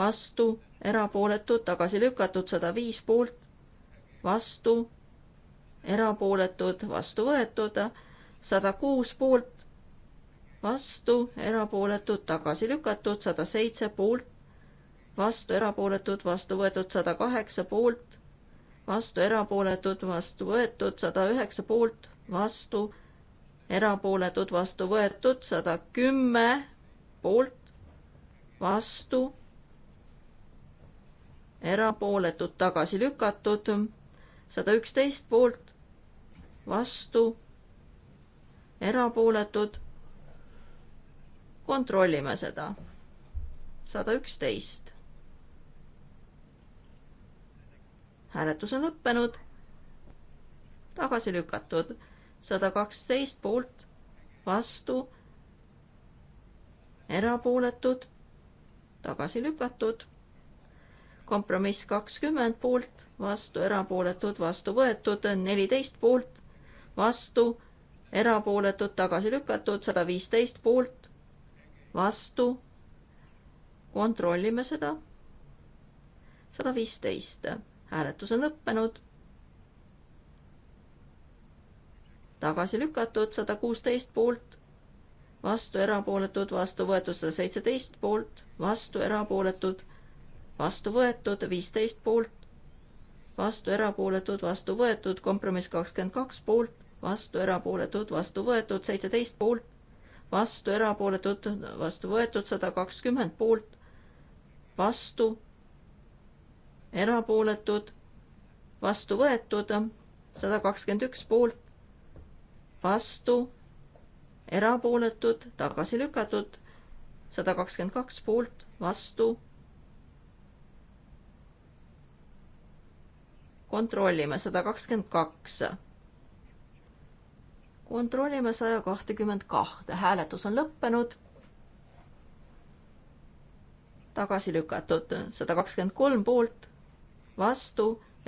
vastu, erapooletud, tagasi lükatud, sada viis poolt, vastu, erapooletud, vastu võetud, sada kuus poolt, vastu, erapooletud, tagasi lükatud, sada seitse poolt, vastu erapooletud, vastu võetud sada kaheksa poolt, vastu erapooletud, vastu võetud sada üheksa poolt, vastu erapooletud, vastu võetud sada kümme poolt, vastu erapooletud, tagasi lükatud sada üksteist poolt, vastu erapooletud. kontrollime seda sada üksteist. hääletus on lõppenud, tagasi lükatud, sada kaksteist poolt, vastu, erapooletud, tagasi lükatud, kompromiss kakskümmend poolt, vastu, erapooletud, vastu võetud, neliteist poolt, vastu, erapooletud, tagasi lükatud, sada viisteist poolt, vastu, kontrollime seda, sada viisteist hääletus on lõppenud. tagasi lükatud sada kuusteist poolt, vastu erapooletud, vastu võetud sada seitseteist poolt, vastu erapooletud, vastu võetud viisteist poolt, vastu erapooletud, vastu võetud, kompromiss kakskümmend kaks poolt, vastu erapooletud, vastu võetud seitseteist poolt, vastu erapooletud, vastu võetud sada kakskümmend poolt, vastu erapooletud, vastu võetud, sada kakskümmend üks poolt, vastu, erapooletud, tagasi lükatud, sada kakskümmend kaks poolt, vastu. kontrollime, sada kakskümmend kaks. kontrollime saja kahtekümmend kahte, hääletus on lõppenud tagasi lükatud, sada kakskümmend kolm poolt, vastu,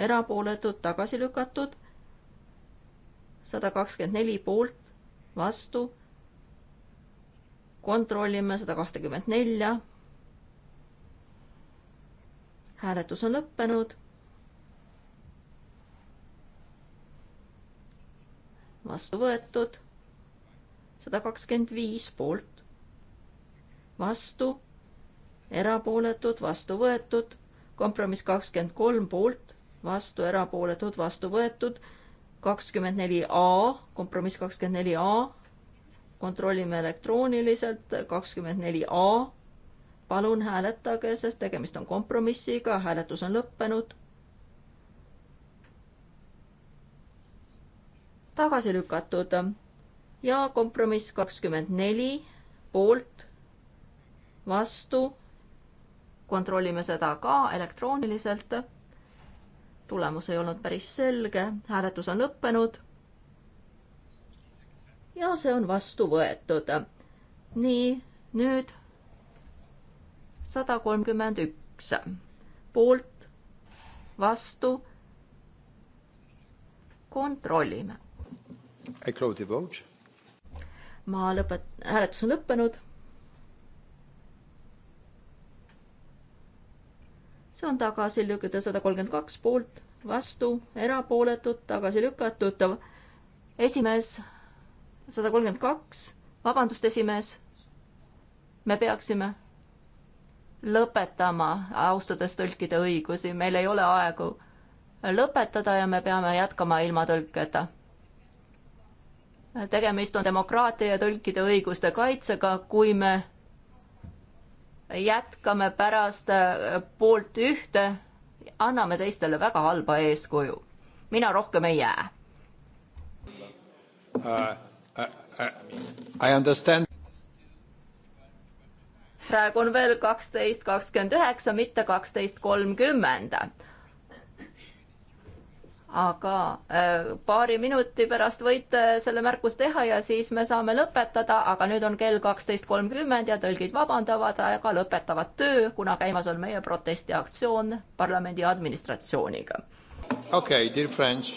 erapooletud, tagasi lükatud. sada kakskümmend neli poolt, vastu. kontrollime sada kahtekümmet nelja. hääletus on lõppenud. vastu võetud sada kakskümmend viis poolt, vastu, erapooletud, vastu võetud kompromiss kakskümmend kolm poolt, vastu, erapooletud, vastu võetud. kakskümmend neli A, kompromiss kakskümmend neli A. kontrollime elektrooniliselt, kakskümmend neli A. palun hääletage, sest tegemist on kompromissiga, hääletus on lõppenud. tagasi lükatud ja kompromiss kakskümmend neli poolt, vastu kontrollime seda ka elektrooniliselt. tulemus ei olnud päris selge, hääletus on lõppenud. ja see on vastu võetud. nii, nüüd sada kolmkümmend üks poolt, vastu. kontrollime. ma lõpet-, hääletus on lõppenud see on tagasi lükatud sada kolmkümmend kaks poolt, vastu, erapooletud, tagasi lükatud. esimees sada kolmkümmend kaks, vabandust, esimees. me peaksime lõpetama, austades tõlkide õigusi, meil ei ole aegu lõpetada ja me peame jätkama ilma tõlketa. tegemist on demokraatia ja tõlkide õiguste kaitsega, kui me jätkame pärast äh, poolt ühte, anname teistele väga halba eeskuju. mina rohkem ei jää uh,. Uh, uh praegu on veel kaksteist kakskümmend üheksa, mitte kaksteist kolmkümmend aga äh, paari minuti pärast võite selle märkus teha ja siis me saame lõpetada, aga nüüd on kell kaksteist kolmkümmend ja tõlgid vabandavad, aga lõpetavad töö, kuna käimas on meie protestiaktsioon parlamendi administratsiooniga. okei okay,, dear friends,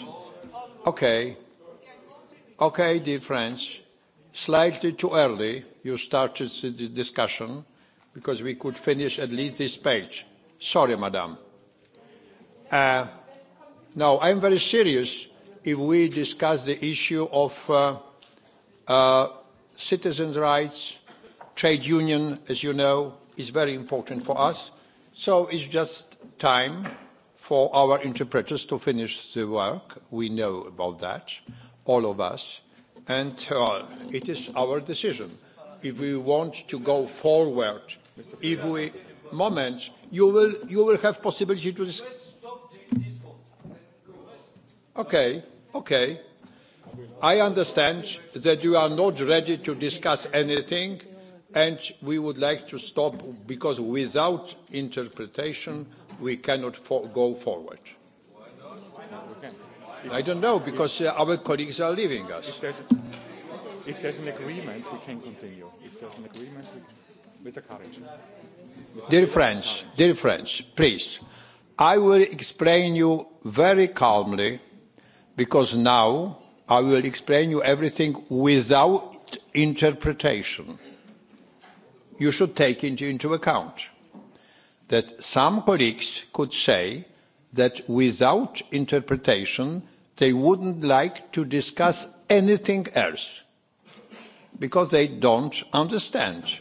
okei okay., okei okay,, dear friends, slightly too early you started this discussion because we could finish at least this page. Sorry, madam uh,. No, I'm very serious if we discuss the issue of uh, uh, citizens' rights, trade union, as you know, is very important for us. So it's just time for our interpreters to finish the work. We know about that, all of us. And uh, it is our decision. If we want to go forward, if we... Moment, you will, you will have possibility to... Dis- Okay, okay. I understand that you are not ready to discuss anything, and we would like to stop because without interpretation, we cannot for go forward. I don't know, because uh, our colleagues are leaving us. If there's, a, if there's an agreement, we can continue. If there's an agreement, we... Mr. Courage. Mr. Dear friends, dear friends, please, I will explain you very calmly because now I will explain you everything without interpretation. You should take into, into account that some colleagues could say that without interpretation they wouldn't like to discuss anything else because they don't understand.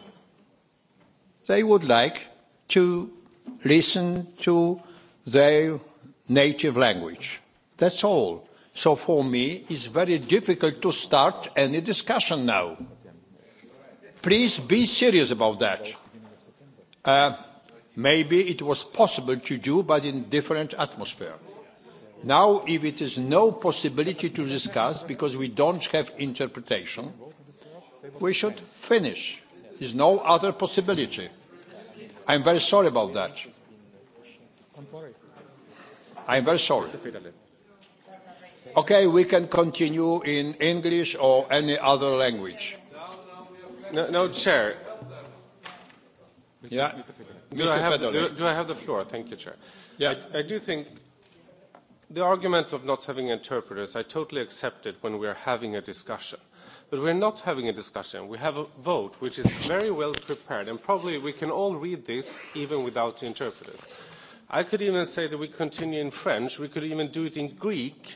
They would like to listen to their native language. That's all. So for me, it's very difficult to start any discussion now. Please be serious about that. Uh, maybe it was possible to do, but in different atmosphere. Now, if it is no possibility to discuss because we don't have interpretation, we should finish. There's no other possibility. I'm very sorry about that. I'm very sorry. Okay, we can continue in English or any other language. No, no Chair. Mr. Yeah. Mr. Do, Mr. I have, do, do I have the floor? Thank you, Chair. Yeah. I, I do think the argument of not having interpreters, I totally accept it when we're having a discussion. But we're not having a discussion. We have a vote which is very well prepared, and probably we can all read this even without interpreters. I could even say that we continue in French. We could even do it in Greek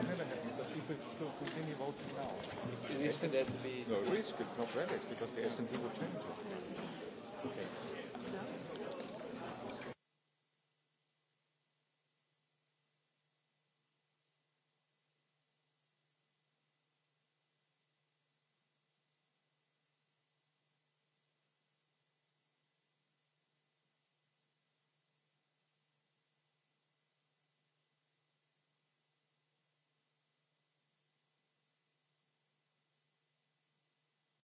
it's not valid because the S&D would change it.